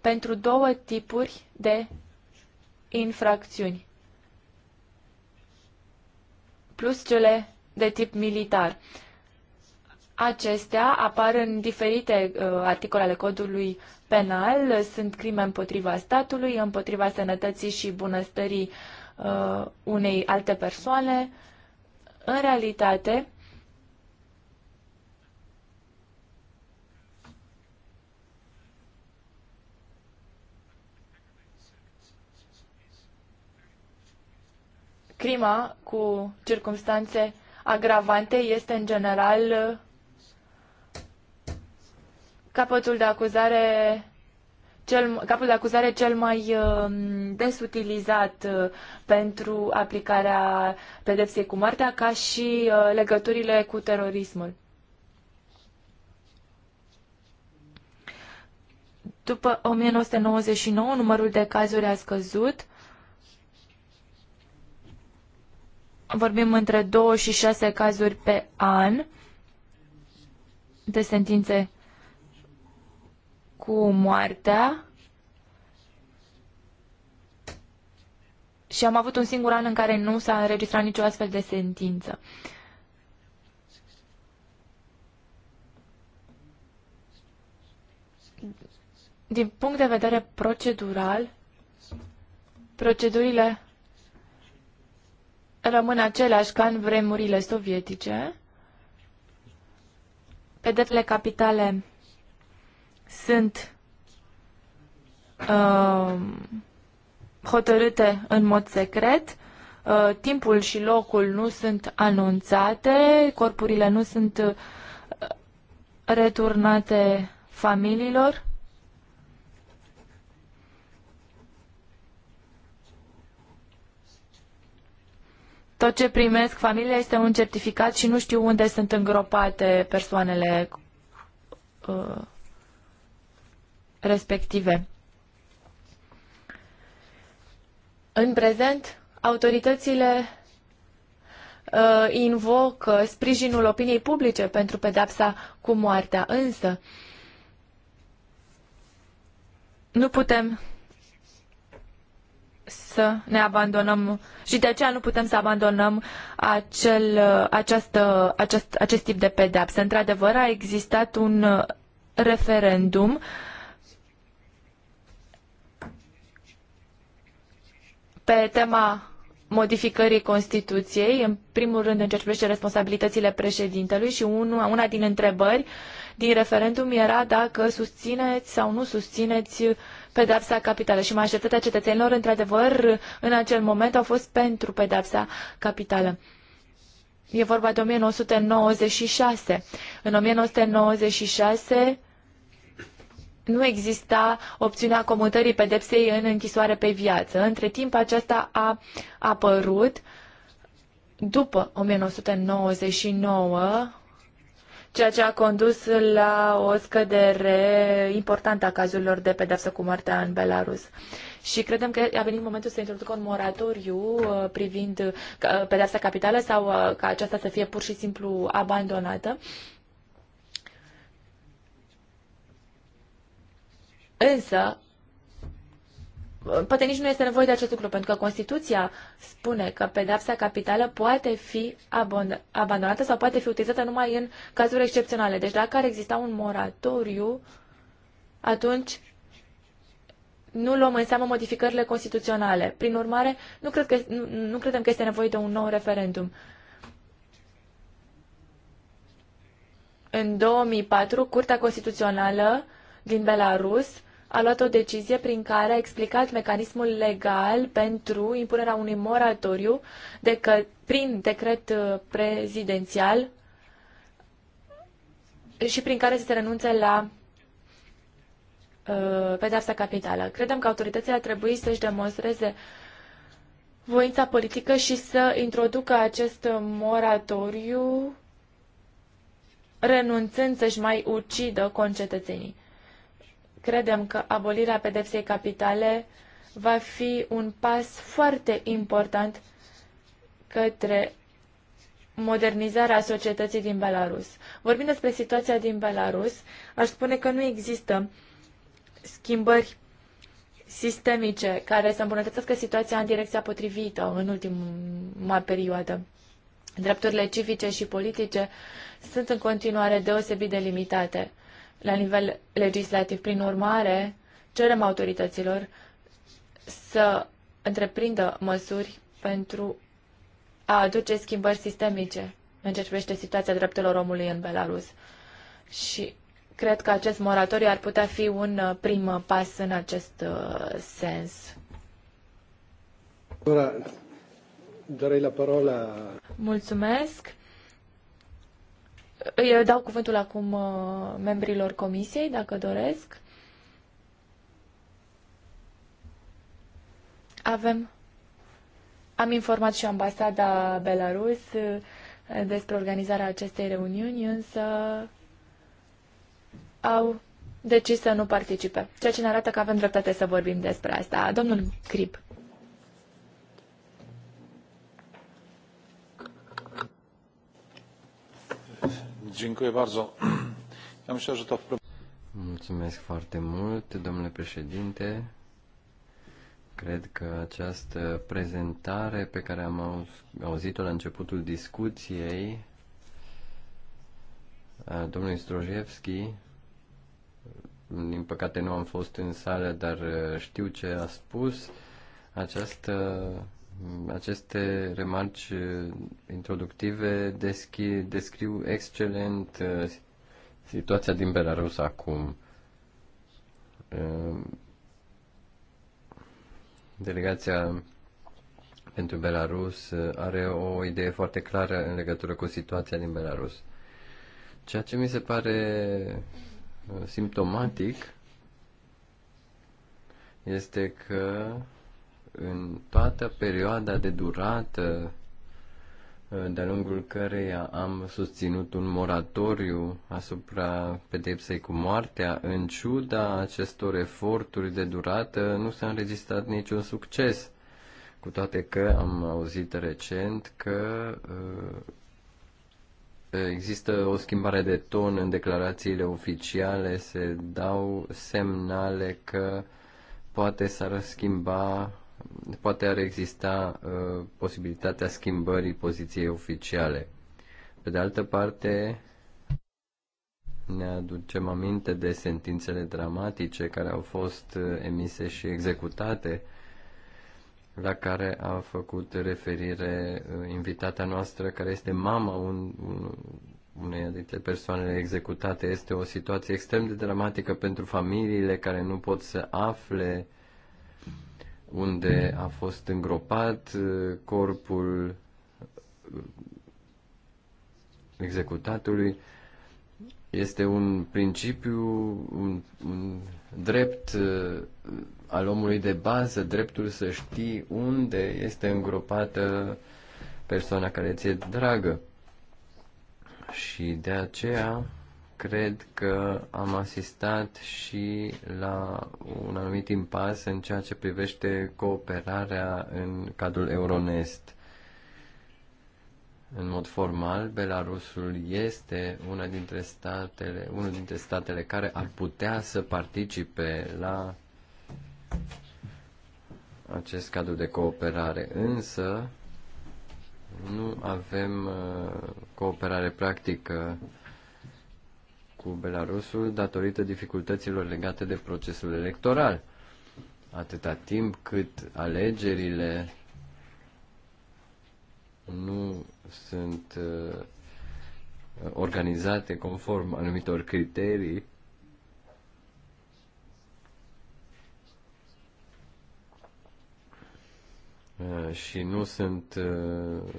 S1: pentru două tipuri de infracțiuni, plus cele de tip militar. Acestea apar în diferite uh, articole ale codului penal, sunt crime împotriva statului, împotriva sănătății și bunăstării uh, unei alte persoane, uh, în realitate, crima cu circumstanțe agravante este în general capătul de acuzare cel, capul de acuzare cel mai um, des utilizat uh, pentru aplicarea pedepsei cu moartea, ca și uh, legăturile cu terorismul. După 1999, numărul de cazuri a scăzut. Vorbim între 2 și 6 cazuri pe an de sentințe cu moartea și am avut un singur an în care nu s-a înregistrat nicio astfel de sentință. Din punct de vedere procedural, procedurile rămân aceleași ca în vremurile sovietice. Pedepsele capitale sunt uh, hotărâte în mod secret, uh, timpul și locul nu sunt anunțate, corpurile nu sunt uh, returnate familiilor. Tot ce primesc familia este un certificat și nu știu unde sunt îngropate persoanele uh, respective. În prezent, autoritățile uh, invocă uh, sprijinul opiniei publice pentru pedepsa cu moartea, însă nu putem să ne abandonăm și de aceea nu putem să abandonăm acel, uh, această, acest, acest tip de pedapsă. Într-adevăr, a existat un uh, referendum uh, pe tema modificării Constituției, în primul rând în ceea ce privește responsabilitățile președintelui și una din întrebări din referendum era dacă susțineți sau nu susțineți pedepsa capitală și majoritatea cetățenilor, într-adevăr, în acel moment au fost pentru pedepsa capitală. E vorba de 1996. În 1996 nu exista opțiunea comutării pedepsei în închisoare pe viață. Între timp, aceasta a apărut după 1999, ceea ce a condus la o scădere importantă a cazurilor de pedepsă cu moartea în Belarus. Și credem că a venit momentul să introducă un moratoriu uh, privind uh, uh, pedeapsa capitală sau ca aceasta să fie pur și simplu abandonată Însă, poate nici nu este nevoie de acest lucru, pentru că Constituția spune că pedepsa capitală poate fi abandonată sau poate fi utilizată numai în cazuri excepționale. Deci dacă ar exista un moratoriu, atunci nu luăm în seamă modificările constituționale. Prin urmare, nu, cred că, nu, nu credem că este nevoie de un nou referendum. În 2004, Curtea Constituțională din Belarus a luat o decizie prin care a explicat mecanismul legal pentru impunerea unui moratoriu de că, prin decret uh, prezidențial și prin care să se renunțe la uh, pedeapsa capitală. Credem că autoritățile ar trebui să-și demonstreze voința politică și să introducă acest moratoriu renunțând să-și mai ucidă concetățenii. Credem că abolirea pedepsei capitale va fi un pas foarte important către modernizarea societății din Belarus. Vorbind despre situația din Belarus, aș spune că nu există schimbări sistemice care să îmbunătățească situația în direcția potrivită în ultima perioadă. Drepturile civice și politice sunt în continuare deosebit de limitate la nivel legislativ. Prin urmare, cerem autorităților să întreprindă măsuri pentru a aduce schimbări sistemice în ce privește situația drepturilor omului în Belarus. Și cred că acest moratoriu ar putea fi un uh, prim pas în acest uh, sens.
S2: Ora, darei la parola.
S1: Mulțumesc. Eu dau cuvântul acum uh, membrilor comisiei, dacă doresc. Avem. Am informat și ambasada Belarus uh, despre organizarea acestei reuniuni, însă au decis să nu participe, ceea ce ne arată că avem dreptate să vorbim despre asta. Domnul Crip.
S3: Mulțumesc foarte mult, domnule președinte. Cred că această prezentare pe care am auzit-o la începutul discuției a domnului Strojevski, din păcate nu am fost în sală, dar uh, știu ce a spus, această aceste remarci uh, introductive deschi, descriu excelent uh, situația din Belarus acum. Uh, delegația pentru Belarus are o idee foarte clară în legătură cu situația din Belarus. Ceea ce mi se pare simptomatic este că în toată perioada de durată uh, de-a lungul căreia am susținut un moratoriu asupra pedepsei cu moartea, în ciuda acestor eforturi de durată, nu s-a înregistrat niciun succes. Cu toate că am auzit recent că uh, există o schimbare de ton în declarațiile oficiale, se dau semnale că poate s-ar schimba poate ar exista uh, posibilitatea schimbării poziției oficiale. Pe de altă parte, ne aducem aminte de sentințele dramatice care au fost uh, emise și executate, la care a făcut referire uh, invitata noastră, care este mama un, un, uneia dintre persoanele executate. Este o situație extrem de dramatică pentru familiile care nu pot să afle uh, unde a fost îngropat uh, corpul uh, executatului. Este un principiu, un, un drept uh, al omului de bază, dreptul să știi unde este îngropată persoana care ți-e dragă. Și de aceea cred că am asistat și la un anumit impas în ceea ce privește cooperarea în cadrul Euronest. În mod formal, Belarusul este una dintre statele, unul dintre statele care ar putea să participe la acest cadru de cooperare, însă nu avem uh, cooperare practică cu Belarusul datorită dificultăților legate de procesul electoral. Atâta timp cât alegerile nu sunt uh, organizate conform anumitor criterii, Uh, și nu sunt uh,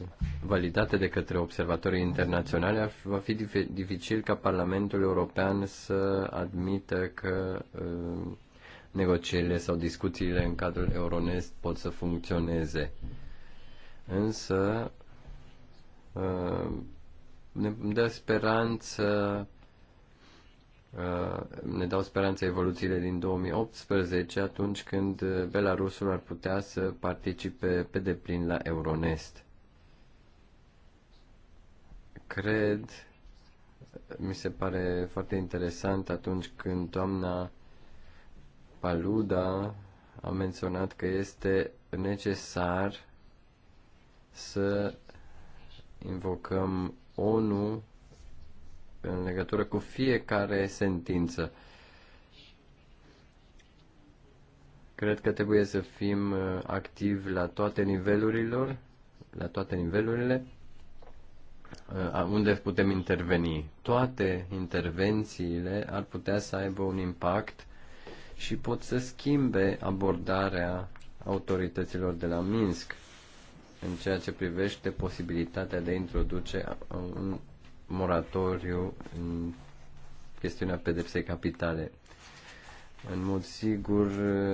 S3: validate de către observatorii internaționale, va fi dificil ca Parlamentul European să admită că uh, negocierile sau discuțiile în cadrul Euronest pot să funcționeze. Însă ne dă speranță Uh, ne dau speranța evoluțiile din 2018, atunci când uh, Belarusul ar putea să participe pe deplin la Euronest. Cred, mi se pare foarte interesant atunci când doamna Paluda a menționat că este necesar să invocăm ONU în legătură cu fiecare sentință. Cred că trebuie să fim uh, activi la toate nivelurilor, la toate nivelurile, uh, unde putem interveni. Toate intervențiile ar putea să aibă un impact și pot să schimbe abordarea autorităților de la Minsk în ceea ce privește posibilitatea de a introduce un moratoriu în chestiunea pedepsei capitale. În mod sigur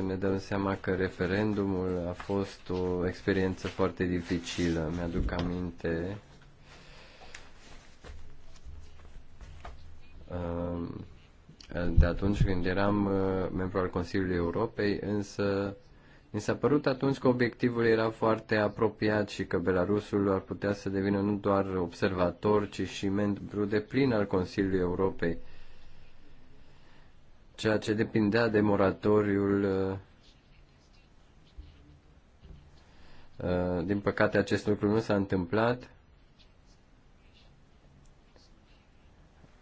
S3: ne dăm seama că referendumul a fost o experiență foarte dificilă. Mi-aduc aminte um, de atunci când eram uh, membru al Consiliului Europei, însă mi s-a părut atunci că obiectivul era foarte apropiat și că Belarusul ar putea să devină nu doar observator, ci și membru de plin al Consiliului Europei, ceea ce depindea de moratoriul. Uh, din păcate, acest lucru nu s-a întâmplat.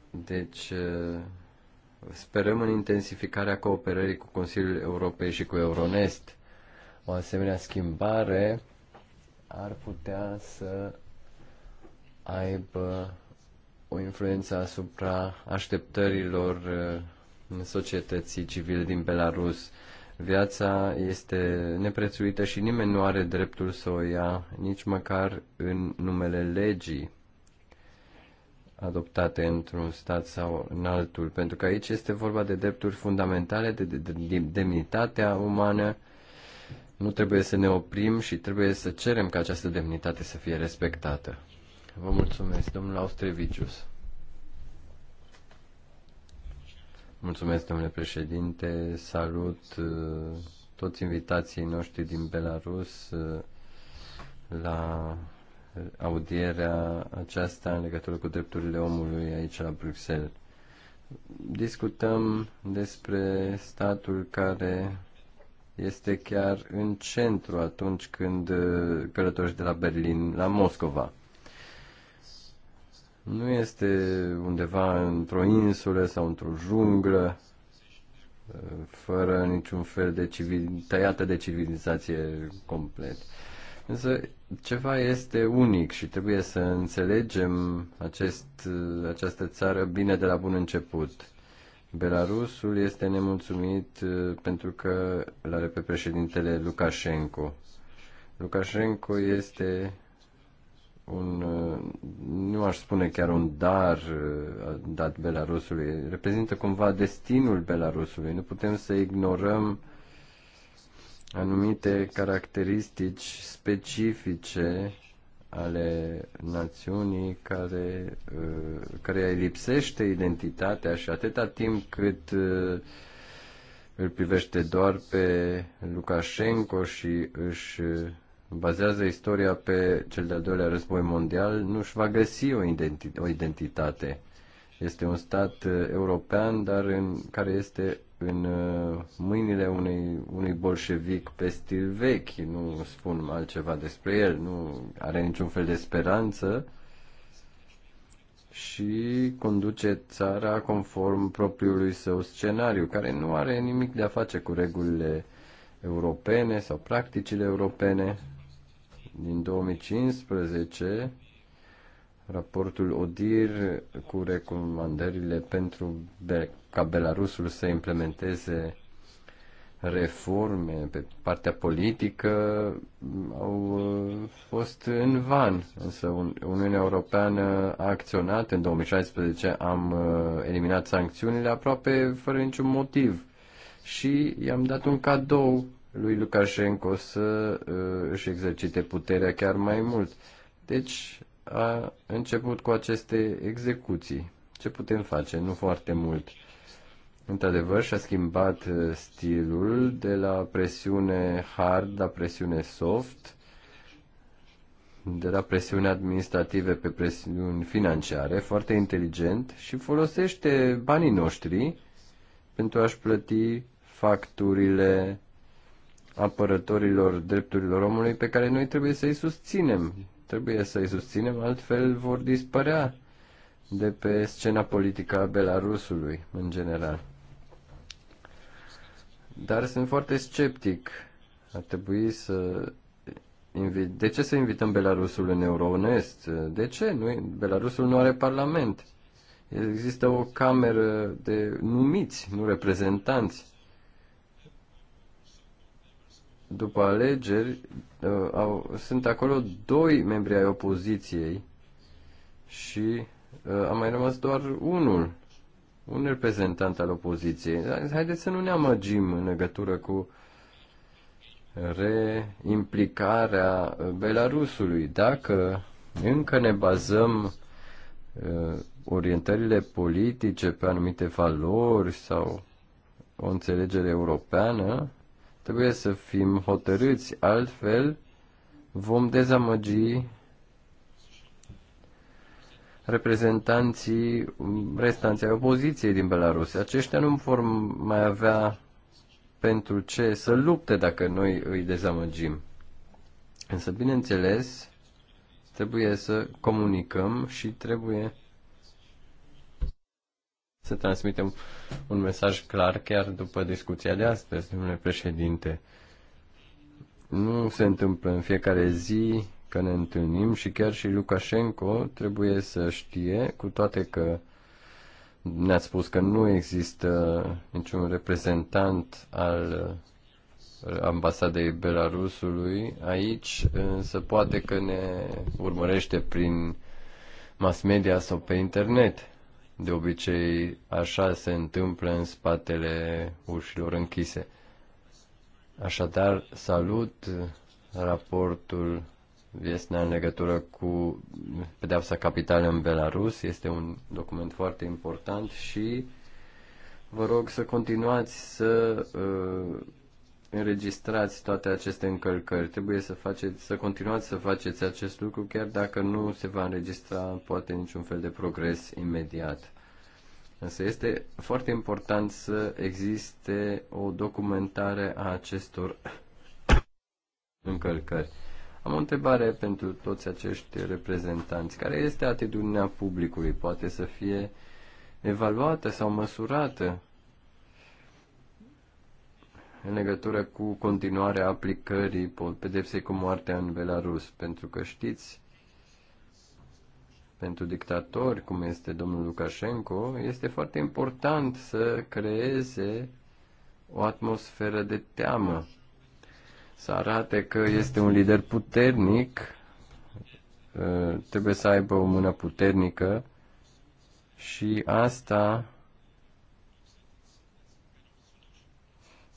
S3: Deci, uh, sperăm în intensificarea cooperării cu Consiliul Europei și cu Euronest o asemenea schimbare ar putea să aibă o influență asupra așteptărilor uh, societății civile din Belarus. Viața este neprețuită și nimeni nu are dreptul să o ia, nici măcar în numele legii adoptate într-un stat sau în altul, pentru că aici este vorba de drepturi fundamentale, de, de, de demnitatea umană nu trebuie să ne oprim și trebuie să cerem ca această demnitate să fie respectată. Vă mulțumesc, domnul Austrevicius. Mulțumesc, domnule președinte. Salut uh, toți invitații noștri din Belarus uh, la audierea aceasta în legătură cu drepturile omului aici la Bruxelles. Discutăm despre statul care este chiar în centru atunci când uh, călătorești de la Berlin la Moscova. Nu este undeva într-o insulă sau într-o junglă, uh, fără niciun fel de civil, tăiată de civilizație complet. Însă ceva este unic și trebuie să înțelegem acest, uh, această țară bine de la bun început. Belarusul este nemulțumit uh, pentru că îl are pe președintele Lukashenko. Lukashenko este un, uh, nu aș spune chiar un dar uh, dat Belarusului, reprezintă cumva destinul Belarusului. Nu putem să ignorăm anumite caracteristici specifice ale națiunii care, uh, care îi lipsește identitatea și atâta timp cât uh, îl privește doar pe Lukashenko și își bazează istoria pe cel de-al doilea război mondial, nu își va găsi o, identi- o identitate. Este un stat uh, european, dar în care este în uh, mâinile unei, unui bolșevic pe stil vechi, nu spun altceva despre el, nu are niciun fel de speranță și conduce țara conform propriului său scenariu, care nu are nimic de a face cu regulile europene sau practicile europene. Din 2015, raportul ODIR cu recomandările pentru ca Belarusul să implementeze reforme pe partea politică au uh, fost în van. Însă Uniunea Europeană a acționat în 2016, am uh, eliminat sancțiunile aproape fără niciun motiv și i-am dat un cadou lui Lukashenko să uh, își exercite puterea chiar mai mult. Deci a început cu aceste execuții. Ce putem face? Nu foarte mult Într-adevăr, și-a schimbat uh, stilul de la presiune hard la presiune soft, de la presiuni administrative pe presiuni financiare, foarte inteligent și folosește banii noștri pentru a-și plăti facturile apărătorilor drepturilor omului pe care noi trebuie să-i susținem. Trebuie să-i susținem, altfel vor dispărea de pe scena politică a Belarusului, în general. Dar sunt foarte sceptic. Ar trebui să de ce să invităm Belarusul în Euronest? De ce? Nu, Belarusul nu are parlament. Există o cameră de numiți, nu reprezentanți. După alegeri, uh, au, sunt acolo doi membri ai opoziției și uh, a mai rămas doar unul un reprezentant al opoziției. Haideți să nu ne amăgim în legătură cu reimplicarea Belarusului. Dacă încă ne bazăm uh, orientările politice pe anumite valori sau o înțelegere europeană, trebuie să fim hotărâți, altfel vom dezamăgi reprezentanții restanții opoziției din Belarus. Aceștia nu vor mai avea pentru ce să lupte dacă noi îi dezamăgim. Însă, bineînțeles, trebuie să comunicăm și trebuie să transmitem un mesaj clar chiar după discuția de astăzi, domnule președinte. Nu se întâmplă în fiecare zi că ne întâlnim și chiar și Lukashenko trebuie să știe, cu toate că ne a spus că nu există niciun reprezentant al ambasadei Belarusului aici, însă poate că ne urmărește prin mass media sau pe internet. De obicei, așa se întâmplă în spatele ușilor închise. Așadar, salut raportul Viesna în legătură cu pedeapsa capitală în Belarus. Este un document foarte important și vă rog să continuați să uh, înregistrați toate aceste încălcări. Trebuie să, faceți, să continuați să faceți acest lucru, chiar dacă nu se va înregistra poate niciun fel de progres imediat. Însă este foarte important să existe o documentare a acestor încălcări. Am o întrebare pentru toți acești reprezentanți. Care este atitudinea publicului? Poate să fie evaluată sau măsurată în legătură cu continuarea aplicării pedepsei cu moartea în Belarus, pentru că știți, pentru dictatori, cum este domnul Lukashenko, este foarte important să creeze o atmosferă de teamă să arate că este un lider puternic, uh, trebuie să aibă o mână puternică și asta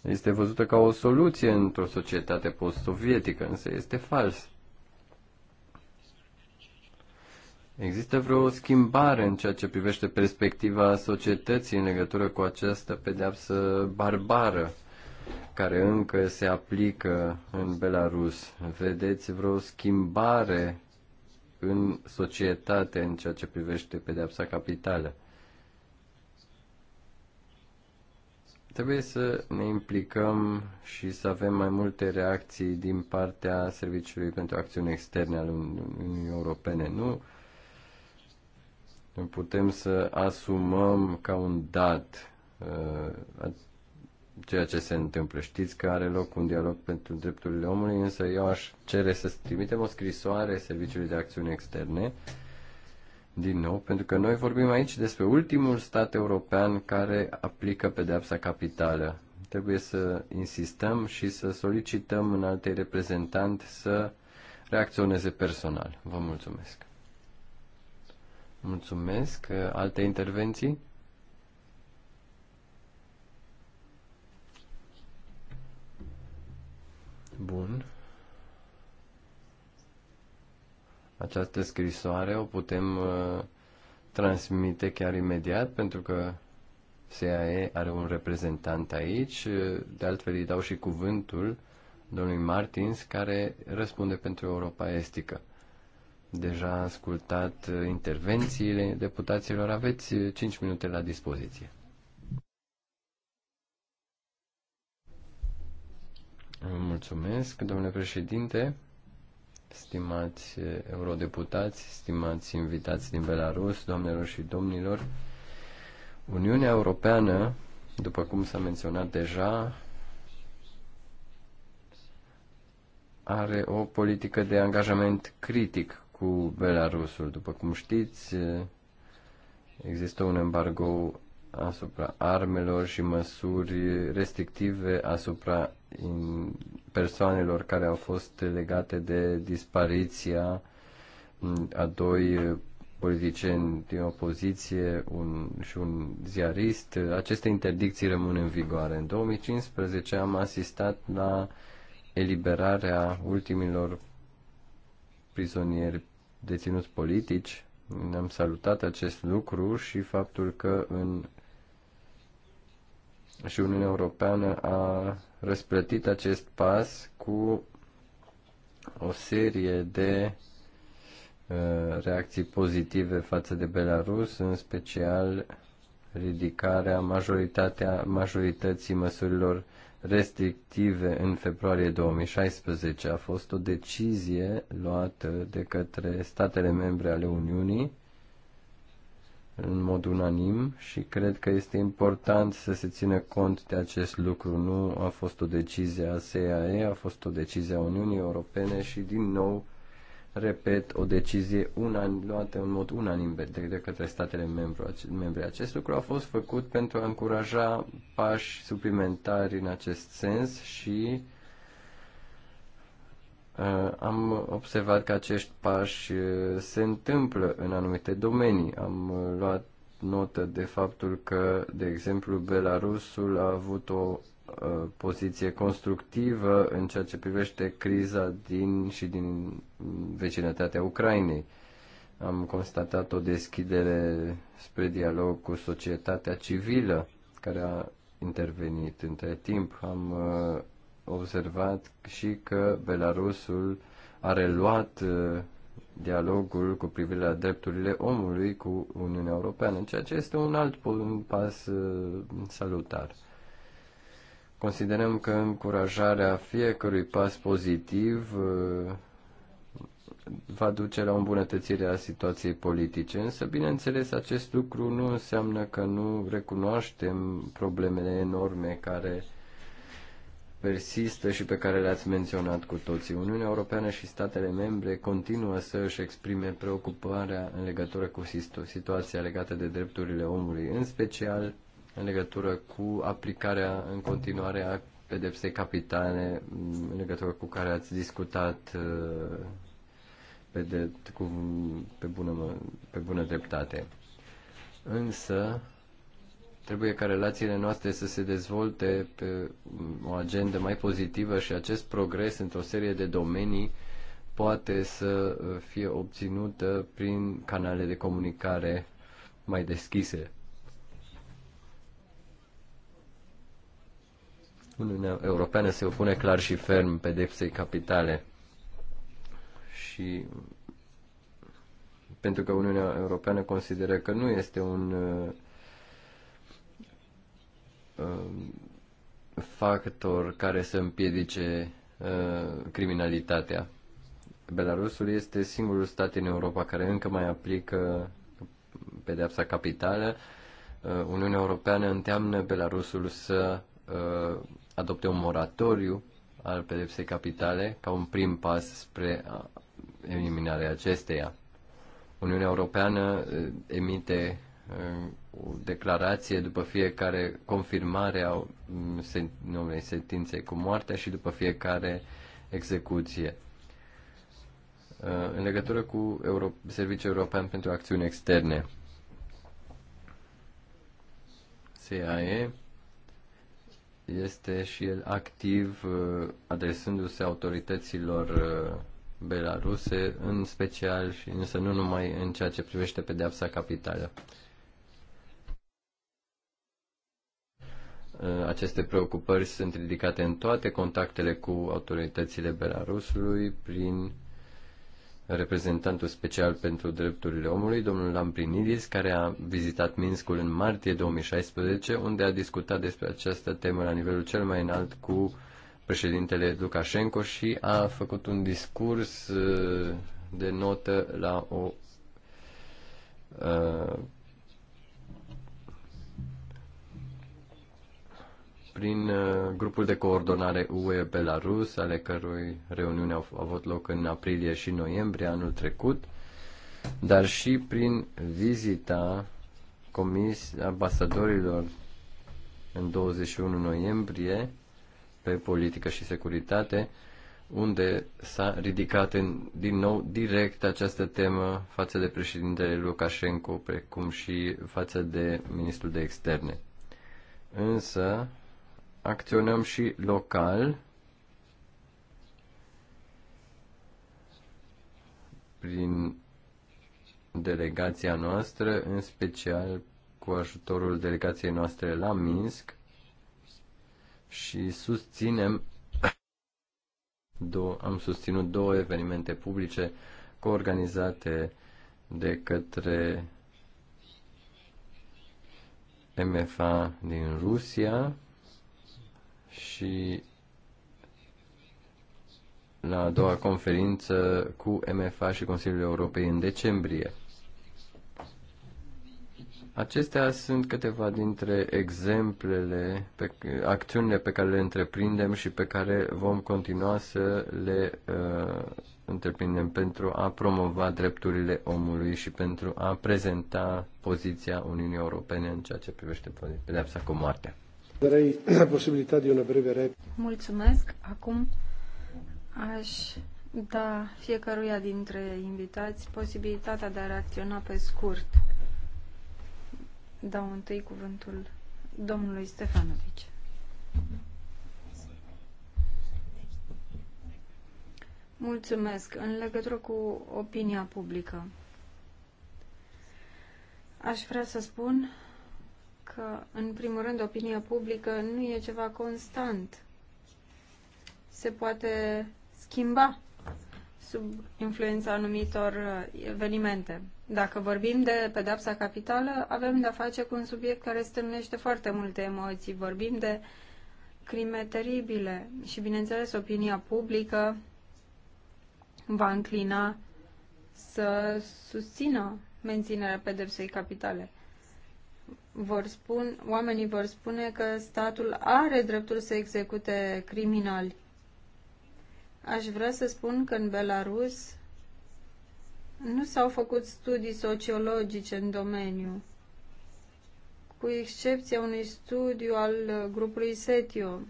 S3: este văzută ca o soluție într-o societate post-sovietică, însă este fals. Există vreo schimbare în ceea ce privește perspectiva societății în legătură cu această pedeapsă barbară? care încă se aplică în Belarus. Vedeți vreo schimbare în societate în ceea ce privește pedeapsa capitală? Trebuie să ne implicăm și să avem mai multe reacții din partea Serviciului pentru Acțiuni Externe al Uniunii Europene. Nu putem să asumăm ca un dat uh, ceea ce se întâmplă. Știți că are loc un dialog pentru drepturile omului, însă eu aș cere să trimitem o scrisoare Serviciului de Acțiuni Externe, din nou, pentru că noi vorbim aici despre ultimul stat european care aplică pedeapsa capitală. Trebuie să insistăm și să solicităm în alte reprezentant să reacționeze personal. Vă mulțumesc. Mulțumesc. Alte intervenții? Bun. Această scrisoare o putem uh, transmite chiar imediat, pentru că CAE are un reprezentant aici. De altfel îi dau și cuvântul domnului Martins, care răspunde pentru Europa Estică. Deja a ascultat uh, intervențiile deputaților. Aveți 5 uh, minute la dispoziție. Mulțumesc, domnule președinte, stimați eurodeputați, stimați invitați din Belarus, doamnelor și domnilor. Uniunea Europeană, după cum s-a menționat deja, are o politică de angajament critic cu Belarusul. După cum știți, există un embargo asupra armelor și măsuri restrictive asupra persoanelor care au fost legate de dispariția mm, a doi politicieni din opoziție un, și un ziarist. Aceste interdicții rămân în vigoare. În 2015 am asistat la eliberarea ultimilor prizonieri deținuți politici. Am salutat acest lucru și faptul că în și Uniunea Europeană a răsplătit acest pas cu o serie de uh, reacții pozitive față de Belarus, în special ridicarea majoritatea, majorității măsurilor restrictive în februarie 2016. A fost o decizie luată de către statele membre ale Uniunii în mod unanim și cred că este important să se țină cont de acest lucru. Nu a fost o decizie a SAE, a fost o decizie a Uniunii Europene și din nou, repet, o decizie unan, luată în mod unanim de, de către statele membre. Acest lucru a fost făcut pentru a încuraja pași suplimentari în acest sens și Uh, am observat că acești pași uh, se întâmplă în anumite domenii. Am uh, luat notă de faptul că, de exemplu, Belarusul a avut o poziție constructivă în ceea ce privește criza din și din vecinătatea Ucrainei. Am constatat o deschidere spre dialog cu societatea civilă care a intervenit între timp. Am observat și că Belarusul a reluat uh, dialogul cu privire la drepturile omului cu Uniunea Europeană, ceea ce este un alt pas uh, salutar. Considerăm că încurajarea fiecărui pas pozitiv uh, va duce la îmbunătățirea situației politice, însă, bineînțeles, acest lucru nu înseamnă că nu recunoaștem problemele enorme care persistă și pe care le-ați menționat cu toții. Uniunea Europeană și statele membre continuă să își exprime preocuparea în legătură cu situația legată de drepturile omului, în special în legătură cu aplicarea în continuare a pedepsei capitale, în legătură cu care ați discutat uh, pe, de, cu, pe, bună, pe bună dreptate. Însă, Trebuie ca relațiile noastre să se dezvolte pe o agendă mai pozitivă și acest progres într-o serie de domenii poate să uh, fie obținută prin canale de comunicare mai deschise. Uniunea Europeană se opune clar și ferm pedepsei capitale și pentru că Uniunea Europeană consideră că nu este un uh, Um, factor care să împiedice uh, criminalitatea. Belarusul este singurul stat în Europa care încă mai aplică pedeapsa capitală. Uh, Uniunea Europeană înteamnă Belarusul să uh, adopte un moratoriu al pedepsei capitale ca un prim pas spre eliminarea acesteia. Uniunea Europeană emite o declarație după fiecare confirmare a unei sentințe cu moartea și după fiecare execuție. În legătură cu Euro- Serviciul European pentru Acțiuni Externe, CAE este și el activ adresându-se autorităților belaruse, în special și însă nu numai în ceea ce privește pedeapsa capitală. Uh, aceste preocupări sunt ridicate în toate contactele cu autoritățile Belarusului prin reprezentantul special pentru drepturile omului, domnul Lamprinidis, care a vizitat Minskul în martie 2016, unde a discutat despre această temă la nivelul cel mai înalt cu președintele Lukashenko și a făcut un discurs uh, de notă la o uh, prin uh, grupul de coordonare UE Belarus, ale cărui reuniuni au avut loc în aprilie și noiembrie anul trecut, dar și prin vizita comis ambasadorilor în 21 noiembrie pe politică și securitate, unde s-a ridicat în, din nou direct această temă față de președintele Lukashenko, precum și față de ministrul de externe. Însă, acționăm și local prin delegația noastră, în special cu ajutorul delegației noastre la Minsk și susținem două, am susținut două evenimente publice coorganizate de către MFA din Rusia și la a doua conferință cu MFA și Consiliul Europei în decembrie. Acestea sunt câteva dintre exemplele, pe, acțiunile pe care le întreprindem și pe care vom continua să le uh, întreprindem pentru a promova drepturile omului și pentru a prezenta poziția Uniunii Europene în ceea ce privește pedepsa cu moartea.
S2: Darei posibilitatea de o breve
S4: Mulțumesc. Acum aș da fiecăruia dintre invitați posibilitatea de a reacționa pe scurt. Dau întâi cuvântul domnului Stefanovici. Mulțumesc. În legătură cu opinia publică, aș vrea să spun că, în primul rând, opinia publică nu e ceva constant. Se poate schimba sub influența anumitor uh, evenimente. Dacă vorbim de pedapsa capitală, avem de-a face cu un subiect care stârnește foarte multe emoții. Vorbim de crime teribile și, bineînțeles, opinia publică va înclina să susțină menținerea pedepsei capitale vor spun, oamenii vor spune că statul are dreptul să execute criminali. Aș vrea să spun că în Belarus nu s-au făcut studii sociologice în domeniu, cu excepția unui studiu al grupului Setio.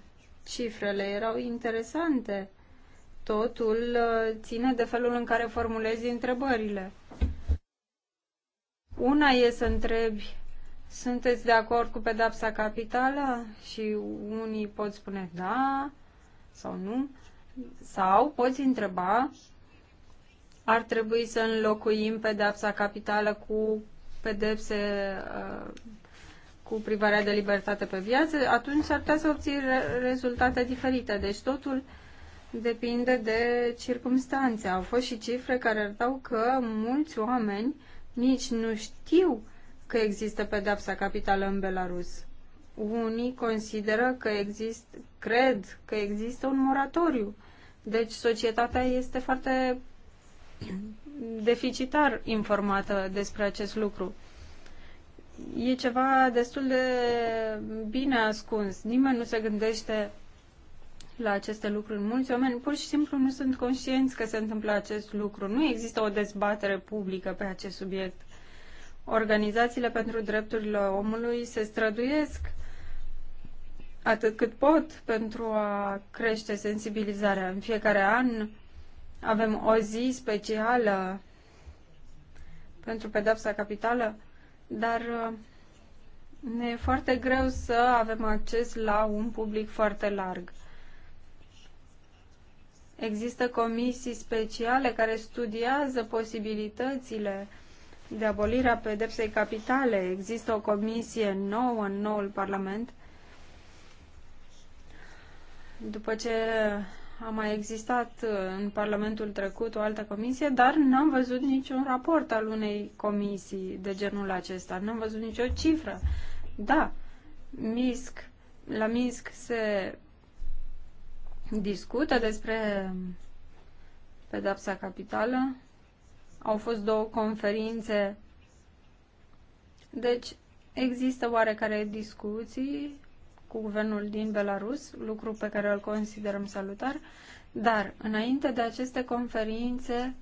S4: Cifrele erau interesante. Totul uh, ține de felul în care formulezi întrebările. Una e să întrebi sunteți de acord cu pedapsa capitală? Și unii pot spune da sau nu. Sau poți întreba, ar trebui să înlocuim pedapsa capitală cu pedepse uh, cu privarea de libertate pe viață, atunci ar putea să obții rezultate diferite. Deci totul depinde de circumstanțe. Au fost și cifre care arătau că mulți oameni nici nu știu uh, că există pedepsa capitală în Belarus. Unii consideră că există, cred că există un moratoriu. Deci societatea este foarte deficitar informată despre acest lucru. E ceva destul de bine ascuns. Nimeni nu se gândește la aceste lucruri. Mulți oameni pur și simplu nu sunt conștienți că se întâmplă acest lucru. Nu există o dezbatere publică pe acest subiect organizațiile pentru drepturile omului se străduiesc atât cât pot pentru a crește sensibilizarea. În fiecare an avem o zi specială pentru pedepsa capitală, dar uh, ne e foarte greu să avem acces la un public foarte larg. Există comisii speciale care studiază posibilitățile de abolirea pedepsei capitale. Există o comisie nouă în noul Parlament. După ce a mai existat uh, în Parlamentul trecut o altă comisie, dar n-am văzut niciun raport al unei comisii de genul acesta. N-am văzut nicio cifră. Da, MISC, la MISC se discută despre pedapsa capitală, au fost două conferințe. Deci, există oarecare discuții cu guvernul din Belarus, lucru pe care îl considerăm salutar, dar înainte de aceste conferințe,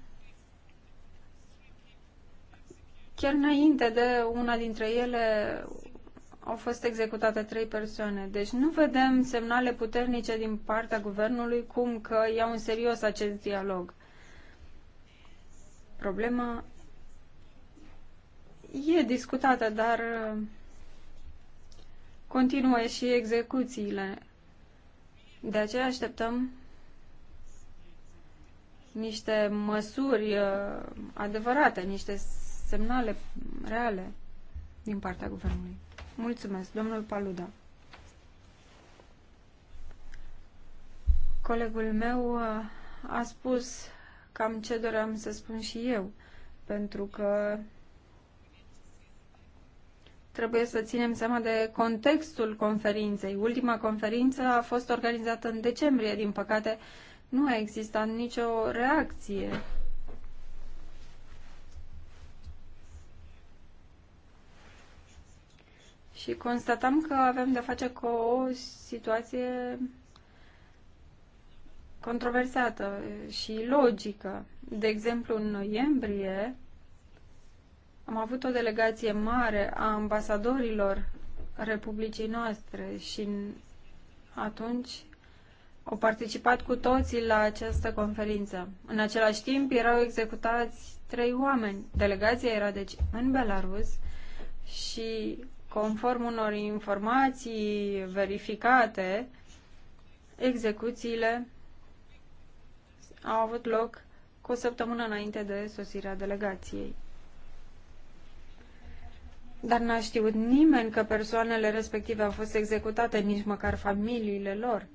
S4: chiar înainte de una dintre ele, au fost executate trei persoane. Deci nu vedem semnale puternice din partea guvernului cum că iau în serios acest dialog problema e discutată, dar uh, continuă și execuțiile. De aceea așteptăm niște măsuri uh, adevărate, niște semnale reale din partea guvernului. Mulțumesc, domnul Paluda. Colegul meu uh, a spus cam ce doream să spun și eu, pentru că trebuie să ținem seama de contextul conferinței. Ultima conferință a fost organizată în decembrie, din păcate nu a existat nicio reacție. Și constatam că avem de face cu o situație controversată și logică. De exemplu, în noiembrie am avut o delegație mare a ambasadorilor Republicii noastre și atunci au participat cu toții la această conferință. În același timp erau executați trei oameni. Delegația era deci în Belarus și conform unor informații verificate, execuțiile au avut loc cu o săptămână înainte de sosirea delegației. Dar n-a știut nimeni că persoanele respective au fost executate, nici măcar familiile lor.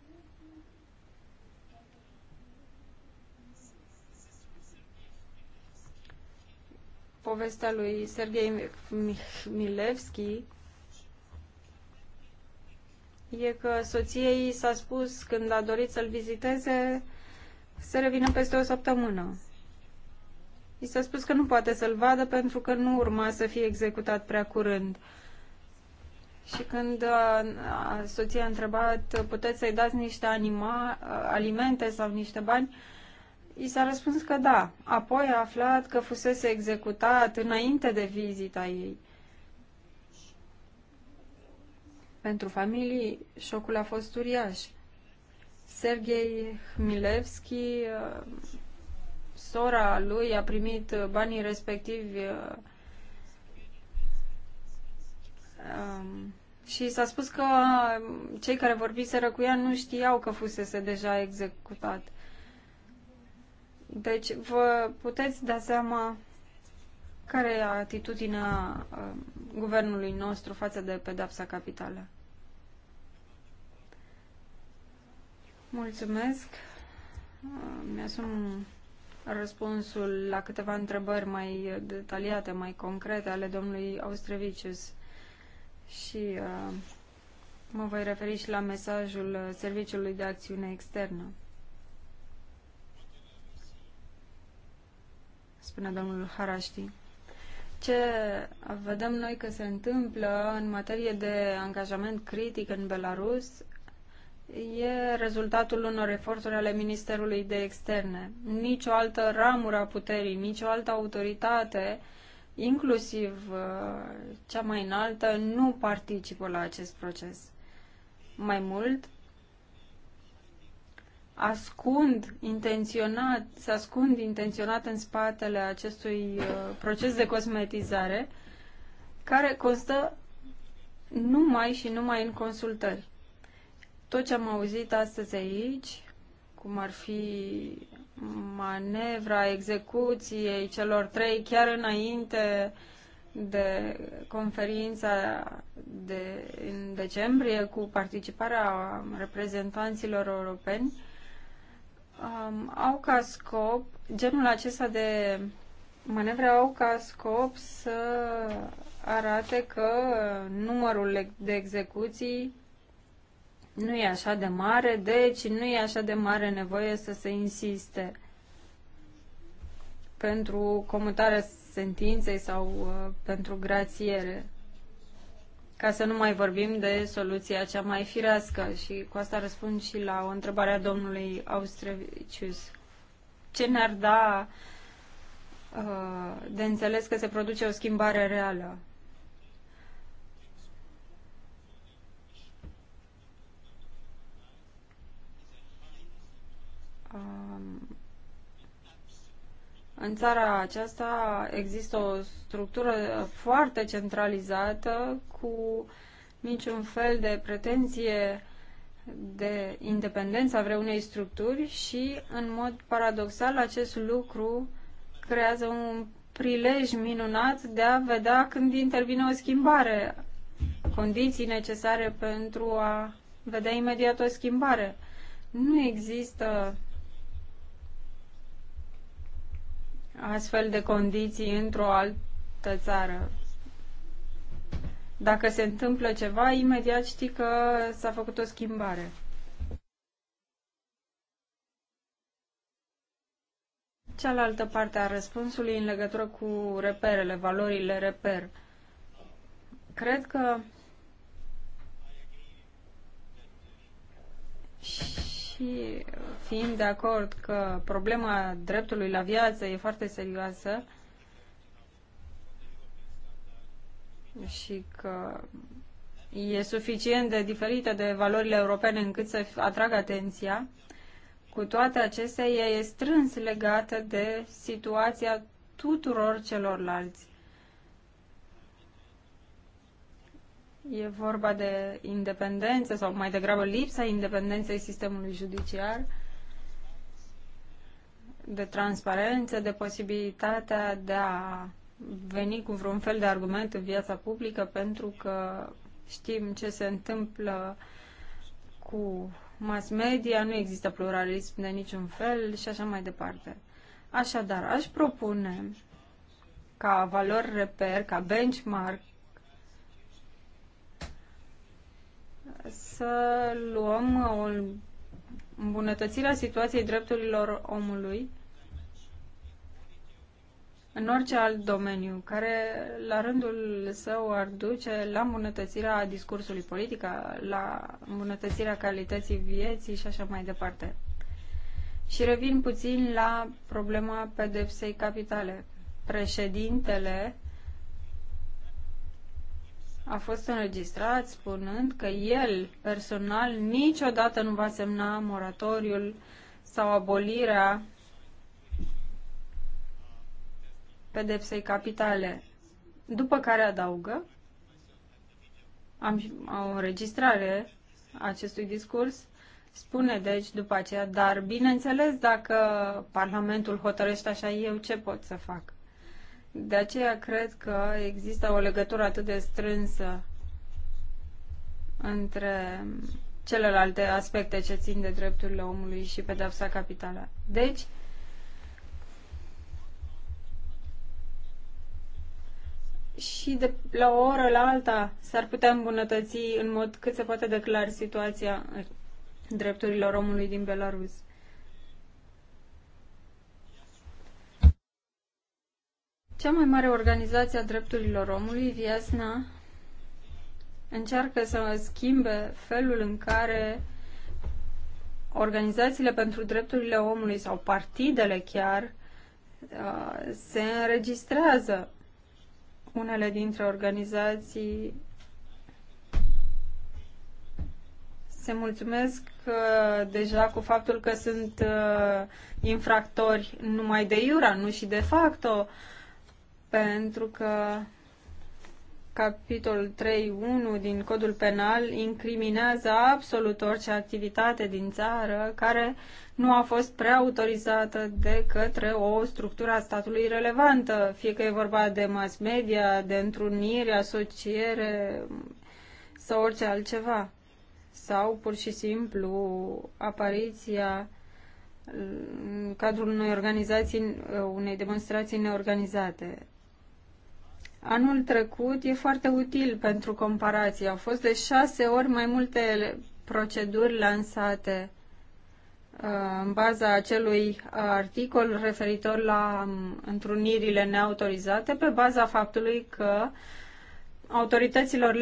S4: Povestea lui Sergei Milevski e că soției s-a spus când a dorit să-l viziteze să revină peste o săptămână. I s-a spus că nu poate să-l vadă pentru că nu urma să fie executat prea curând. Și când a, uh, a, soția a întrebat, puteți să-i dați niște anima, uh, alimente sau niște bani, i s-a răspuns că da. Apoi a aflat că fusese executat înainte de vizita ei. Pentru familii, șocul a fost uriaș. Sergei Hmilevski, sora lui a primit banii respectivi um, și s-a spus că cei care vorbiseră cu ea nu știau că fusese deja executat. Deci vă puteți da seama care e atitudinea um, guvernului nostru față de pedapsa capitală. Mulțumesc. Mi-asum răspunsul la câteva întrebări mai detaliate, mai concrete ale domnului Austrevicius și uh, mă voi referi și la mesajul Serviciului de Acțiune Externă. Spune domnul Haraști. Ce vedem noi că se întâmplă în materie de angajament critic în Belarus e rezultatul unor eforturi ale Ministerului de Externe. Nici o altă ramură a puterii, nici o altă autoritate, inclusiv uh, cea mai înaltă, nu participă la acest proces. Mai mult, ascund intenționat, se ascund intenționat în spatele acestui uh, proces de cosmetizare, care constă numai și numai în consultări. Tot ce am auzit astăzi aici, cum ar fi manevra execuției celor trei chiar înainte de conferința de, în decembrie cu participarea reprezentanților europeni um, au ca scop, genul acesta de manevre au ca scop să arate că numărul de execuții nu e așa de mare, deci nu e așa de mare nevoie să se insiste pentru comutarea sentinței sau uh, pentru grațiere. Ca să nu mai vorbim de soluția cea mai firească și cu asta răspund și la o întrebare a domnului Austrevicius. Ce ne-ar da uh, de înțeles că se produce o schimbare reală? în țara aceasta există o structură foarte centralizată cu niciun fel de pretenție de independență a vreunei structuri și, în mod paradoxal, acest lucru creează un prilej minunat de a vedea când intervine o schimbare, condiții necesare pentru a vedea imediat o schimbare. Nu există astfel de condiții într-o altă țară. Dacă se întâmplă ceva, imediat știi că s-a făcut o schimbare. Cealaltă parte a răspunsului în legătură cu reperele, valorile reper. Cred că fi, fiind de acord că problema dreptului la viață e foarte serioasă și că e suficient de diferită de valorile europene încât să atragă atenția, cu toate acestea, ea e strâns legată de situația tuturor celorlalți E vorba de independență sau mai degrabă lipsa independenței sistemului judiciar, de transparență, de posibilitatea de a veni cu vreun fel de argument în viața publică pentru că știm ce se întâmplă cu mass media, nu există pluralism de niciun fel și așa mai departe. Așadar, aș propune ca valori reper, ca benchmark să luăm o îmbunătățire a situației drepturilor omului în orice alt domeniu, care la rândul său ar duce la îmbunătățirea discursului politic, la îmbunătățirea calității vieții și așa mai departe. Și revin puțin la problema pedepsei capitale. Președintele a fost înregistrat spunând că el personal niciodată nu va semna moratoriul sau abolirea pedepsei capitale. După care adaugă, am, am o înregistrare a acestui discurs, spune deci după aceea, dar bineînțeles dacă Parlamentul hotărăște așa, eu ce pot să fac? De aceea cred că există o legătură atât de strânsă între celelalte aspecte ce țin de drepturile omului și pedepsa capitală. Deci, și de la o oră la alta s-ar putea îmbunătăți în mod cât se poate declar situația drepturilor omului din Belarus. Cea mai mare organizație a drepturilor omului, Viesna, încearcă să schimbe felul în care organizațiile pentru drepturile omului sau partidele chiar uh, se înregistrează. Unele dintre organizații se mulțumesc uh, deja cu faptul că sunt uh, infractori numai de iura, nu și de facto. Uh, pentru că capitolul 3.1 din codul penal incriminează absolut orice activitate din țară care nu a fost preautorizată de către o structură a statului relevantă, fie că e vorba de mass media, de întrunire, asociere sau orice altceva. Sau pur și simplu apariția în cadrul unei organizații, unei demonstrații neorganizate. Anul trecut e foarte util pentru comparație. Au fost de șase ori mai multe proceduri lansate uh, în baza acelui articol referitor la um, întrunirile neautorizate, pe baza faptului că autorităților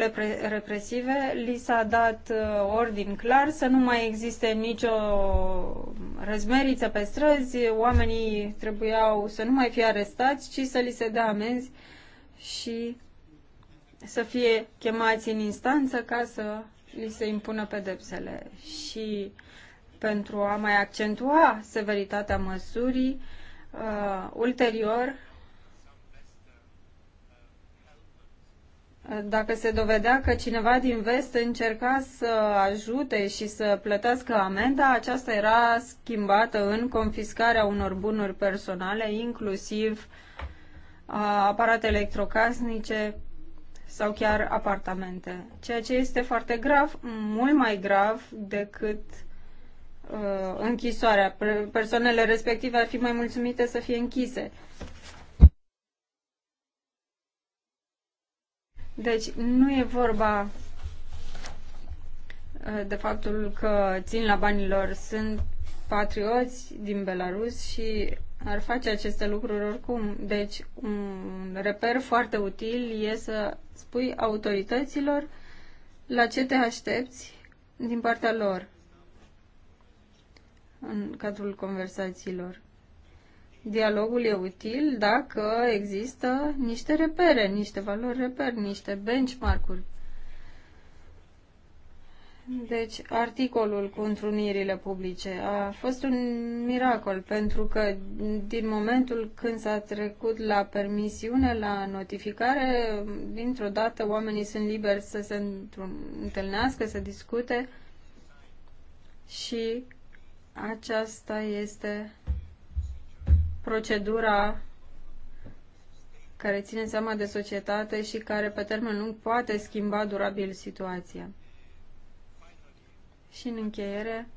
S4: represive li s-a dat uh, ordin clar să nu mai existe nicio răzmeriță pe străzi, oamenii trebuiau să nu mai fie arestați, ci să li se dea amenzi și să fie chemați în instanță ca să li se impună pedepsele. Și pentru a mai accentua severitatea măsurii, uh, ulterior, uh, dacă se dovedea că cineva din vest încerca să ajute și să plătească amenda, aceasta era schimbată în confiscarea unor bunuri personale, inclusiv uh, aparate electrocasnice sau chiar apartamente. Ceea ce este foarte grav, mult mai grav decât uh, închisoarea. Persoanele respective ar fi mai mulțumite să fie închise. Deci nu e vorba uh, de faptul că țin la banilor. Sunt patrioți din Belarus și ar face aceste lucruri oricum. Deci, un reper foarte util e să spui autorităților la ce te aștepți din partea lor în cadrul conversațiilor. Dialogul e util dacă există niște repere, niște valori reper, niște benchmark-uri deci, articolul cu întrunirile publice a fost un miracol, pentru că din momentul când s-a trecut la permisiune, la notificare, dintr-o dată oamenii sunt liberi să se întâlnească, să discute și aceasta este procedura care ține seama de societate și care pe termen lung poate schimba durabil situația. Și în încheiere,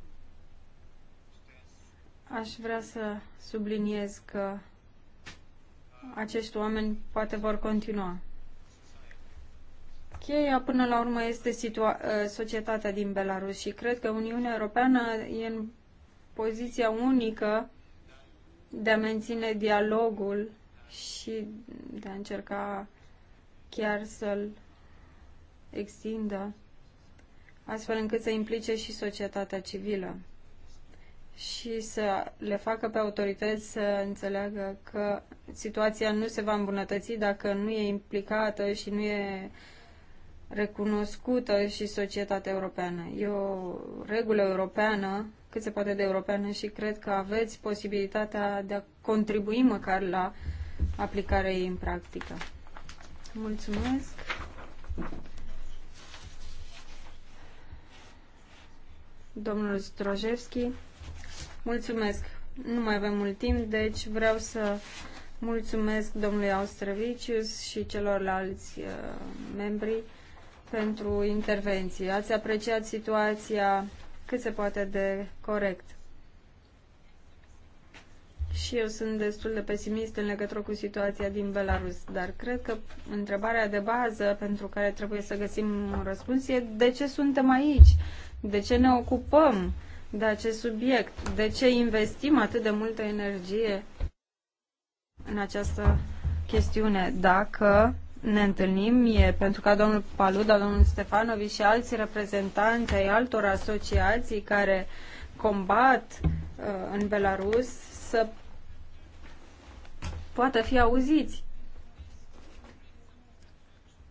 S4: aș vrea să subliniez că acești oameni poate vor continua. Cheia până la urmă este ă, societatea din Belarus și cred că Uniunea Europeană e în poziția unică de a menține dialogul și de a încerca chiar să-l extindă astfel încât să implice și societatea civilă și să le facă pe autorități să înțeleagă că situația nu se va îmbunătăți dacă nu e implicată și nu e recunoscută și societatea europeană. E o regulă europeană, cât se poate de europeană și cred că aveți posibilitatea de a contribui măcar la aplicarea ei în practică. Mulțumesc! domnul Strojevski. Mulțumesc! Nu mai avem mult timp, deci vreau să mulțumesc domnului Austrevicius și celorlalți uh, membri pentru intervenții. Ați apreciat situația cât se poate de corect. Și eu sunt destul de pesimist în legătură cu situația din Belarus, dar cred că întrebarea de bază pentru care trebuie să găsim un răspuns e de ce suntem aici? Uh, de ce ne ocupăm de acest subiect? De ce investim atât de multă energie în această chestiune? Dacă ne întâlnim e pentru ca domnul Paluda, domnul Stefanovi și alții reprezentanți ai altor asociații care combat uh, în Belarus să poată fi auziți.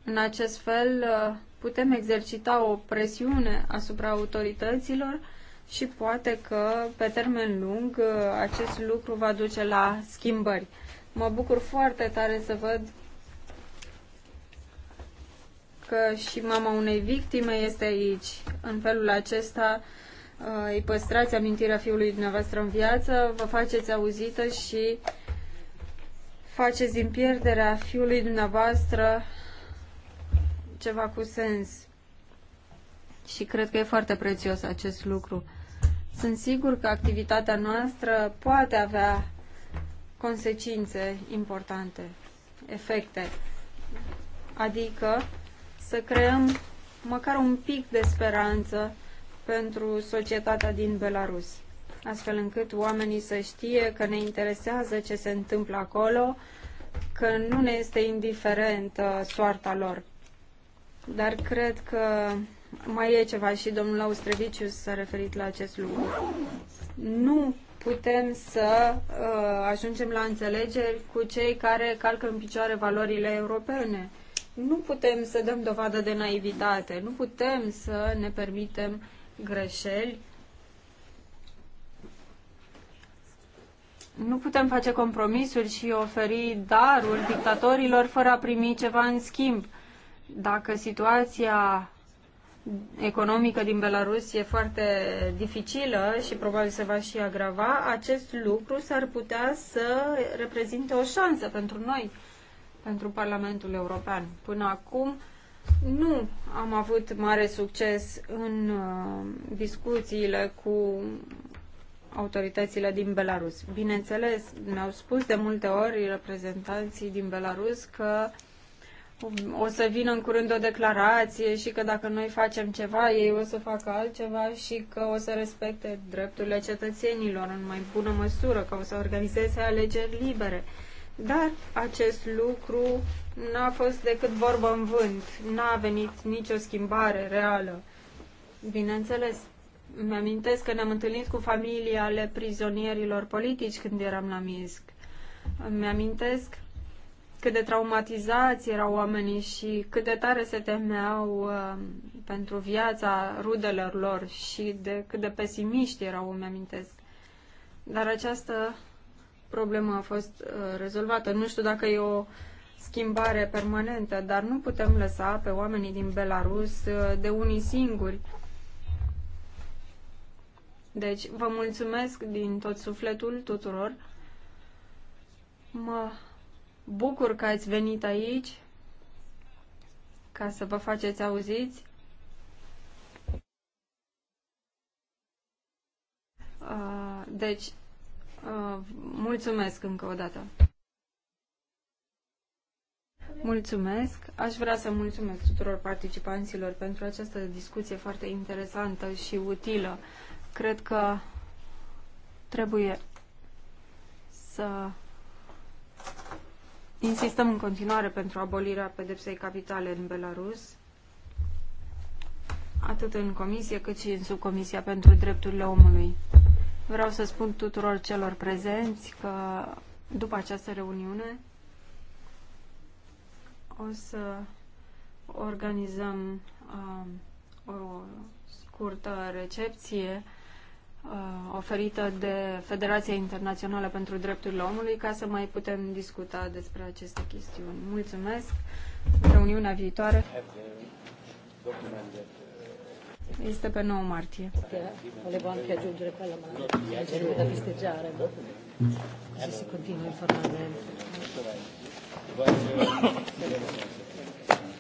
S4: În acest fel, uh, putem exercita o presiune asupra autorităților și poate că pe termen lung acest lucru va duce la schimbări. Mă bucur foarte tare să văd că și mama unei victime este aici. În felul acesta uh, îi păstrați amintirea fiului dumneavoastră în viață, vă faceți auzită și faceți din pierderea fiului dumneavoastră ceva cu sens. Și cred că e foarte prețios acest lucru. Sunt sigur că activitatea noastră poate avea consecințe importante, efecte. Adică să creăm măcar un pic de speranță pentru societatea din Belarus, astfel încât oamenii să știe că ne interesează ce se întâmplă acolo, că nu ne este indiferent soarta lor. Dar cred că mai e ceva și domnul Austreviciu s-a referit la acest lucru. Nu putem să uh, ajungem la înțelegeri cu cei care calcă în picioare valorile europene. Nu putem să dăm dovadă de naivitate, nu putem să ne permitem greșeli, nu putem face compromisuri și oferi daruri dictatorilor fără a primi ceva în schimb. Uh, dacă situația economică din Belarus e foarte dificilă și probabil se va și agrava, acest lucru s-ar putea să reprezinte o șansă pentru noi, pentru Parlamentul European. Până acum nu am avut mare succes în uh, discuțiile cu autoritățile din Belarus. Bineînțeles, mi-au spus de multe ori reprezentanții din Belarus că uh, o să vină în curând o declarație și că dacă noi facem ceva, ei o să facă altceva și că o să respecte drepturile cetățenilor în mai bună măsură, că o să organizeze alegeri libere. Dar acest lucru n-a fost decât vorbă în vânt, n-a venit nicio schimbare reală. Bineînțeles, îmi amintesc că ne-am întâlnit cu familia ale prizonierilor politici când eram la Minsk. Îmi amintesc cât de traumatizați erau oamenii și cât de tare se temeau uh, pentru viața rudelor lor și de cât de pesimiști erau, îmi amintesc. Dar această problemă a fost uh, rezolvată. Nu știu dacă e o schimbare permanentă, dar nu putem lăsa pe oamenii din Belarus uh, de unii singuri. Deci, vă mulțumesc din tot sufletul tuturor. Mă bucur că ați venit aici ca să vă faceți auziți. Uh, deci, uh, mulțumesc încă o dată. Mulțumesc. Aș vrea să mulțumesc tuturor participanților pentru această discuție foarte interesantă și utilă. Cred că trebuie să Insistăm în continuare pentru abolirea pedepsei capitale în Belarus, atât în comisie cât și în subcomisia pentru drepturile omului. Vreau să spun tuturor celor prezenți că după această reuniune o să organizăm um, o scurtă recepție Uh, oferită de Federația Internațională pentru Drepturile Omului ca să mai putem discuta despre aceste chestiuni. Mulțumesc! Reuniunea viitoare este pe 9 martie. Volevo anche aggiungere quella, ma c'è da festeggiare. se continua informalmente.